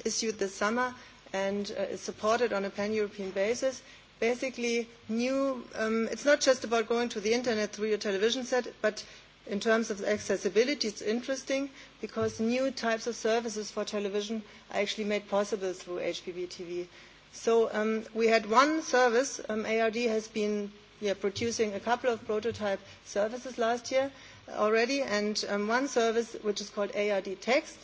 issued this summer and is supported on a pan-European basis. Basically, new. It's not just about going to the Internet through your television set, but in terms of accessibility, it's interesting because new types of services for television are actually made possible through HbbTV. TV. So we had one service. ARD has been We are producing a couple of prototype services last year already, and one service which is called ARD Text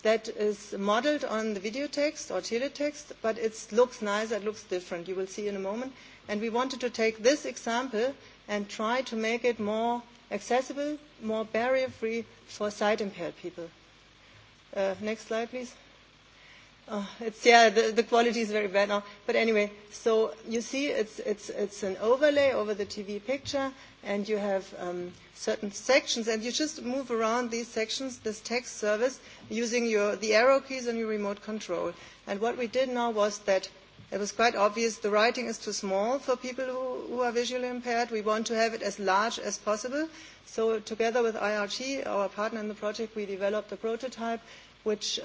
that is modeled on the video text or teletext, but it looks nice, it looks different. You will see in a moment. And we wanted to take this example and try to make it more accessible, more barrier-free for sight-impaired people. Next slide, please it's yeah the, quality is very bad now but anyway so you see it's it's it's an overlay over the tv picture and you have certain sections and you just move around these sections this text service using your the arrow keys and your remote control and what we did now was that it was quite obvious the writing is too small for people who, are visually impaired we want to have it as large as possible so together with IRT our partner in the project we developed a prototype which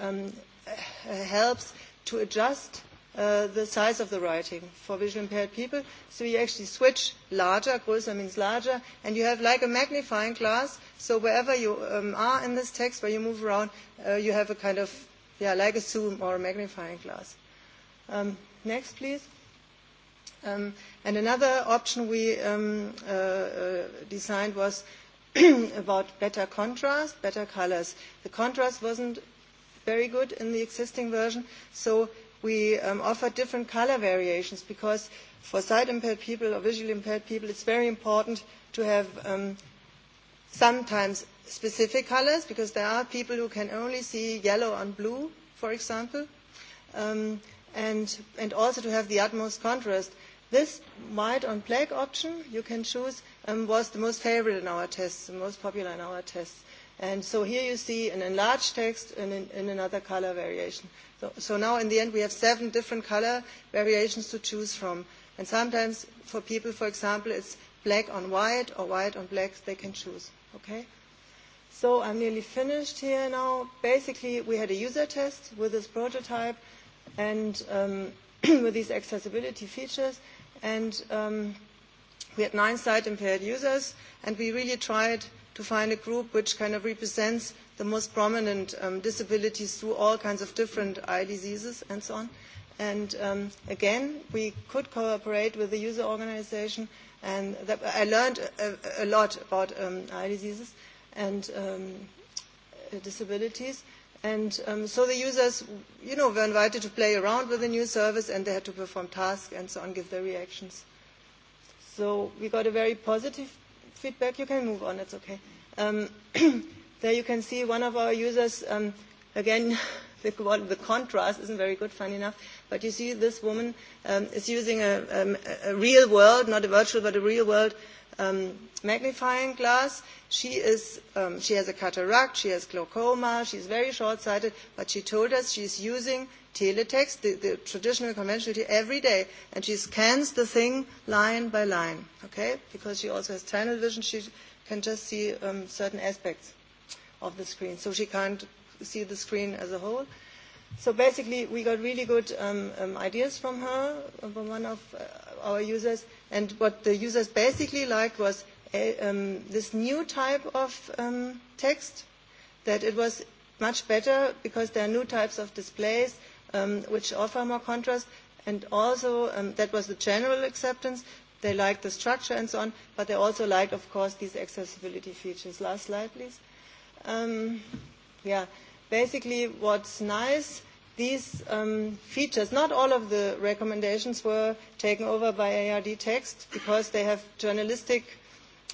helps to adjust the size of the writing for visually impaired people. So you actually switch larger, größer means larger, and you have like a magnifying glass. So wherever you are in this text, where you move around, you have a kind of, yeah, like a zoom or a magnifying glass. Next, please. And another option we designed was about better contrast, better colors. The contrast wasn't very good in the existing version. So we offer different color variations because for sight impaired people or visually impaired people it's very important to have sometimes specific colors because there are people who can only see yellow and blue, for example, and also to have the utmost contrast. This white on black option you can choose was the most favourite in our tests, the most popular in our tests. And so here you see an enlarged text in another color variation. So now in the end we have seven different color variations to choose from. And sometimes for people, for example, it's black on white or white on black, they can choose. Okay? So I'm nearly finished here now. Basically, we had a user test with this prototype and with these accessibility features. And we had nine sight-impaired users, and we really tried to find a group which kind of represents the most prominent disabilities through all kinds of different eye diseases and so on. And again, we could cooperate with the user organization, and I learned a lot about eye diseases and disabilities. And so the users, you know, were invited to play around with the new service, and they had to perform tasks and so on, give their reactions. So we got a very positive feedback? You can move on. It's okay. There you can see one of our users. Again, the contrast isn't very good, funny enough. But you see this woman is using a real world, not a virtual, but a real world magnifying glass. She is, she has a cataract, she has glaucoma, she is very short-sighted, but she told us she is using teletext, the, traditional conventional, every day, and she scans the thing line by line, okay? Because she also has tunnel vision, she can just see um, certain aspects of the screen, so she can't see the screen as a whole. So basically, we got really good um, um, ideas from her, from one of uh, our users, and what the users basically liked was um, this new type of um, text, that it was much better because there are new types of displays which offer more contrast, and also that was the general acceptance. They like the structure and so on, but they also like, of course, these accessibility features. Last slide, please. Yeah, basically what's nice, these features, not all of the recommendations were taken over by ARD text because they have journalistic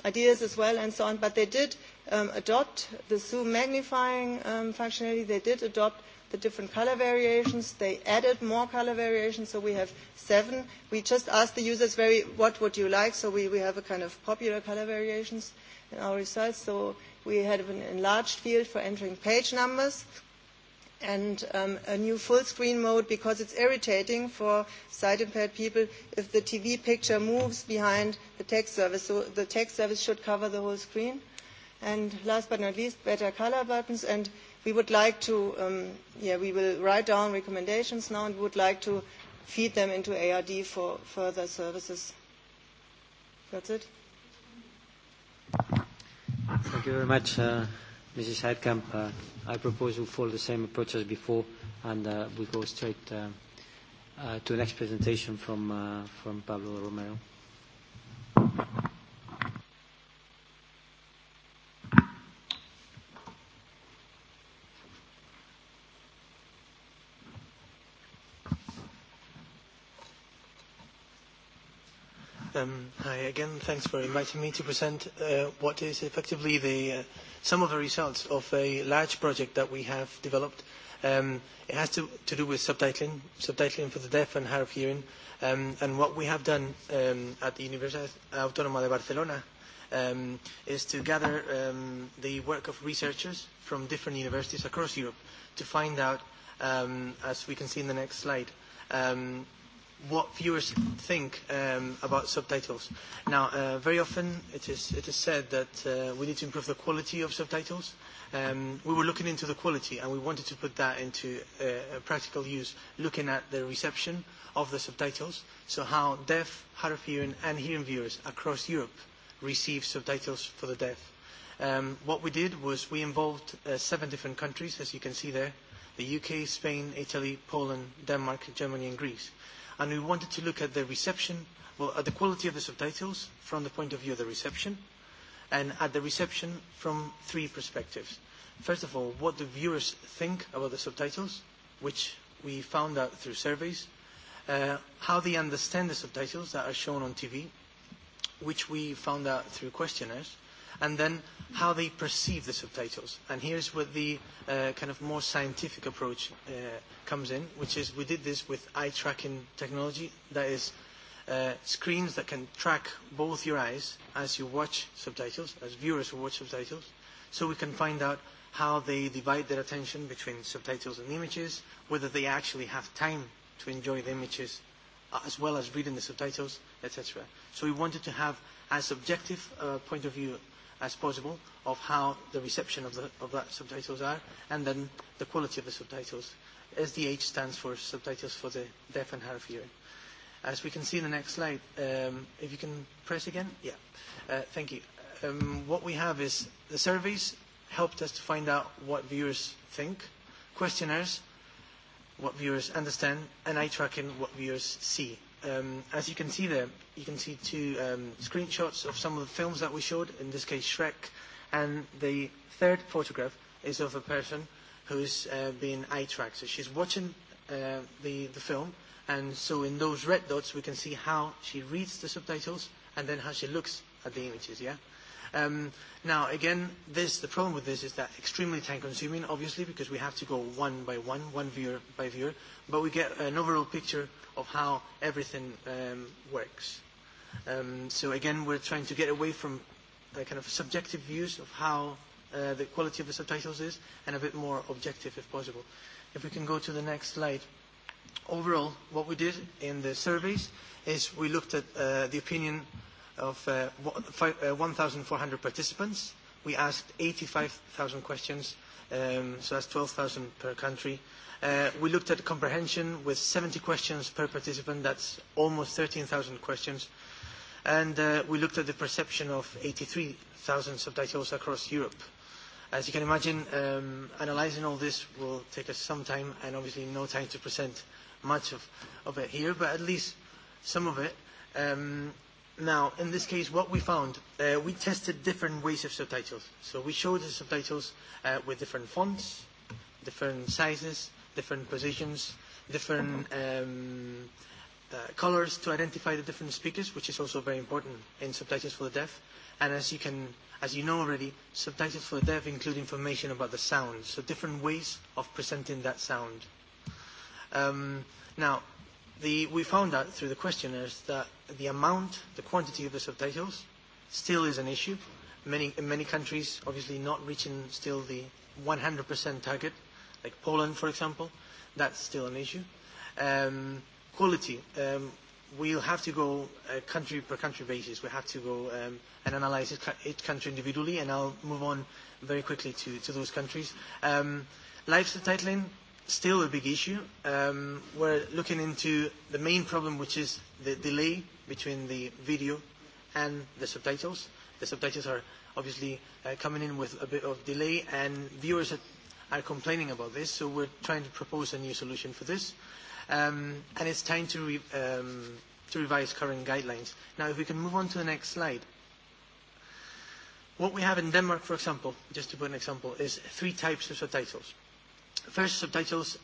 ideas as well and so on, but they did adopt the zoom magnifying functionality, they did adopt the different color variations. They added more color variations, so we have seven. We just asked the users very, what would you like? So we, we have a kind of popular color variations in our results. So we had an enlarged field for entering page numbers and a new full screen mode because it's irritating for sight impaired people if the TV picture moves behind the text service. So the text service should cover the whole screen. And last but not least, better color buttons and we would like to, yeah, we will write down recommendations now and would like to feed them into ARD for further services. That's it. Thank you very much, Mrs. Heidkamp. I propose we follow the same approach as before and we go straight to the next presentation from Pablo Romero. Hi again. Thanks for inviting me to present what is effectively the some of the results of a large project that we have developed. It has to do with subtitling, subtitling for the deaf and hard of hearing. And what we have done at the Universidad Autónoma de Barcelona is to gather the work of researchers from different universities across Europe to find out, as we can see in the next slide, what viewers think about subtitles. Now, very often it is it is said that we need to improve the quality of subtitles. We were looking into the quality and we wanted to put that into practical use, looking at the reception of the subtitles, so how deaf, hard of hearing and hearing viewers across Europe receive subtitles for the deaf. What we did was we involved seven different countries, as you can see there, the UK, Spain, Italy, Poland, Denmark, Germany and Greece and we wanted to look at the reception, well, at the quality of the subtitles from the point of view of the reception, and at the reception from three perspectives. First of all, what the viewers think about the subtitles, which we found out through surveys, how they understand the subtitles that are shown on TV, which we found out through questionnaires, and then how they perceive the subtitles. And here's where the kind of more scientific approach comes in, which is we did this with eye tracking technology, that is screens that can track both your eyes as you watch subtitles, as viewers who watch subtitles, so we can find out how they divide their attention between subtitles and images, whether they actually have time to enjoy the images as well as reading the subtitles, etc. So we wanted to have as objective a point of view as possible of how the reception of, the, of that subtitles are and then the quality of the subtitles. SDH stands for subtitles for the deaf and hard of hearing. As we can see in the next slide, um, if you can press again, yeah, uh, thank you. Um, what we have is the surveys helped us to find out what viewers think, questionnaires, what viewers understand, and eye tracking, what viewers see As you can see there, you can see two screenshots of some of the films that we showed, in this case Shrek, and the third photograph is of a person who is being eye-tracked. So she's watching the the film, and so in those red dots we can see how she reads the subtitles and then how she looks at the images, yeah? Now, again, this the problem with this is that extremely time-consuming, obviously, because we have to go one by one, one viewer by viewer, but we get an overall picture of how everything works. So again, we're trying to get away from the kind of subjective views of how the quality of the subtitles is, and a bit more objective if possible. If we can go to the next slide. Overall, what we did in the surveys is we looked at the opinion of 1,400 participants. We asked 85,000 questions, so that's 12,000 per country. We looked at comprehension with 70 questions per participant. That's almost 13,000 questions. And we looked at the perception of 83,000 subtitles across Europe. As you can imagine, analyzing all this will take us some time and obviously no time to present much of it here, but at least some of it. Now, in this case, what we found, we tested different ways of subtitles. So we showed the subtitles with different fonts, different sizes, different positions, different um, colors to identify the different speakers, which is also very important in subtitles for the deaf. And as you can, as you know already, subtitles for the deaf include information about the sound, so different ways of presenting that sound. Um, now, the, we found out through the questionnaires that the amount, the quantity of the subtitles still is an issue. Many, in many countries, obviously not reaching still the 100% target, like Poland, for example, that's still an issue. Um, quality, um, we'll have to go country per country basis. We have to go um, and analyze each country individually, and I'll move on very quickly to, to those countries. Um, live subtitling, still a big issue. Um, we're looking into the main problem, which is the delay between the video and the subtitles. The subtitles are obviously uh, coming in with a bit of delay, and viewers are, are complaining about this, so we're trying to propose a new solution for this. Um, and it's time to, re um, to revise current guidelines. Now, if we can move on to the next slide. What we have in Denmark, for example, just to put an example, is three types of subtitles. First, subtitles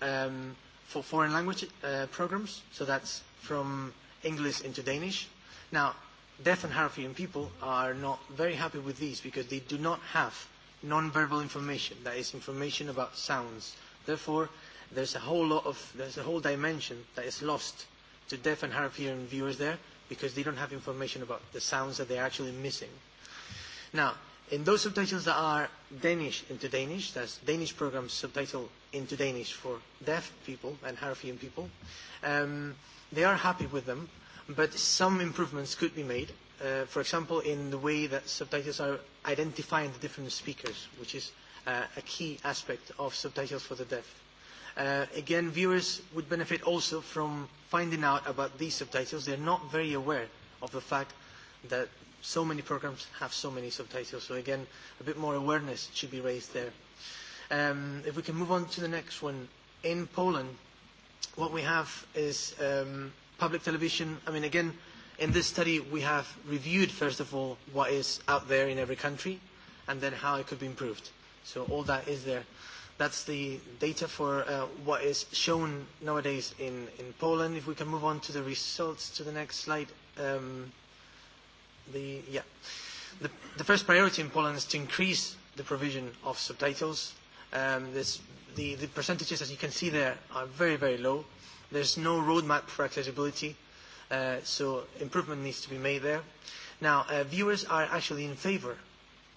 for foreign language programs, so that's from English into Danish. Now, deaf and hard hearing people are not very happy with these because they do not have non-verbal information, that is information about sounds. Therefore, there's a whole lot of, there's a whole dimension that is lost to deaf and hard hearing viewers there because they don't have information about the sounds that they're actually missing. Now, In those subtitles that are Danish into Danish. That's Danish programs subtitle into Danish for deaf people and Harafian people. Um, they are happy with them, but some improvements could be made. Uh, for example, in the way that subtitles are identifying the different speakers, which is uh, a key aspect of subtitles for the deaf. Uh, again, viewers would benefit also from finding out about these subtitles. They're not very aware of the fact that so many programs have so many subtitles. So again, a bit more awareness should be raised there. Um, if we can move on to the next one. In Poland, what we have is um, public television. I mean, again, in this study, we have reviewed, first of all, what is out there in every country and then how it could be improved. So all that is there. That's the data for what is shown nowadays in, in Poland. If we can move on to the results to the next slide. Um, The yeah, the the first priority in Poland is to increase the provision of subtitles. This the the percentages as you can see there are very very low. There's no roadmap for accessibility, so improvement needs to be made there. Now viewers are actually in favour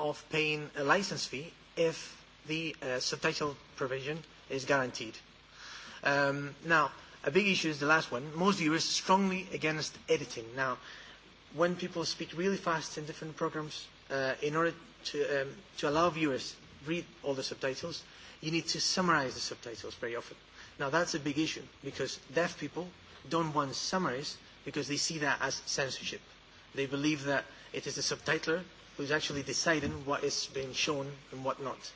of paying a license fee if the subtitle provision is guaranteed. Now a big issue is the last one. Most viewers are strongly against editing. Now when people speak really fast in different programs, in order to to allow viewers read all the subtitles, you need to summarize the subtitles very often. Now that's a big issue because deaf people don't want summaries because they see that as censorship. They believe that it is the subtitler who is actually deciding what is being shown and what not.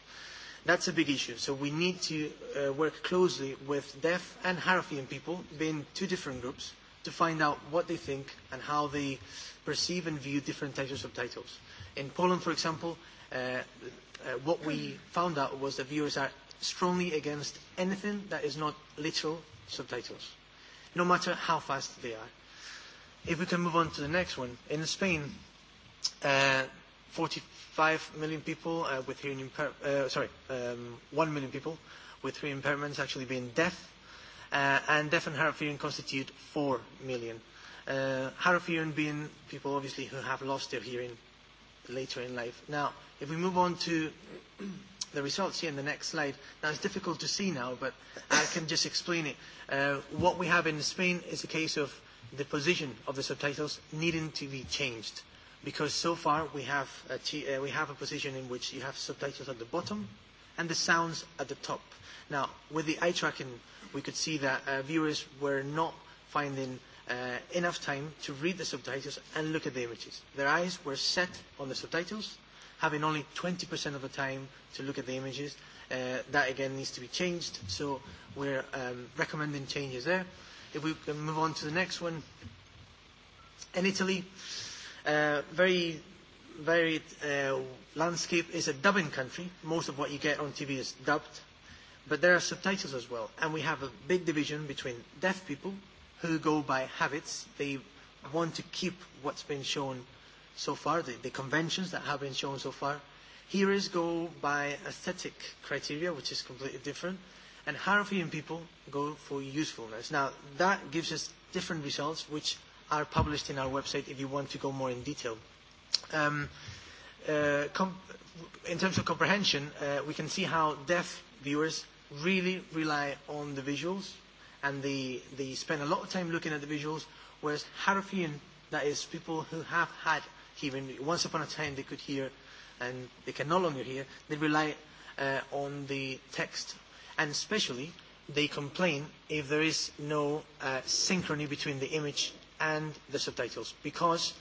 That's a big issue. So we need to work closely with deaf and Harafian people, being two different groups, to find out what they think and how they perceive and view different types of subtitles. In Poland, for example, what we found out was that viewers are strongly against anything that is not literal subtitles, no matter how fast they are. If we can move on to the next one, in Spain, 45 million people with hearing sorry, 1 million people with hearing impairments actually being deaf and deaf and hearing constitute 4 million. Uh, hearing being people obviously who have lost their hearing later in life. Now, if we move on to the results here in the next slide, now it's difficult to see now, but I can just explain it. Uh, what we have in Spain is a case of the position of the subtitles needing to be changed because so far we have, we have a position in which you have subtitles at the bottom and the sounds at the top. Now, with the eye tracking, we could see that viewers were not finding enough time to read the subtitles and look at the images. Their eyes were set on the subtitles, having only 20% of the time to look at the images. That, again, needs to be changed, so we're recommending changes there. If we can move on to the next one. In Italy, very varied landscape. is a dubbing country. Most of what you get on TV is dubbed. But there are subtitles as well. And we have a big division between deaf people who go by habits. They want to keep what's been shown so far, the, the conventions that have been shown so far. Hearers go by aesthetic criteria, which is completely different. And hearing people go for usefulness. Now, that gives us different results, which are published in our website if you want to go more in detail. Um in terms of comprehension, we can see how deaf viewers really rely on the visuals and they, they spend a lot of time looking at the visuals, whereas Harafian, that is, people who have had hearing, once upon a time they could hear and they can no longer hear, they rely on the text. And especially, they complain if there is no synchrony between the image and the subtitles, because,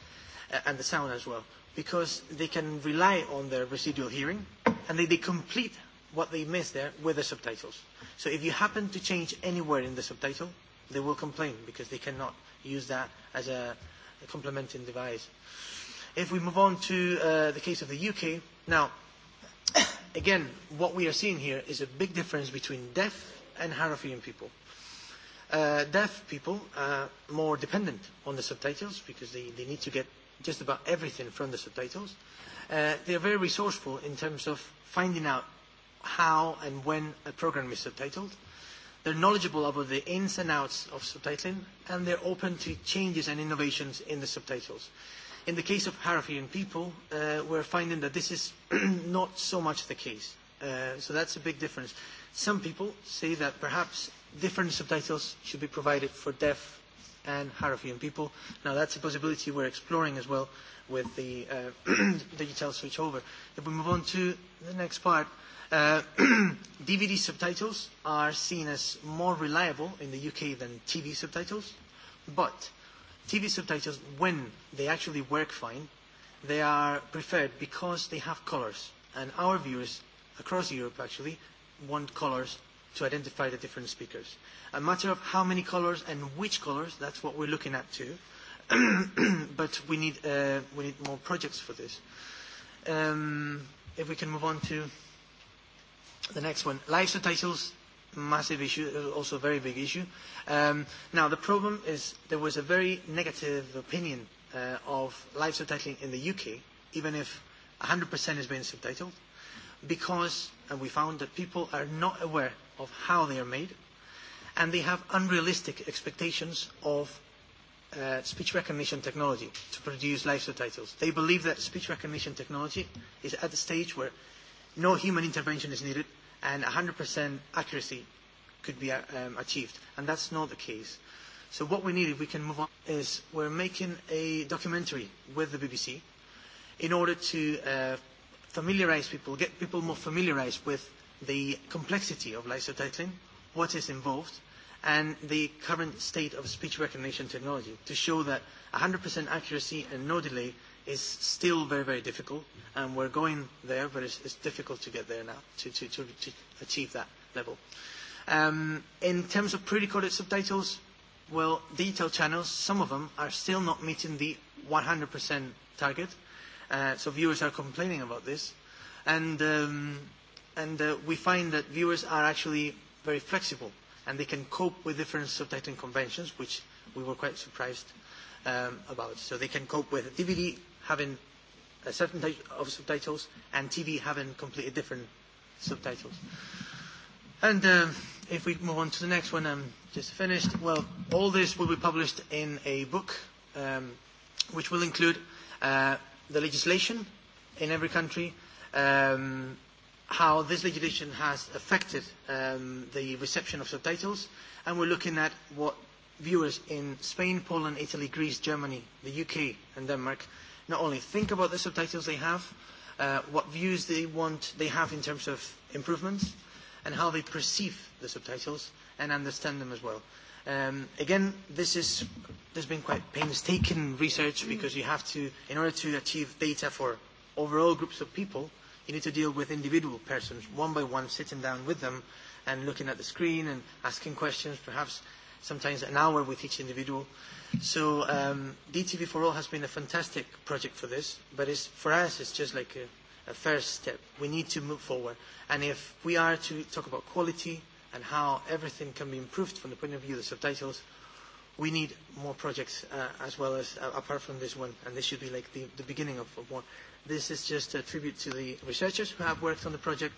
and the sound as well, because they can rely on their residual hearing and they complete what they miss there with the subtitles. So if you happen to change anywhere in the subtitle, they will complain because they cannot use that as a complementing device. If we move on to the case of the UK, now, again, what we are seeing here is a big difference between deaf and Harafian people. Deaf people are more dependent on the subtitles because they they need to get just about everything from the subtitles. They are very resourceful in terms of finding out how and when a program is subtitled. They're knowledgeable about the ins and outs of subtitling, and they're open to changes and innovations in the subtitles. In the case of Harafian people, we're finding that this is not so much the case. So that's a big difference. Some people say that perhaps different subtitles should be provided for deaf and Harafian people. Now that's a possibility we're exploring as well with the uh digital switchover. If we move on to the next part, Uh DVD subtitles are seen as more reliable in the UK than TV subtitles, but TV subtitles, when they actually work fine, they are preferred because they have colors, and our viewers across Europe actually want colors to identify the different speakers. A matter of how many colors and which colors, that's what we're looking at too. But we need we need more projects for this. If we can move on to the next one, live subtitles, massive issue, also a very big issue. Now the problem is there was a very negative opinion of live subtitling in the UK, even if 100% is being subtitled because we found that people are not aware of how they are made and they have unrealistic expectations of speech recognition technology to produce live subtitles. They believe that speech recognition technology is at the stage where no human intervention is needed and 100% accuracy could be achieved. And that's not the case. So what we need, if we can move on, is we're making a documentary with the BBC in order to familiarize people, get people more familiarized with the complexity of lysotitling, what is involved, and the current state of speech recognition technology to show that 100% accuracy and no delay is still very, very difficult, and we're going there, but it's, it's difficult to get there now to, to, to, to achieve that level. Um, in terms of pre-recorded subtitles, well, detail channels, some of them are still not meeting the 100% target, So viewers are complaining about this. And and we find that viewers are actually very flexible and they can cope with different subtitling conventions, which we were quite surprised about. So they can cope with DVD having a certain type of subtitles and TV having completely different subtitles. And if we move on to the next one, I'm just finished. Well, all this will be published in a book, which will include the legislation in every country, how this legislation has affected the reception of subtitles, and we're looking at what viewers in Spain, Poland, Italy, Greece, Germany, the UK and Denmark not only think about the subtitles they have, what views they want they have in terms of improvements, and how they perceive the subtitles and understand them as well. Um Again, this is there's been quite painstaking research because you have to, in order to achieve data for overall groups of people, you need to deal with individual persons, one by one, sitting down with them and looking at the screen and asking questions, perhaps sometimes an hour with each individual. So um, DTV for All has been a fantastic project for this, but it's, for us it's just like a, a first step. We need to move forward. And if we are to talk about quality, and how everything can be improved from the point of view of the subtitles, we need more projects as well as apart from this one, and this should be like the, the beginning of, of one. This is just a tribute to the researchers who have worked on the project,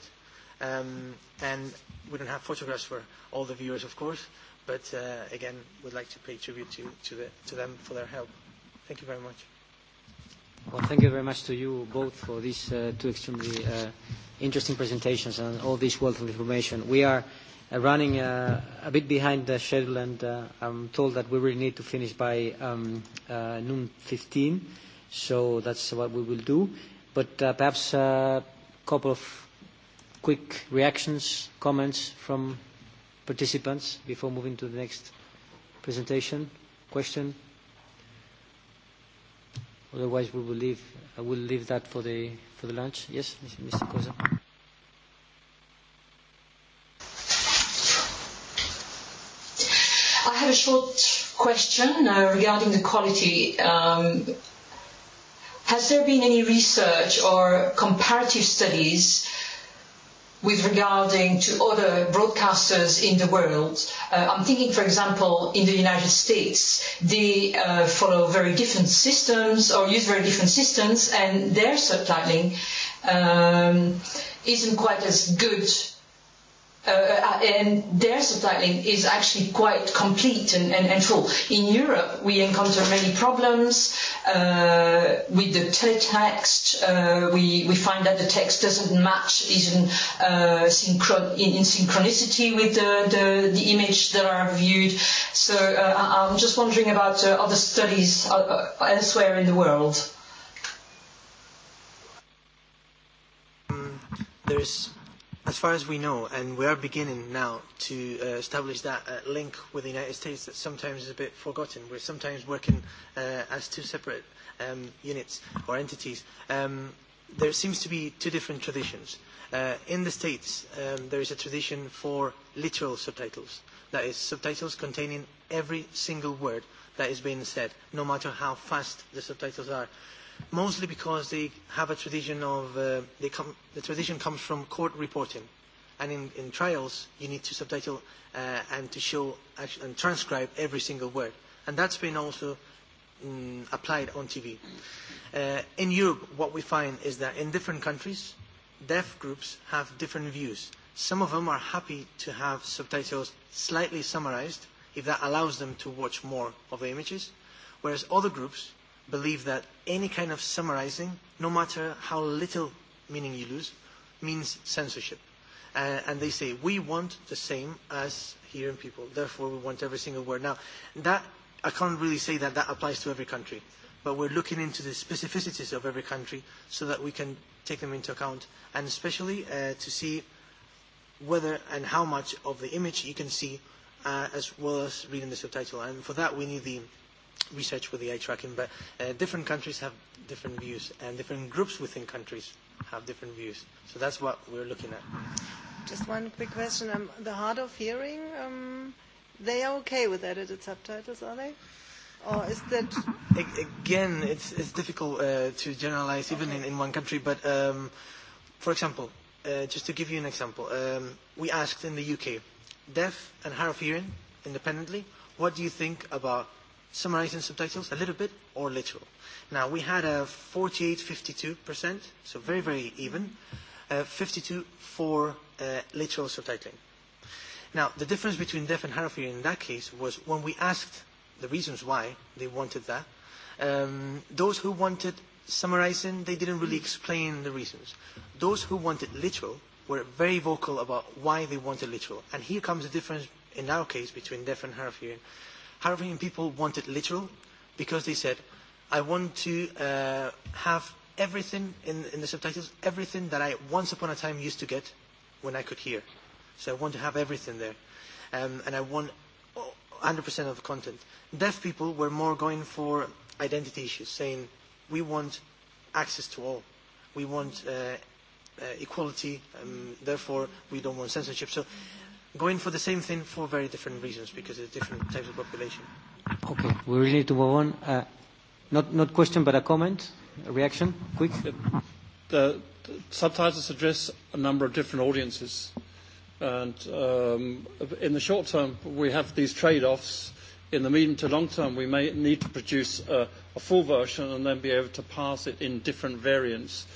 um, and we don't have photographs for all the viewers, of course, but again, we'd like to pay tribute to, to, the, to them for their help. Thank you very much. Well, thank you very much to you both for these uh, two extremely uh, interesting presentations and all this wealth of information. We are running a bit behind the schedule, and I'm told that we will need to finish by noon 15, so that's what we will do. But perhaps a couple of quick reactions, comments from participants before moving to the next presentation. Question? Otherwise, we will leave. I will leave that for the for the lunch. Yes, Mr. Kozak? short question regarding the quality. Has there been any research or comparative studies with regarding to other broadcasters in the world? I'm thinking, for example, in the United States, they follow very different systems or use very different systems, and their subtitling isn't quite as good uh, and their subtitling is actually quite complete and, and, and full. In Europe, we encounter many problems uh, with the teletext. Uh, we, we find that the text doesn't match, isn't uh, in, in synchronicity with the, the, the image that are viewed. So uh, I'm just wondering about uh, other studies elsewhere in the world. There's As far as we know, and we are beginning now to establish that link with the United States that sometimes is a bit forgotten. We're sometimes working as two separate units or entities. There seems to be two different traditions. In the States, there is a tradition for literal subtitles. That is, subtitles containing every single word that is being said, no matter how fast the subtitles are mostly because they have a tradition of, they come, the tradition comes from court reporting. And in, in trials, you need to subtitle and to show and transcribe every single word. And that's been also applied on TV. in Europe, what we find is that in different countries, deaf groups have different views. Some of them are happy to have subtitles slightly summarized if that allows them to watch more of the images, whereas other groups believe that any kind of summarizing, no matter how little meaning you lose, means censorship. And they say, we want the same as hearing people, therefore we want every single word. Now, that, I can't really say that that applies to every country, but we're looking into the specificities of every country so that we can take them into account, and especially to see whether and how much of the image you can see as well as reading the subtitle. And for that we need the research with the eye tracking, but different countries have different views, and different groups within countries have different views. So that's what we're looking at. Just one quick question. Um, the hard of hearing, um, they are okay with edited subtitles, are they? Or is that... Again, it's, it's difficult uh, to generalize even in, in one country, but um, for example, uh, just to give you an example, um, we asked in the UK, deaf and hard of hearing, independently, what do you think about summarizing subtitles a little bit or literal. Now we had a 48-52%, so very, very even, 52 for literal subtitling. Now the difference between deaf and hard in that case was when we asked the reasons why they wanted that, um, those who wanted summarizing, they didn't really explain the reasons. Those who wanted literal were very vocal about why they wanted literal. And here comes the difference in our case between deaf and hard hearing Arabian people wanted literal because they said, I want to have everything in, in the subtitles, everything that I once upon a time used to get when I could hear. So I want to have everything there. Um, and I want 100% of the content. Deaf people were more going for identity issues, saying we want access to all. We want uh, equality, therefore we don't want censorship. So going for the same thing for very different reasons because of different types of population. Okay, we really need to move on. Uh, not not question, but a comment, a reaction, quick. The, subtitles address a number of different audiences, and um, in the short term we have these trade-offs. In the medium to long term, we may need to produce a, a full version and then be able to pass it in different variants.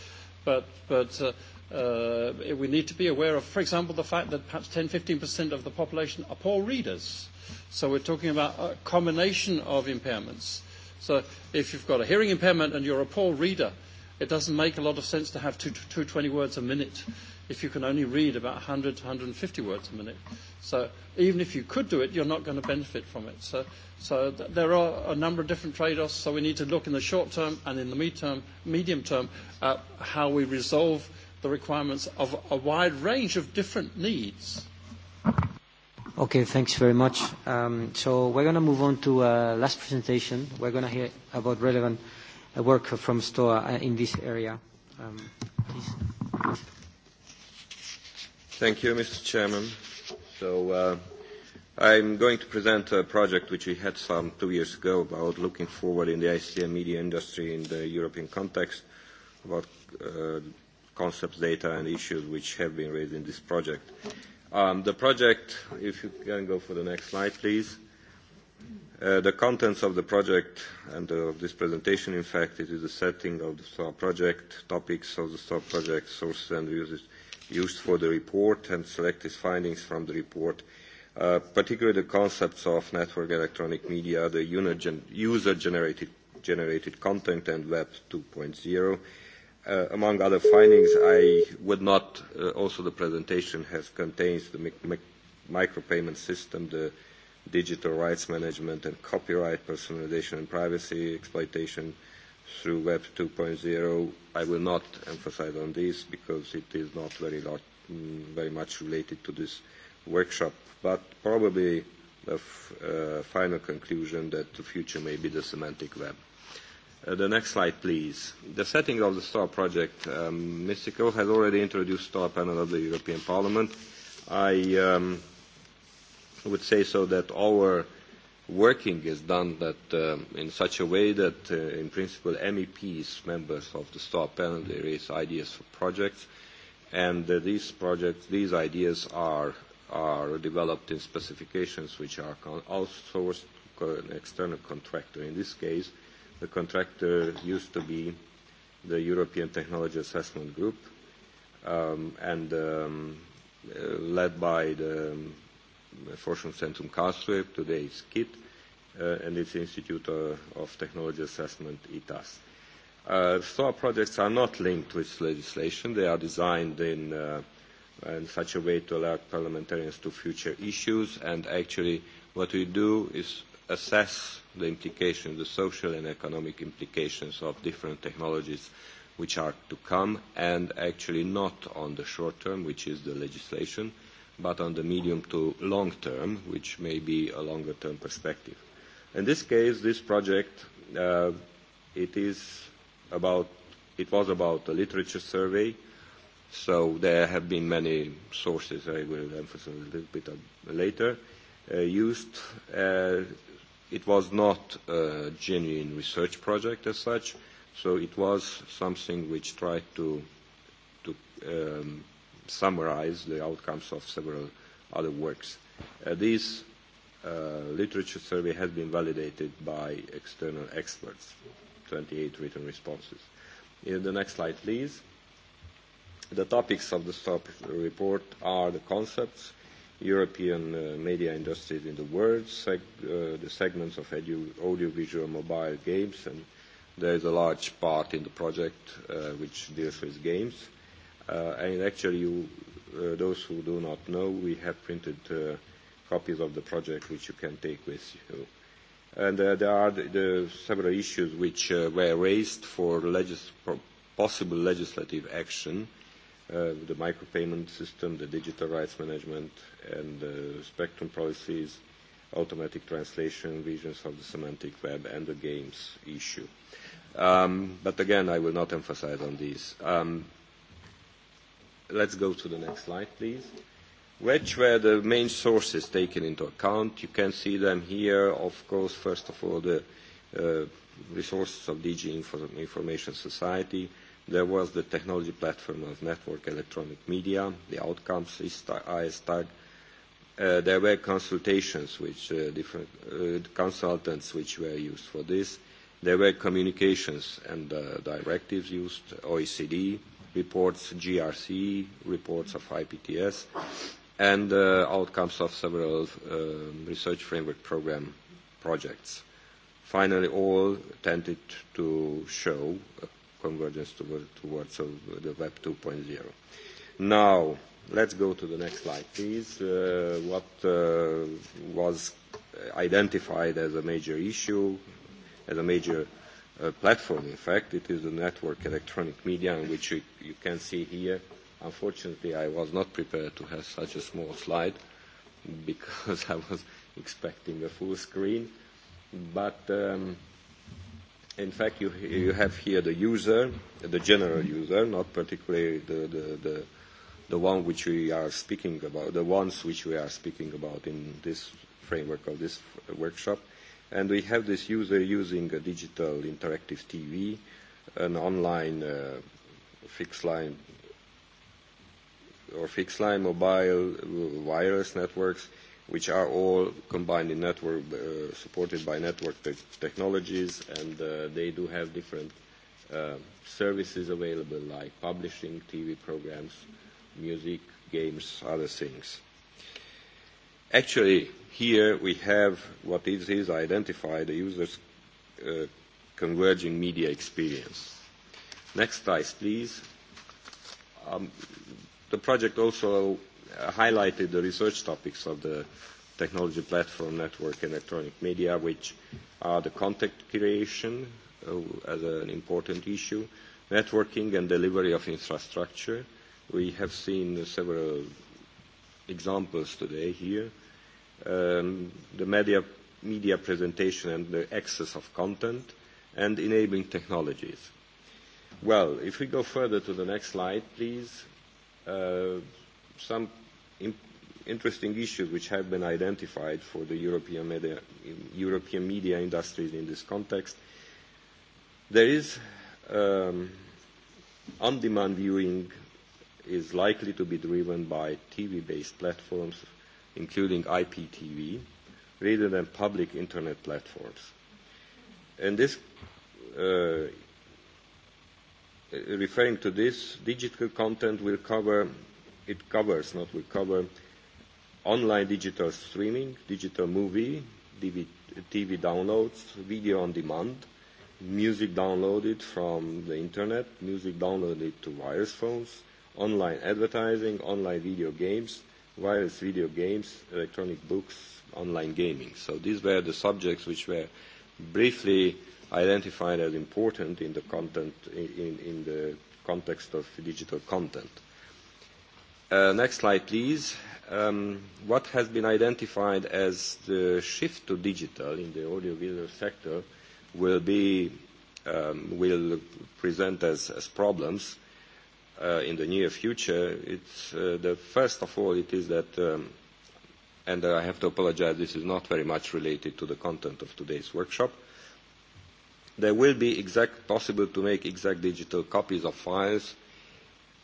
But but. Uh, we need to be aware of, for example, the fact that perhaps 10-15% of the population are poor readers. So we're talking about a combination of impairments. So if you've got a hearing impairment and you're a poor reader, it doesn't make a lot of sense to have 220 words a minute if you can only read about 100 150 words a minute. So even if you could do it, you're not going to benefit from it. So, so there are a number of different trade-offs. So we need to look in the short term and in the medium term at how we resolve the requirements of a wide range of different needs. Okay, thanks very much. So we're going to move on to last presentation. We're going to hear about relevant work from STOA in this area. Please. Thank you, Mr. Chairman. So I'm going to present a project which we had some two years ago about looking forward in the ICM media industry in the European context, about concepts, data, and issues which have been raised in this project. The project, if you can go for the next slide, please. The contents of the project and of this presentation, in fact, it is the setting of the project, topics of the project, sources and uses used for the report, and selected findings from the report, particularly the concepts of network electronic media, the user-generated content, and Web 2.0 Among other findings, I would not, also the presentation has contains the micropayment system, the digital rights management and copyright, personalization and privacy exploitation through Web 2.0. I will not emphasize on this because it is not very very much related to this workshop, but probably the final conclusion that the future may be the semantic web. The next slide, please. The setting of the STAR project. Mr. has already introduced STAR panel of the European Parliament. I would say so that our working is done that in such a way that, in principle, MEPs, members of the STAR panel, they raise ideas for projects, and these projects, these ideas are are developed in specifications which are outsourced to an external contractor. In this case, The contractor used to be the European Technology Assessment Group and led by the Forschungszentrum Karlsruhe, today it's KIT, and its Institute of Technology Assessment, ITAS. STOA projects are not linked with legislation. They are designed in such a way to alert parliamentarians to future issues, and actually what we do is assess the implications, the social and economic implications of different technologies which are to come, and actually not on the short term, which is the legislation, but on the medium to long term, which may be a longer term perspective. In this case, this project, it is about, it was about a literature survey, so there have been many sources, I will emphasize a little bit later, used It was not a genuine research project as such, so it was something which tried to summarize the outcomes of several other works. This literature survey has been validated by external experts, 28 written responses. In the next slide, please. The topics of the report are the concepts, European media industries in the world, the segments of audiovisual mobile games, and there is a large part in the project which deals with games. And actually, you those who do not know, we have printed copies of the project which you can take with you. And there are the several issues which were raised for possible legislative action the micropayment system, the digital rights management, and the spectrum policies, automatic translation, visions of the semantic web, and the games issue. But again, I will not emphasize on these. Let's go to the next slide, please. Which were the main sources taken into account? You can see them here. Of course, first of all, the resources of DG Information Society, There was the technology platform of network electronic media, the outcomes ISTAG. There were consultations which different consultants which were used for this. There were communications and directives used, OECD reports, GRC reports of IPTS, and outcomes of several research framework program projects. Finally, all tended to show a convergence towards the Web 2.0. Now, let's go to the next slide, please. What was identified as a major issue, as a major platform, in fact, it is the network electronic media, which you can see here. Unfortunately, I was not prepared to have such a small slide because I was expecting a full screen. But in fact, you, you have here the user, the general user, not particularly the, the, the, the one which we are speaking about, the ones which we are speaking about in this framework of this workshop. And we have this user using a digital interactive TV, an online uh, fixed line or fixed line mobile wireless networks, which are all combined in network, supported by network technologies, and they do have different services available, like publishing, TV programs, music, games, other things. Actually, here we have what is is identified, the user's converging media experience. Next slide, please. The project also highlighted the research topics of the technology platform network and electronic media, which are the content creation as an important issue, networking and delivery of infrastructure. We have seen several examples today here. The media media presentation and the access of content and enabling technologies. Well, if we go further to the next slide, please some interesting issues which have been identified for the European media, European media industries in this context. There is on-demand viewing is likely to be driven by TV-based platforms, including IPTV, rather than public internet platforms. And this, referring to this, digital content will cover it covers, not will cover, online digital streaming, digital movie, TV downloads, video on demand, music downloaded from the internet, music downloaded to wireless phones, online advertising, online video games, wireless video games, electronic books, online gaming. So these were the subjects which were briefly identified as important in the content in in the context of digital content. Next slide, please. What has been identified as the shift to digital in the audiovisual sector will be will present as problems in the near future. It's the first of all, it is that, and I have to apologize, this is not very much related to the content of today's workshop. There will be exact possible to make exact digital copies of files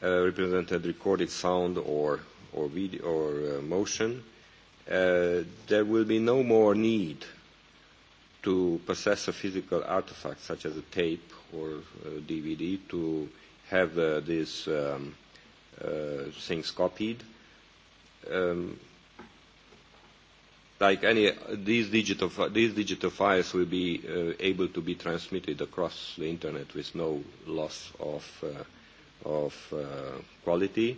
represented recorded sound or or video or motion there will be no more need to possess a physical artifact such as a tape or dvd to have these things copied like any these digital these digital files will be able to be transmitted across the internet with no loss of of quality,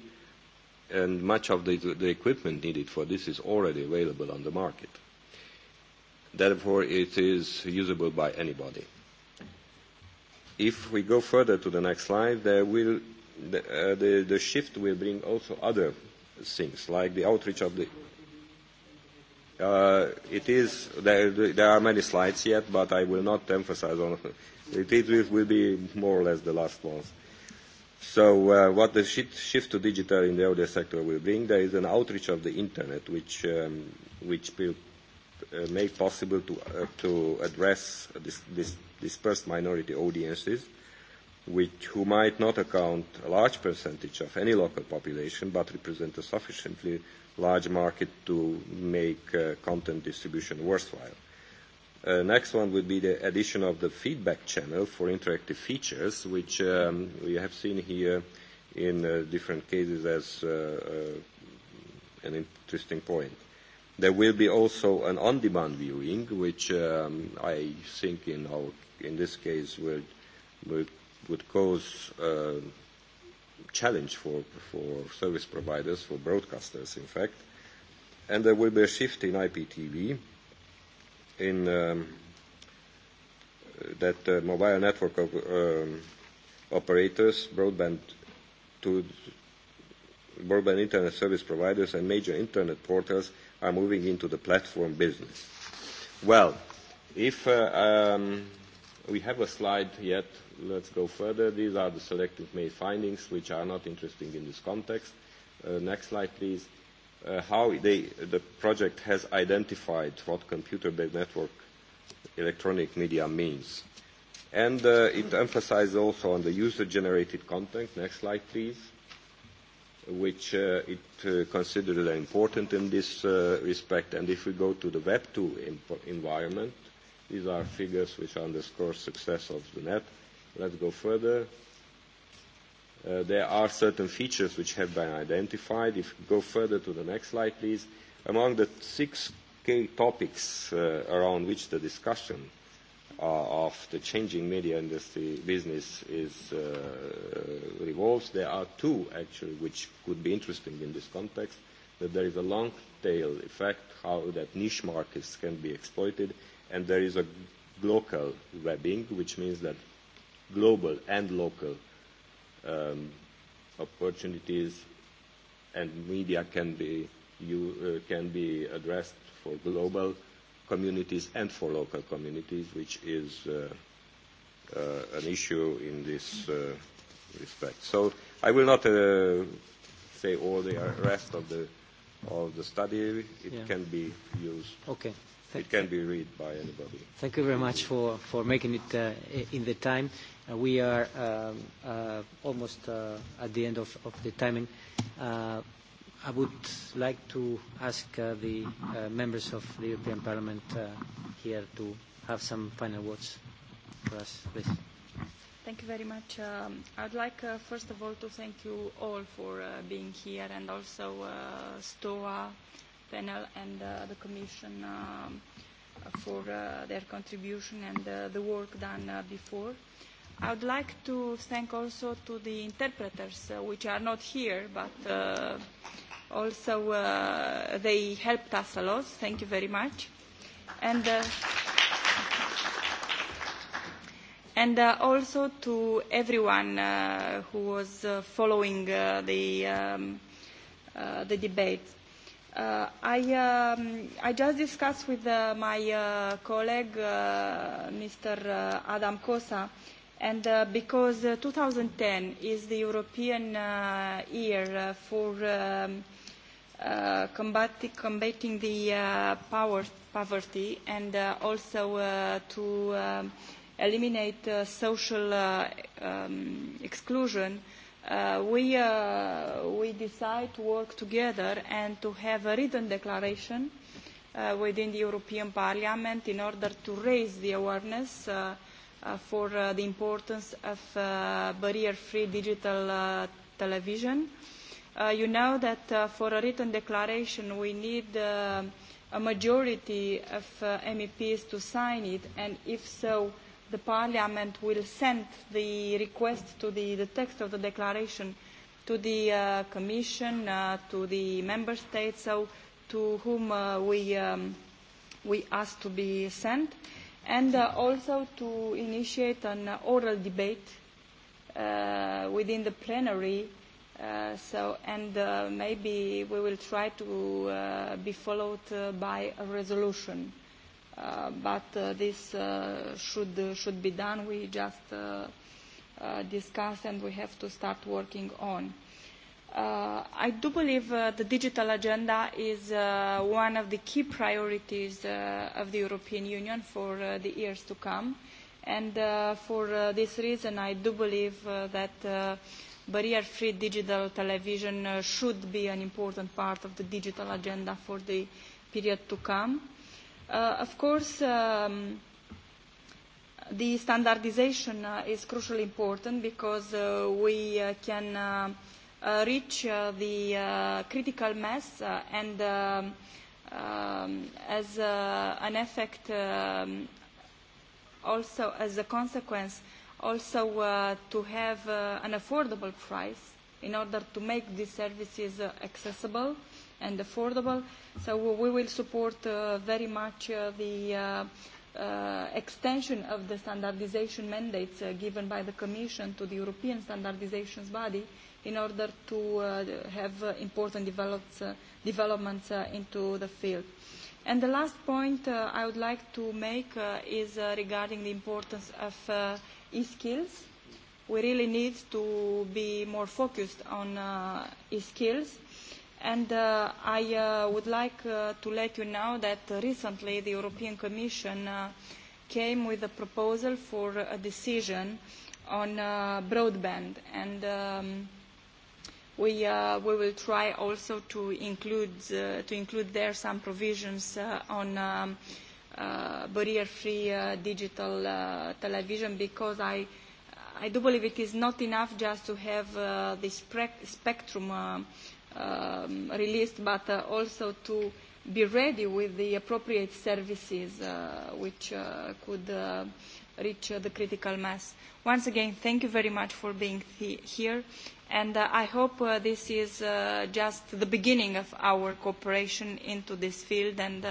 and much of the equipment needed for this is already available on the market. Therefore, it is usable by anybody. If we go further to the next slide, there will the the shift will bring also other things, like the outreach of the. It is there are many slides yet, but I will not emphasize on it. It will be more or less the last ones So what the shift to digital in the audio sector will bring, there is an outreach of the Internet, which which will make possible to address this dispersed minority audiences, which who might not account a large percentage of any local population, but represent a sufficiently large market to make content distribution worthwhile. Next one would be the addition of the feedback channel for interactive features, which we have seen here in different cases as an interesting point. There will be also an on-demand viewing, which I think in our in this case would would cause challenge for for service providers, for broadcasters, in fact. And there will be a shift in IPTV in that mobile network operators, broadband to broadband internet service providers and major internet portals are moving into the platform business. Well, if we have a slide yet, let's go further. These are the selected main findings which are not interesting in this context. Next slide, please how the project has identified what computer-based network electronic media means. And it emphasizes also on the user-generated content, next slide please, which it considers important in this respect. And if we go to the Web2 environment, these are figures which underscore success of the net. Let's go further there are certain features which have been identified. If you go further to the next slide, please. Among the six key topics around which the discussion of the changing media industry business is revolves, there are two, actually, which could be interesting in this context, that there is a long tail effect, how that niche markets can be exploited, and there is a local webbing, which means that global and local opportunities and media can be can be addressed for global communities and for local communities, which is an issue in this respect. So I will not say all the rest of the of the study. It can be used. Okay. It can be read by anybody. Thank you very much for for making it in the time. We are almost at the end of the timing. I would like to ask the members of the European Parliament here to have some final words for us, please. Thank you very much. Um I'd like, first of all, to thank you all for being here and also STOA panel and the Commission for their contribution and the work done before. I would like to thank also to the interpreters, which are not here, but also they helped us a lot. Thank you very much. And also to everyone who was following the the debate. I I just discussed with my colleague, Mr. Adam Kosa And because 2010 is the European year for combating the poverty and also to eliminate social exclusion, we we decide to work together and to have a written declaration within the European Parliament in order to raise the awareness for the importance of barrier-free digital television. You know that for a written declaration we need a majority of MEPs to sign it, and if so, the Parliament will send the request to the text of the declaration to the Commission, to the Member States, to whom we ask to be sent and also to initiate an oral debate within the plenary so and maybe we will try to be followed by a resolution but this should should be done we just discuss and we have to start working on I do believe the digital agenda is one of the key priorities of the European Union for the years to come. And for this reason, I do believe that barrier-free digital television should be an important part of the digital agenda for the period to come. Of course, the standardization is crucially important because we can reach the critical mass and as an effect also as a consequence also to have an affordable price in order to make these services accessible and affordable. So we will support very much the extension of the standardization mandates given by the Commission to the European standardization body in order to have important developments into the field. And the last point I would like to make is regarding the importance of e-skills. We really need to be more focused on e-skills. And I would like to let you know that recently the European Commission came with a proposal for a decision on broadband. And We will try also to include there some provisions on barrier-free digital television because I do believe it is not enough just to have this spectrum released but also to be ready with the appropriate services which could reach the critical mass. Once again, thank you very much for being here and I hope this is just the beginning of our cooperation into this field and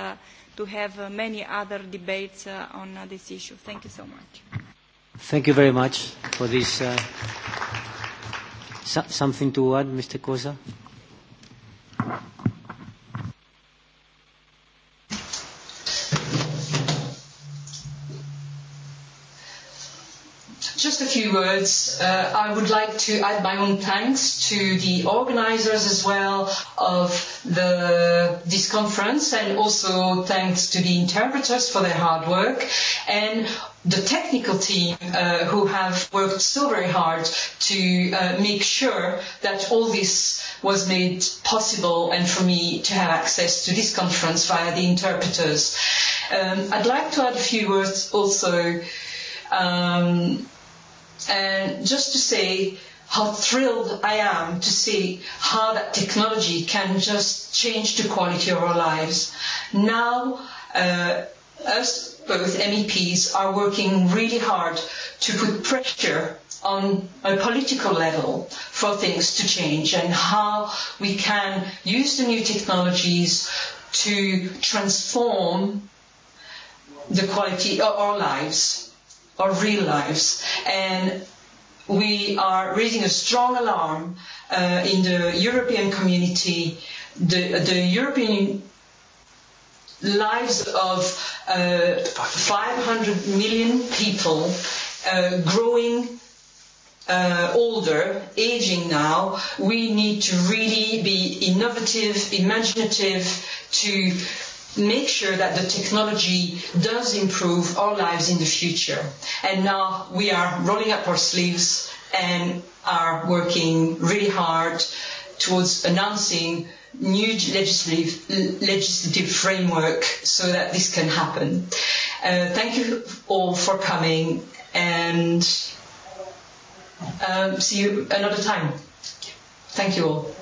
to have many other debates on this issue. Thank you so much. Thank you very much for this. Something to add, Mr. Cosa? Just a few words. I would like to add my own thanks to the organizers as well of the this conference and also thanks to the interpreters for their hard work and the technical team who have worked so very hard to make sure that all this was made possible and for me to have access to this conference via the interpreters. I'd like to add a few words also um and just to say how thrilled I am to see how that technology can just change the quality of our lives. Now, us both MEPs are working really hard to put pressure on a political level for things to change and how we can use the new technologies to transform the quality of our lives our real lives. And we are raising a strong alarm in the European community. The, the European lives of 500 million people growing older, aging now, we need to really be innovative, imaginative to make sure that the technology does improve our lives in the future. And now we are rolling up our sleeves and are working really hard towards announcing new legislative legislative framework so that this can happen. Thank you all for coming and see you another time. Thank you all.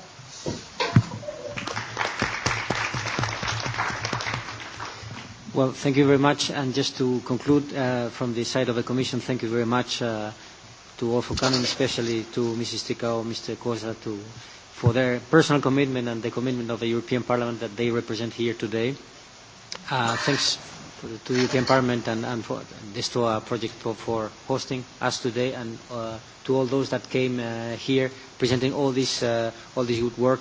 Well, thank you very much. And just to conclude from the side of the Commission, thank you very much to all for coming, especially to Mrs. Tikao, Mr. Cosa, to, for their personal commitment and the commitment of the European Parliament that they represent here today. thanks to the European Parliament and, and for the STOA project for, for hosting us today and to all those that came here presenting all this, all this good work.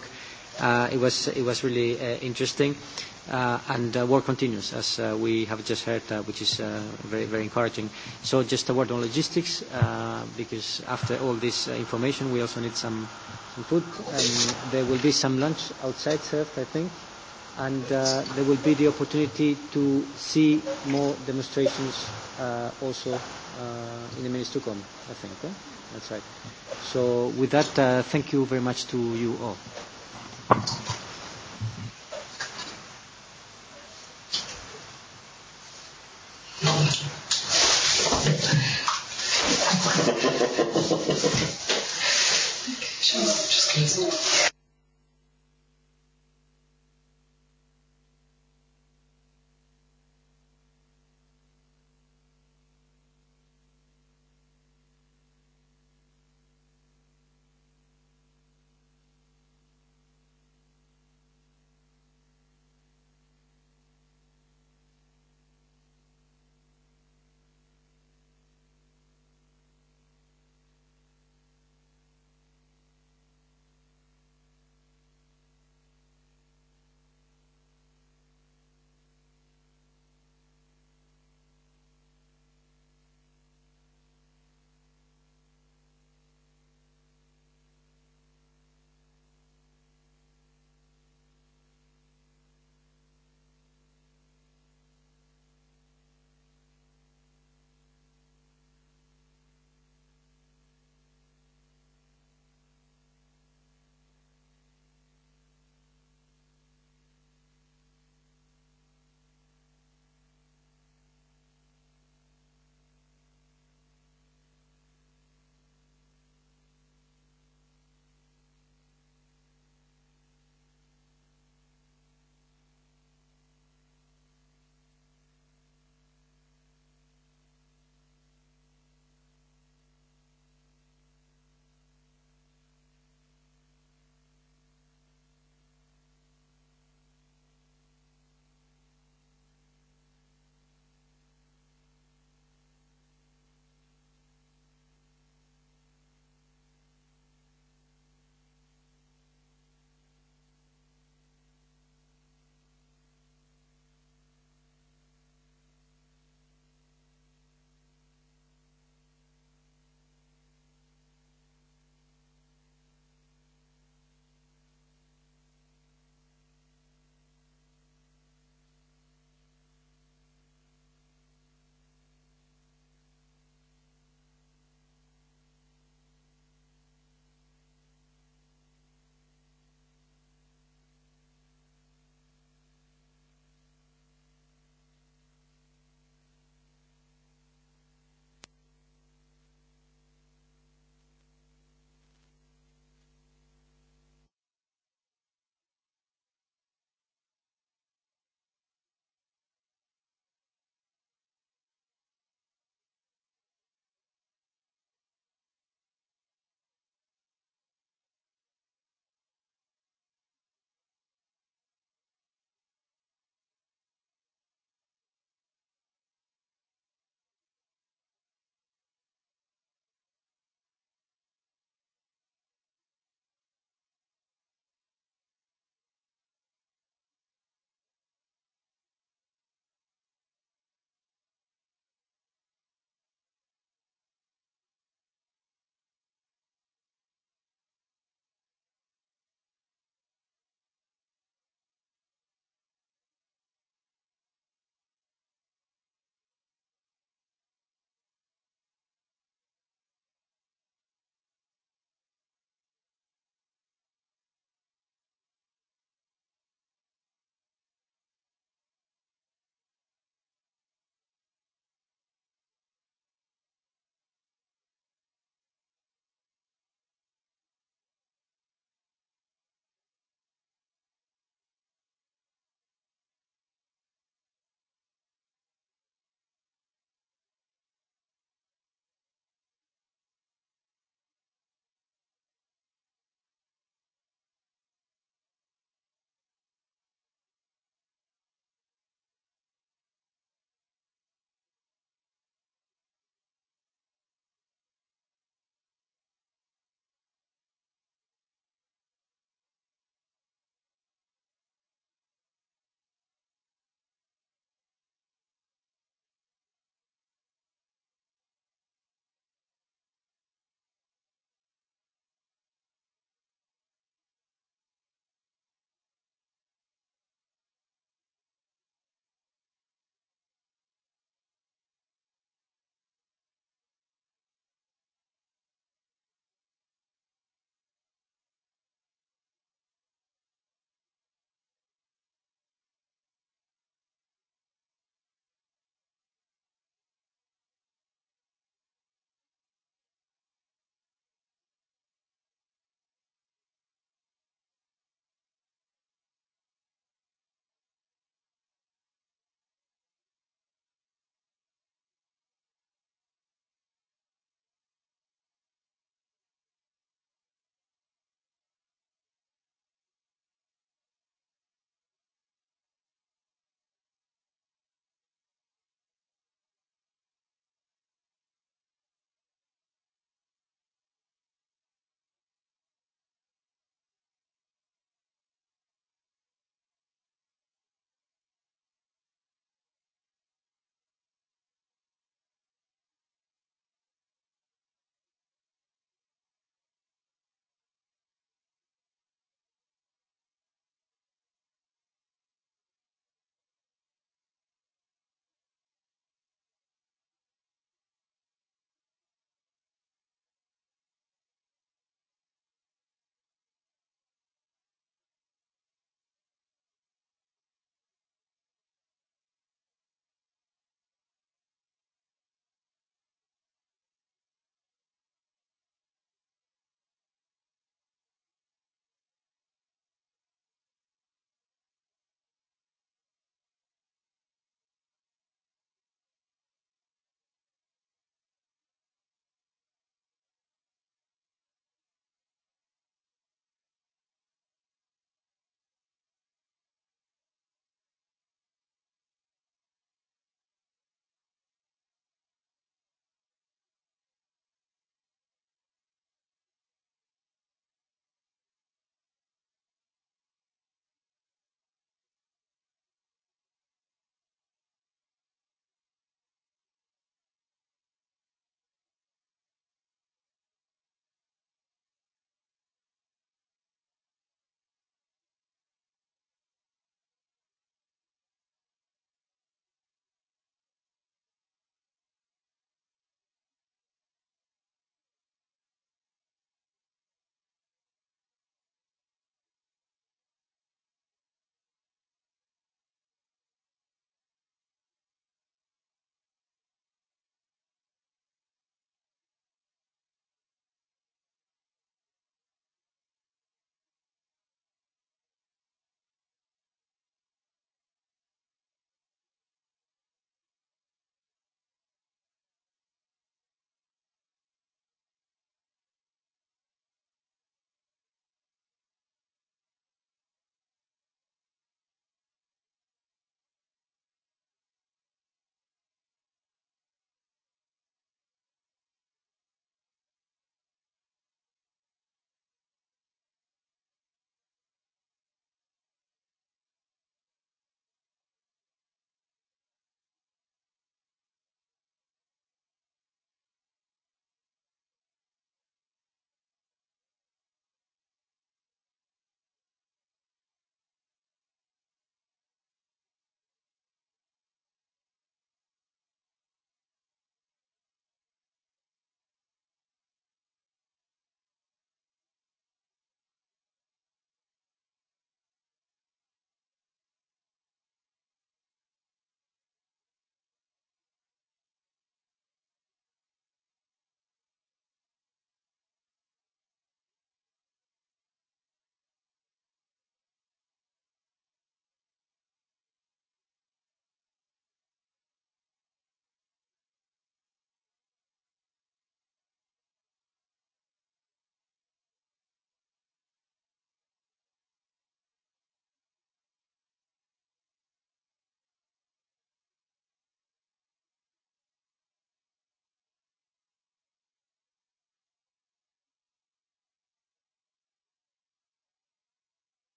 it, was, it was really interesting and work continues, as we have just heard, which is very, very encouraging. So just a word on logistics, because after all this information, we also need some food. There will be some lunch outside served, I think, and there will be the opportunity to see more demonstrations also in the minutes to come, I think. That's right. So with that, thank you very much to you all. okay, just, just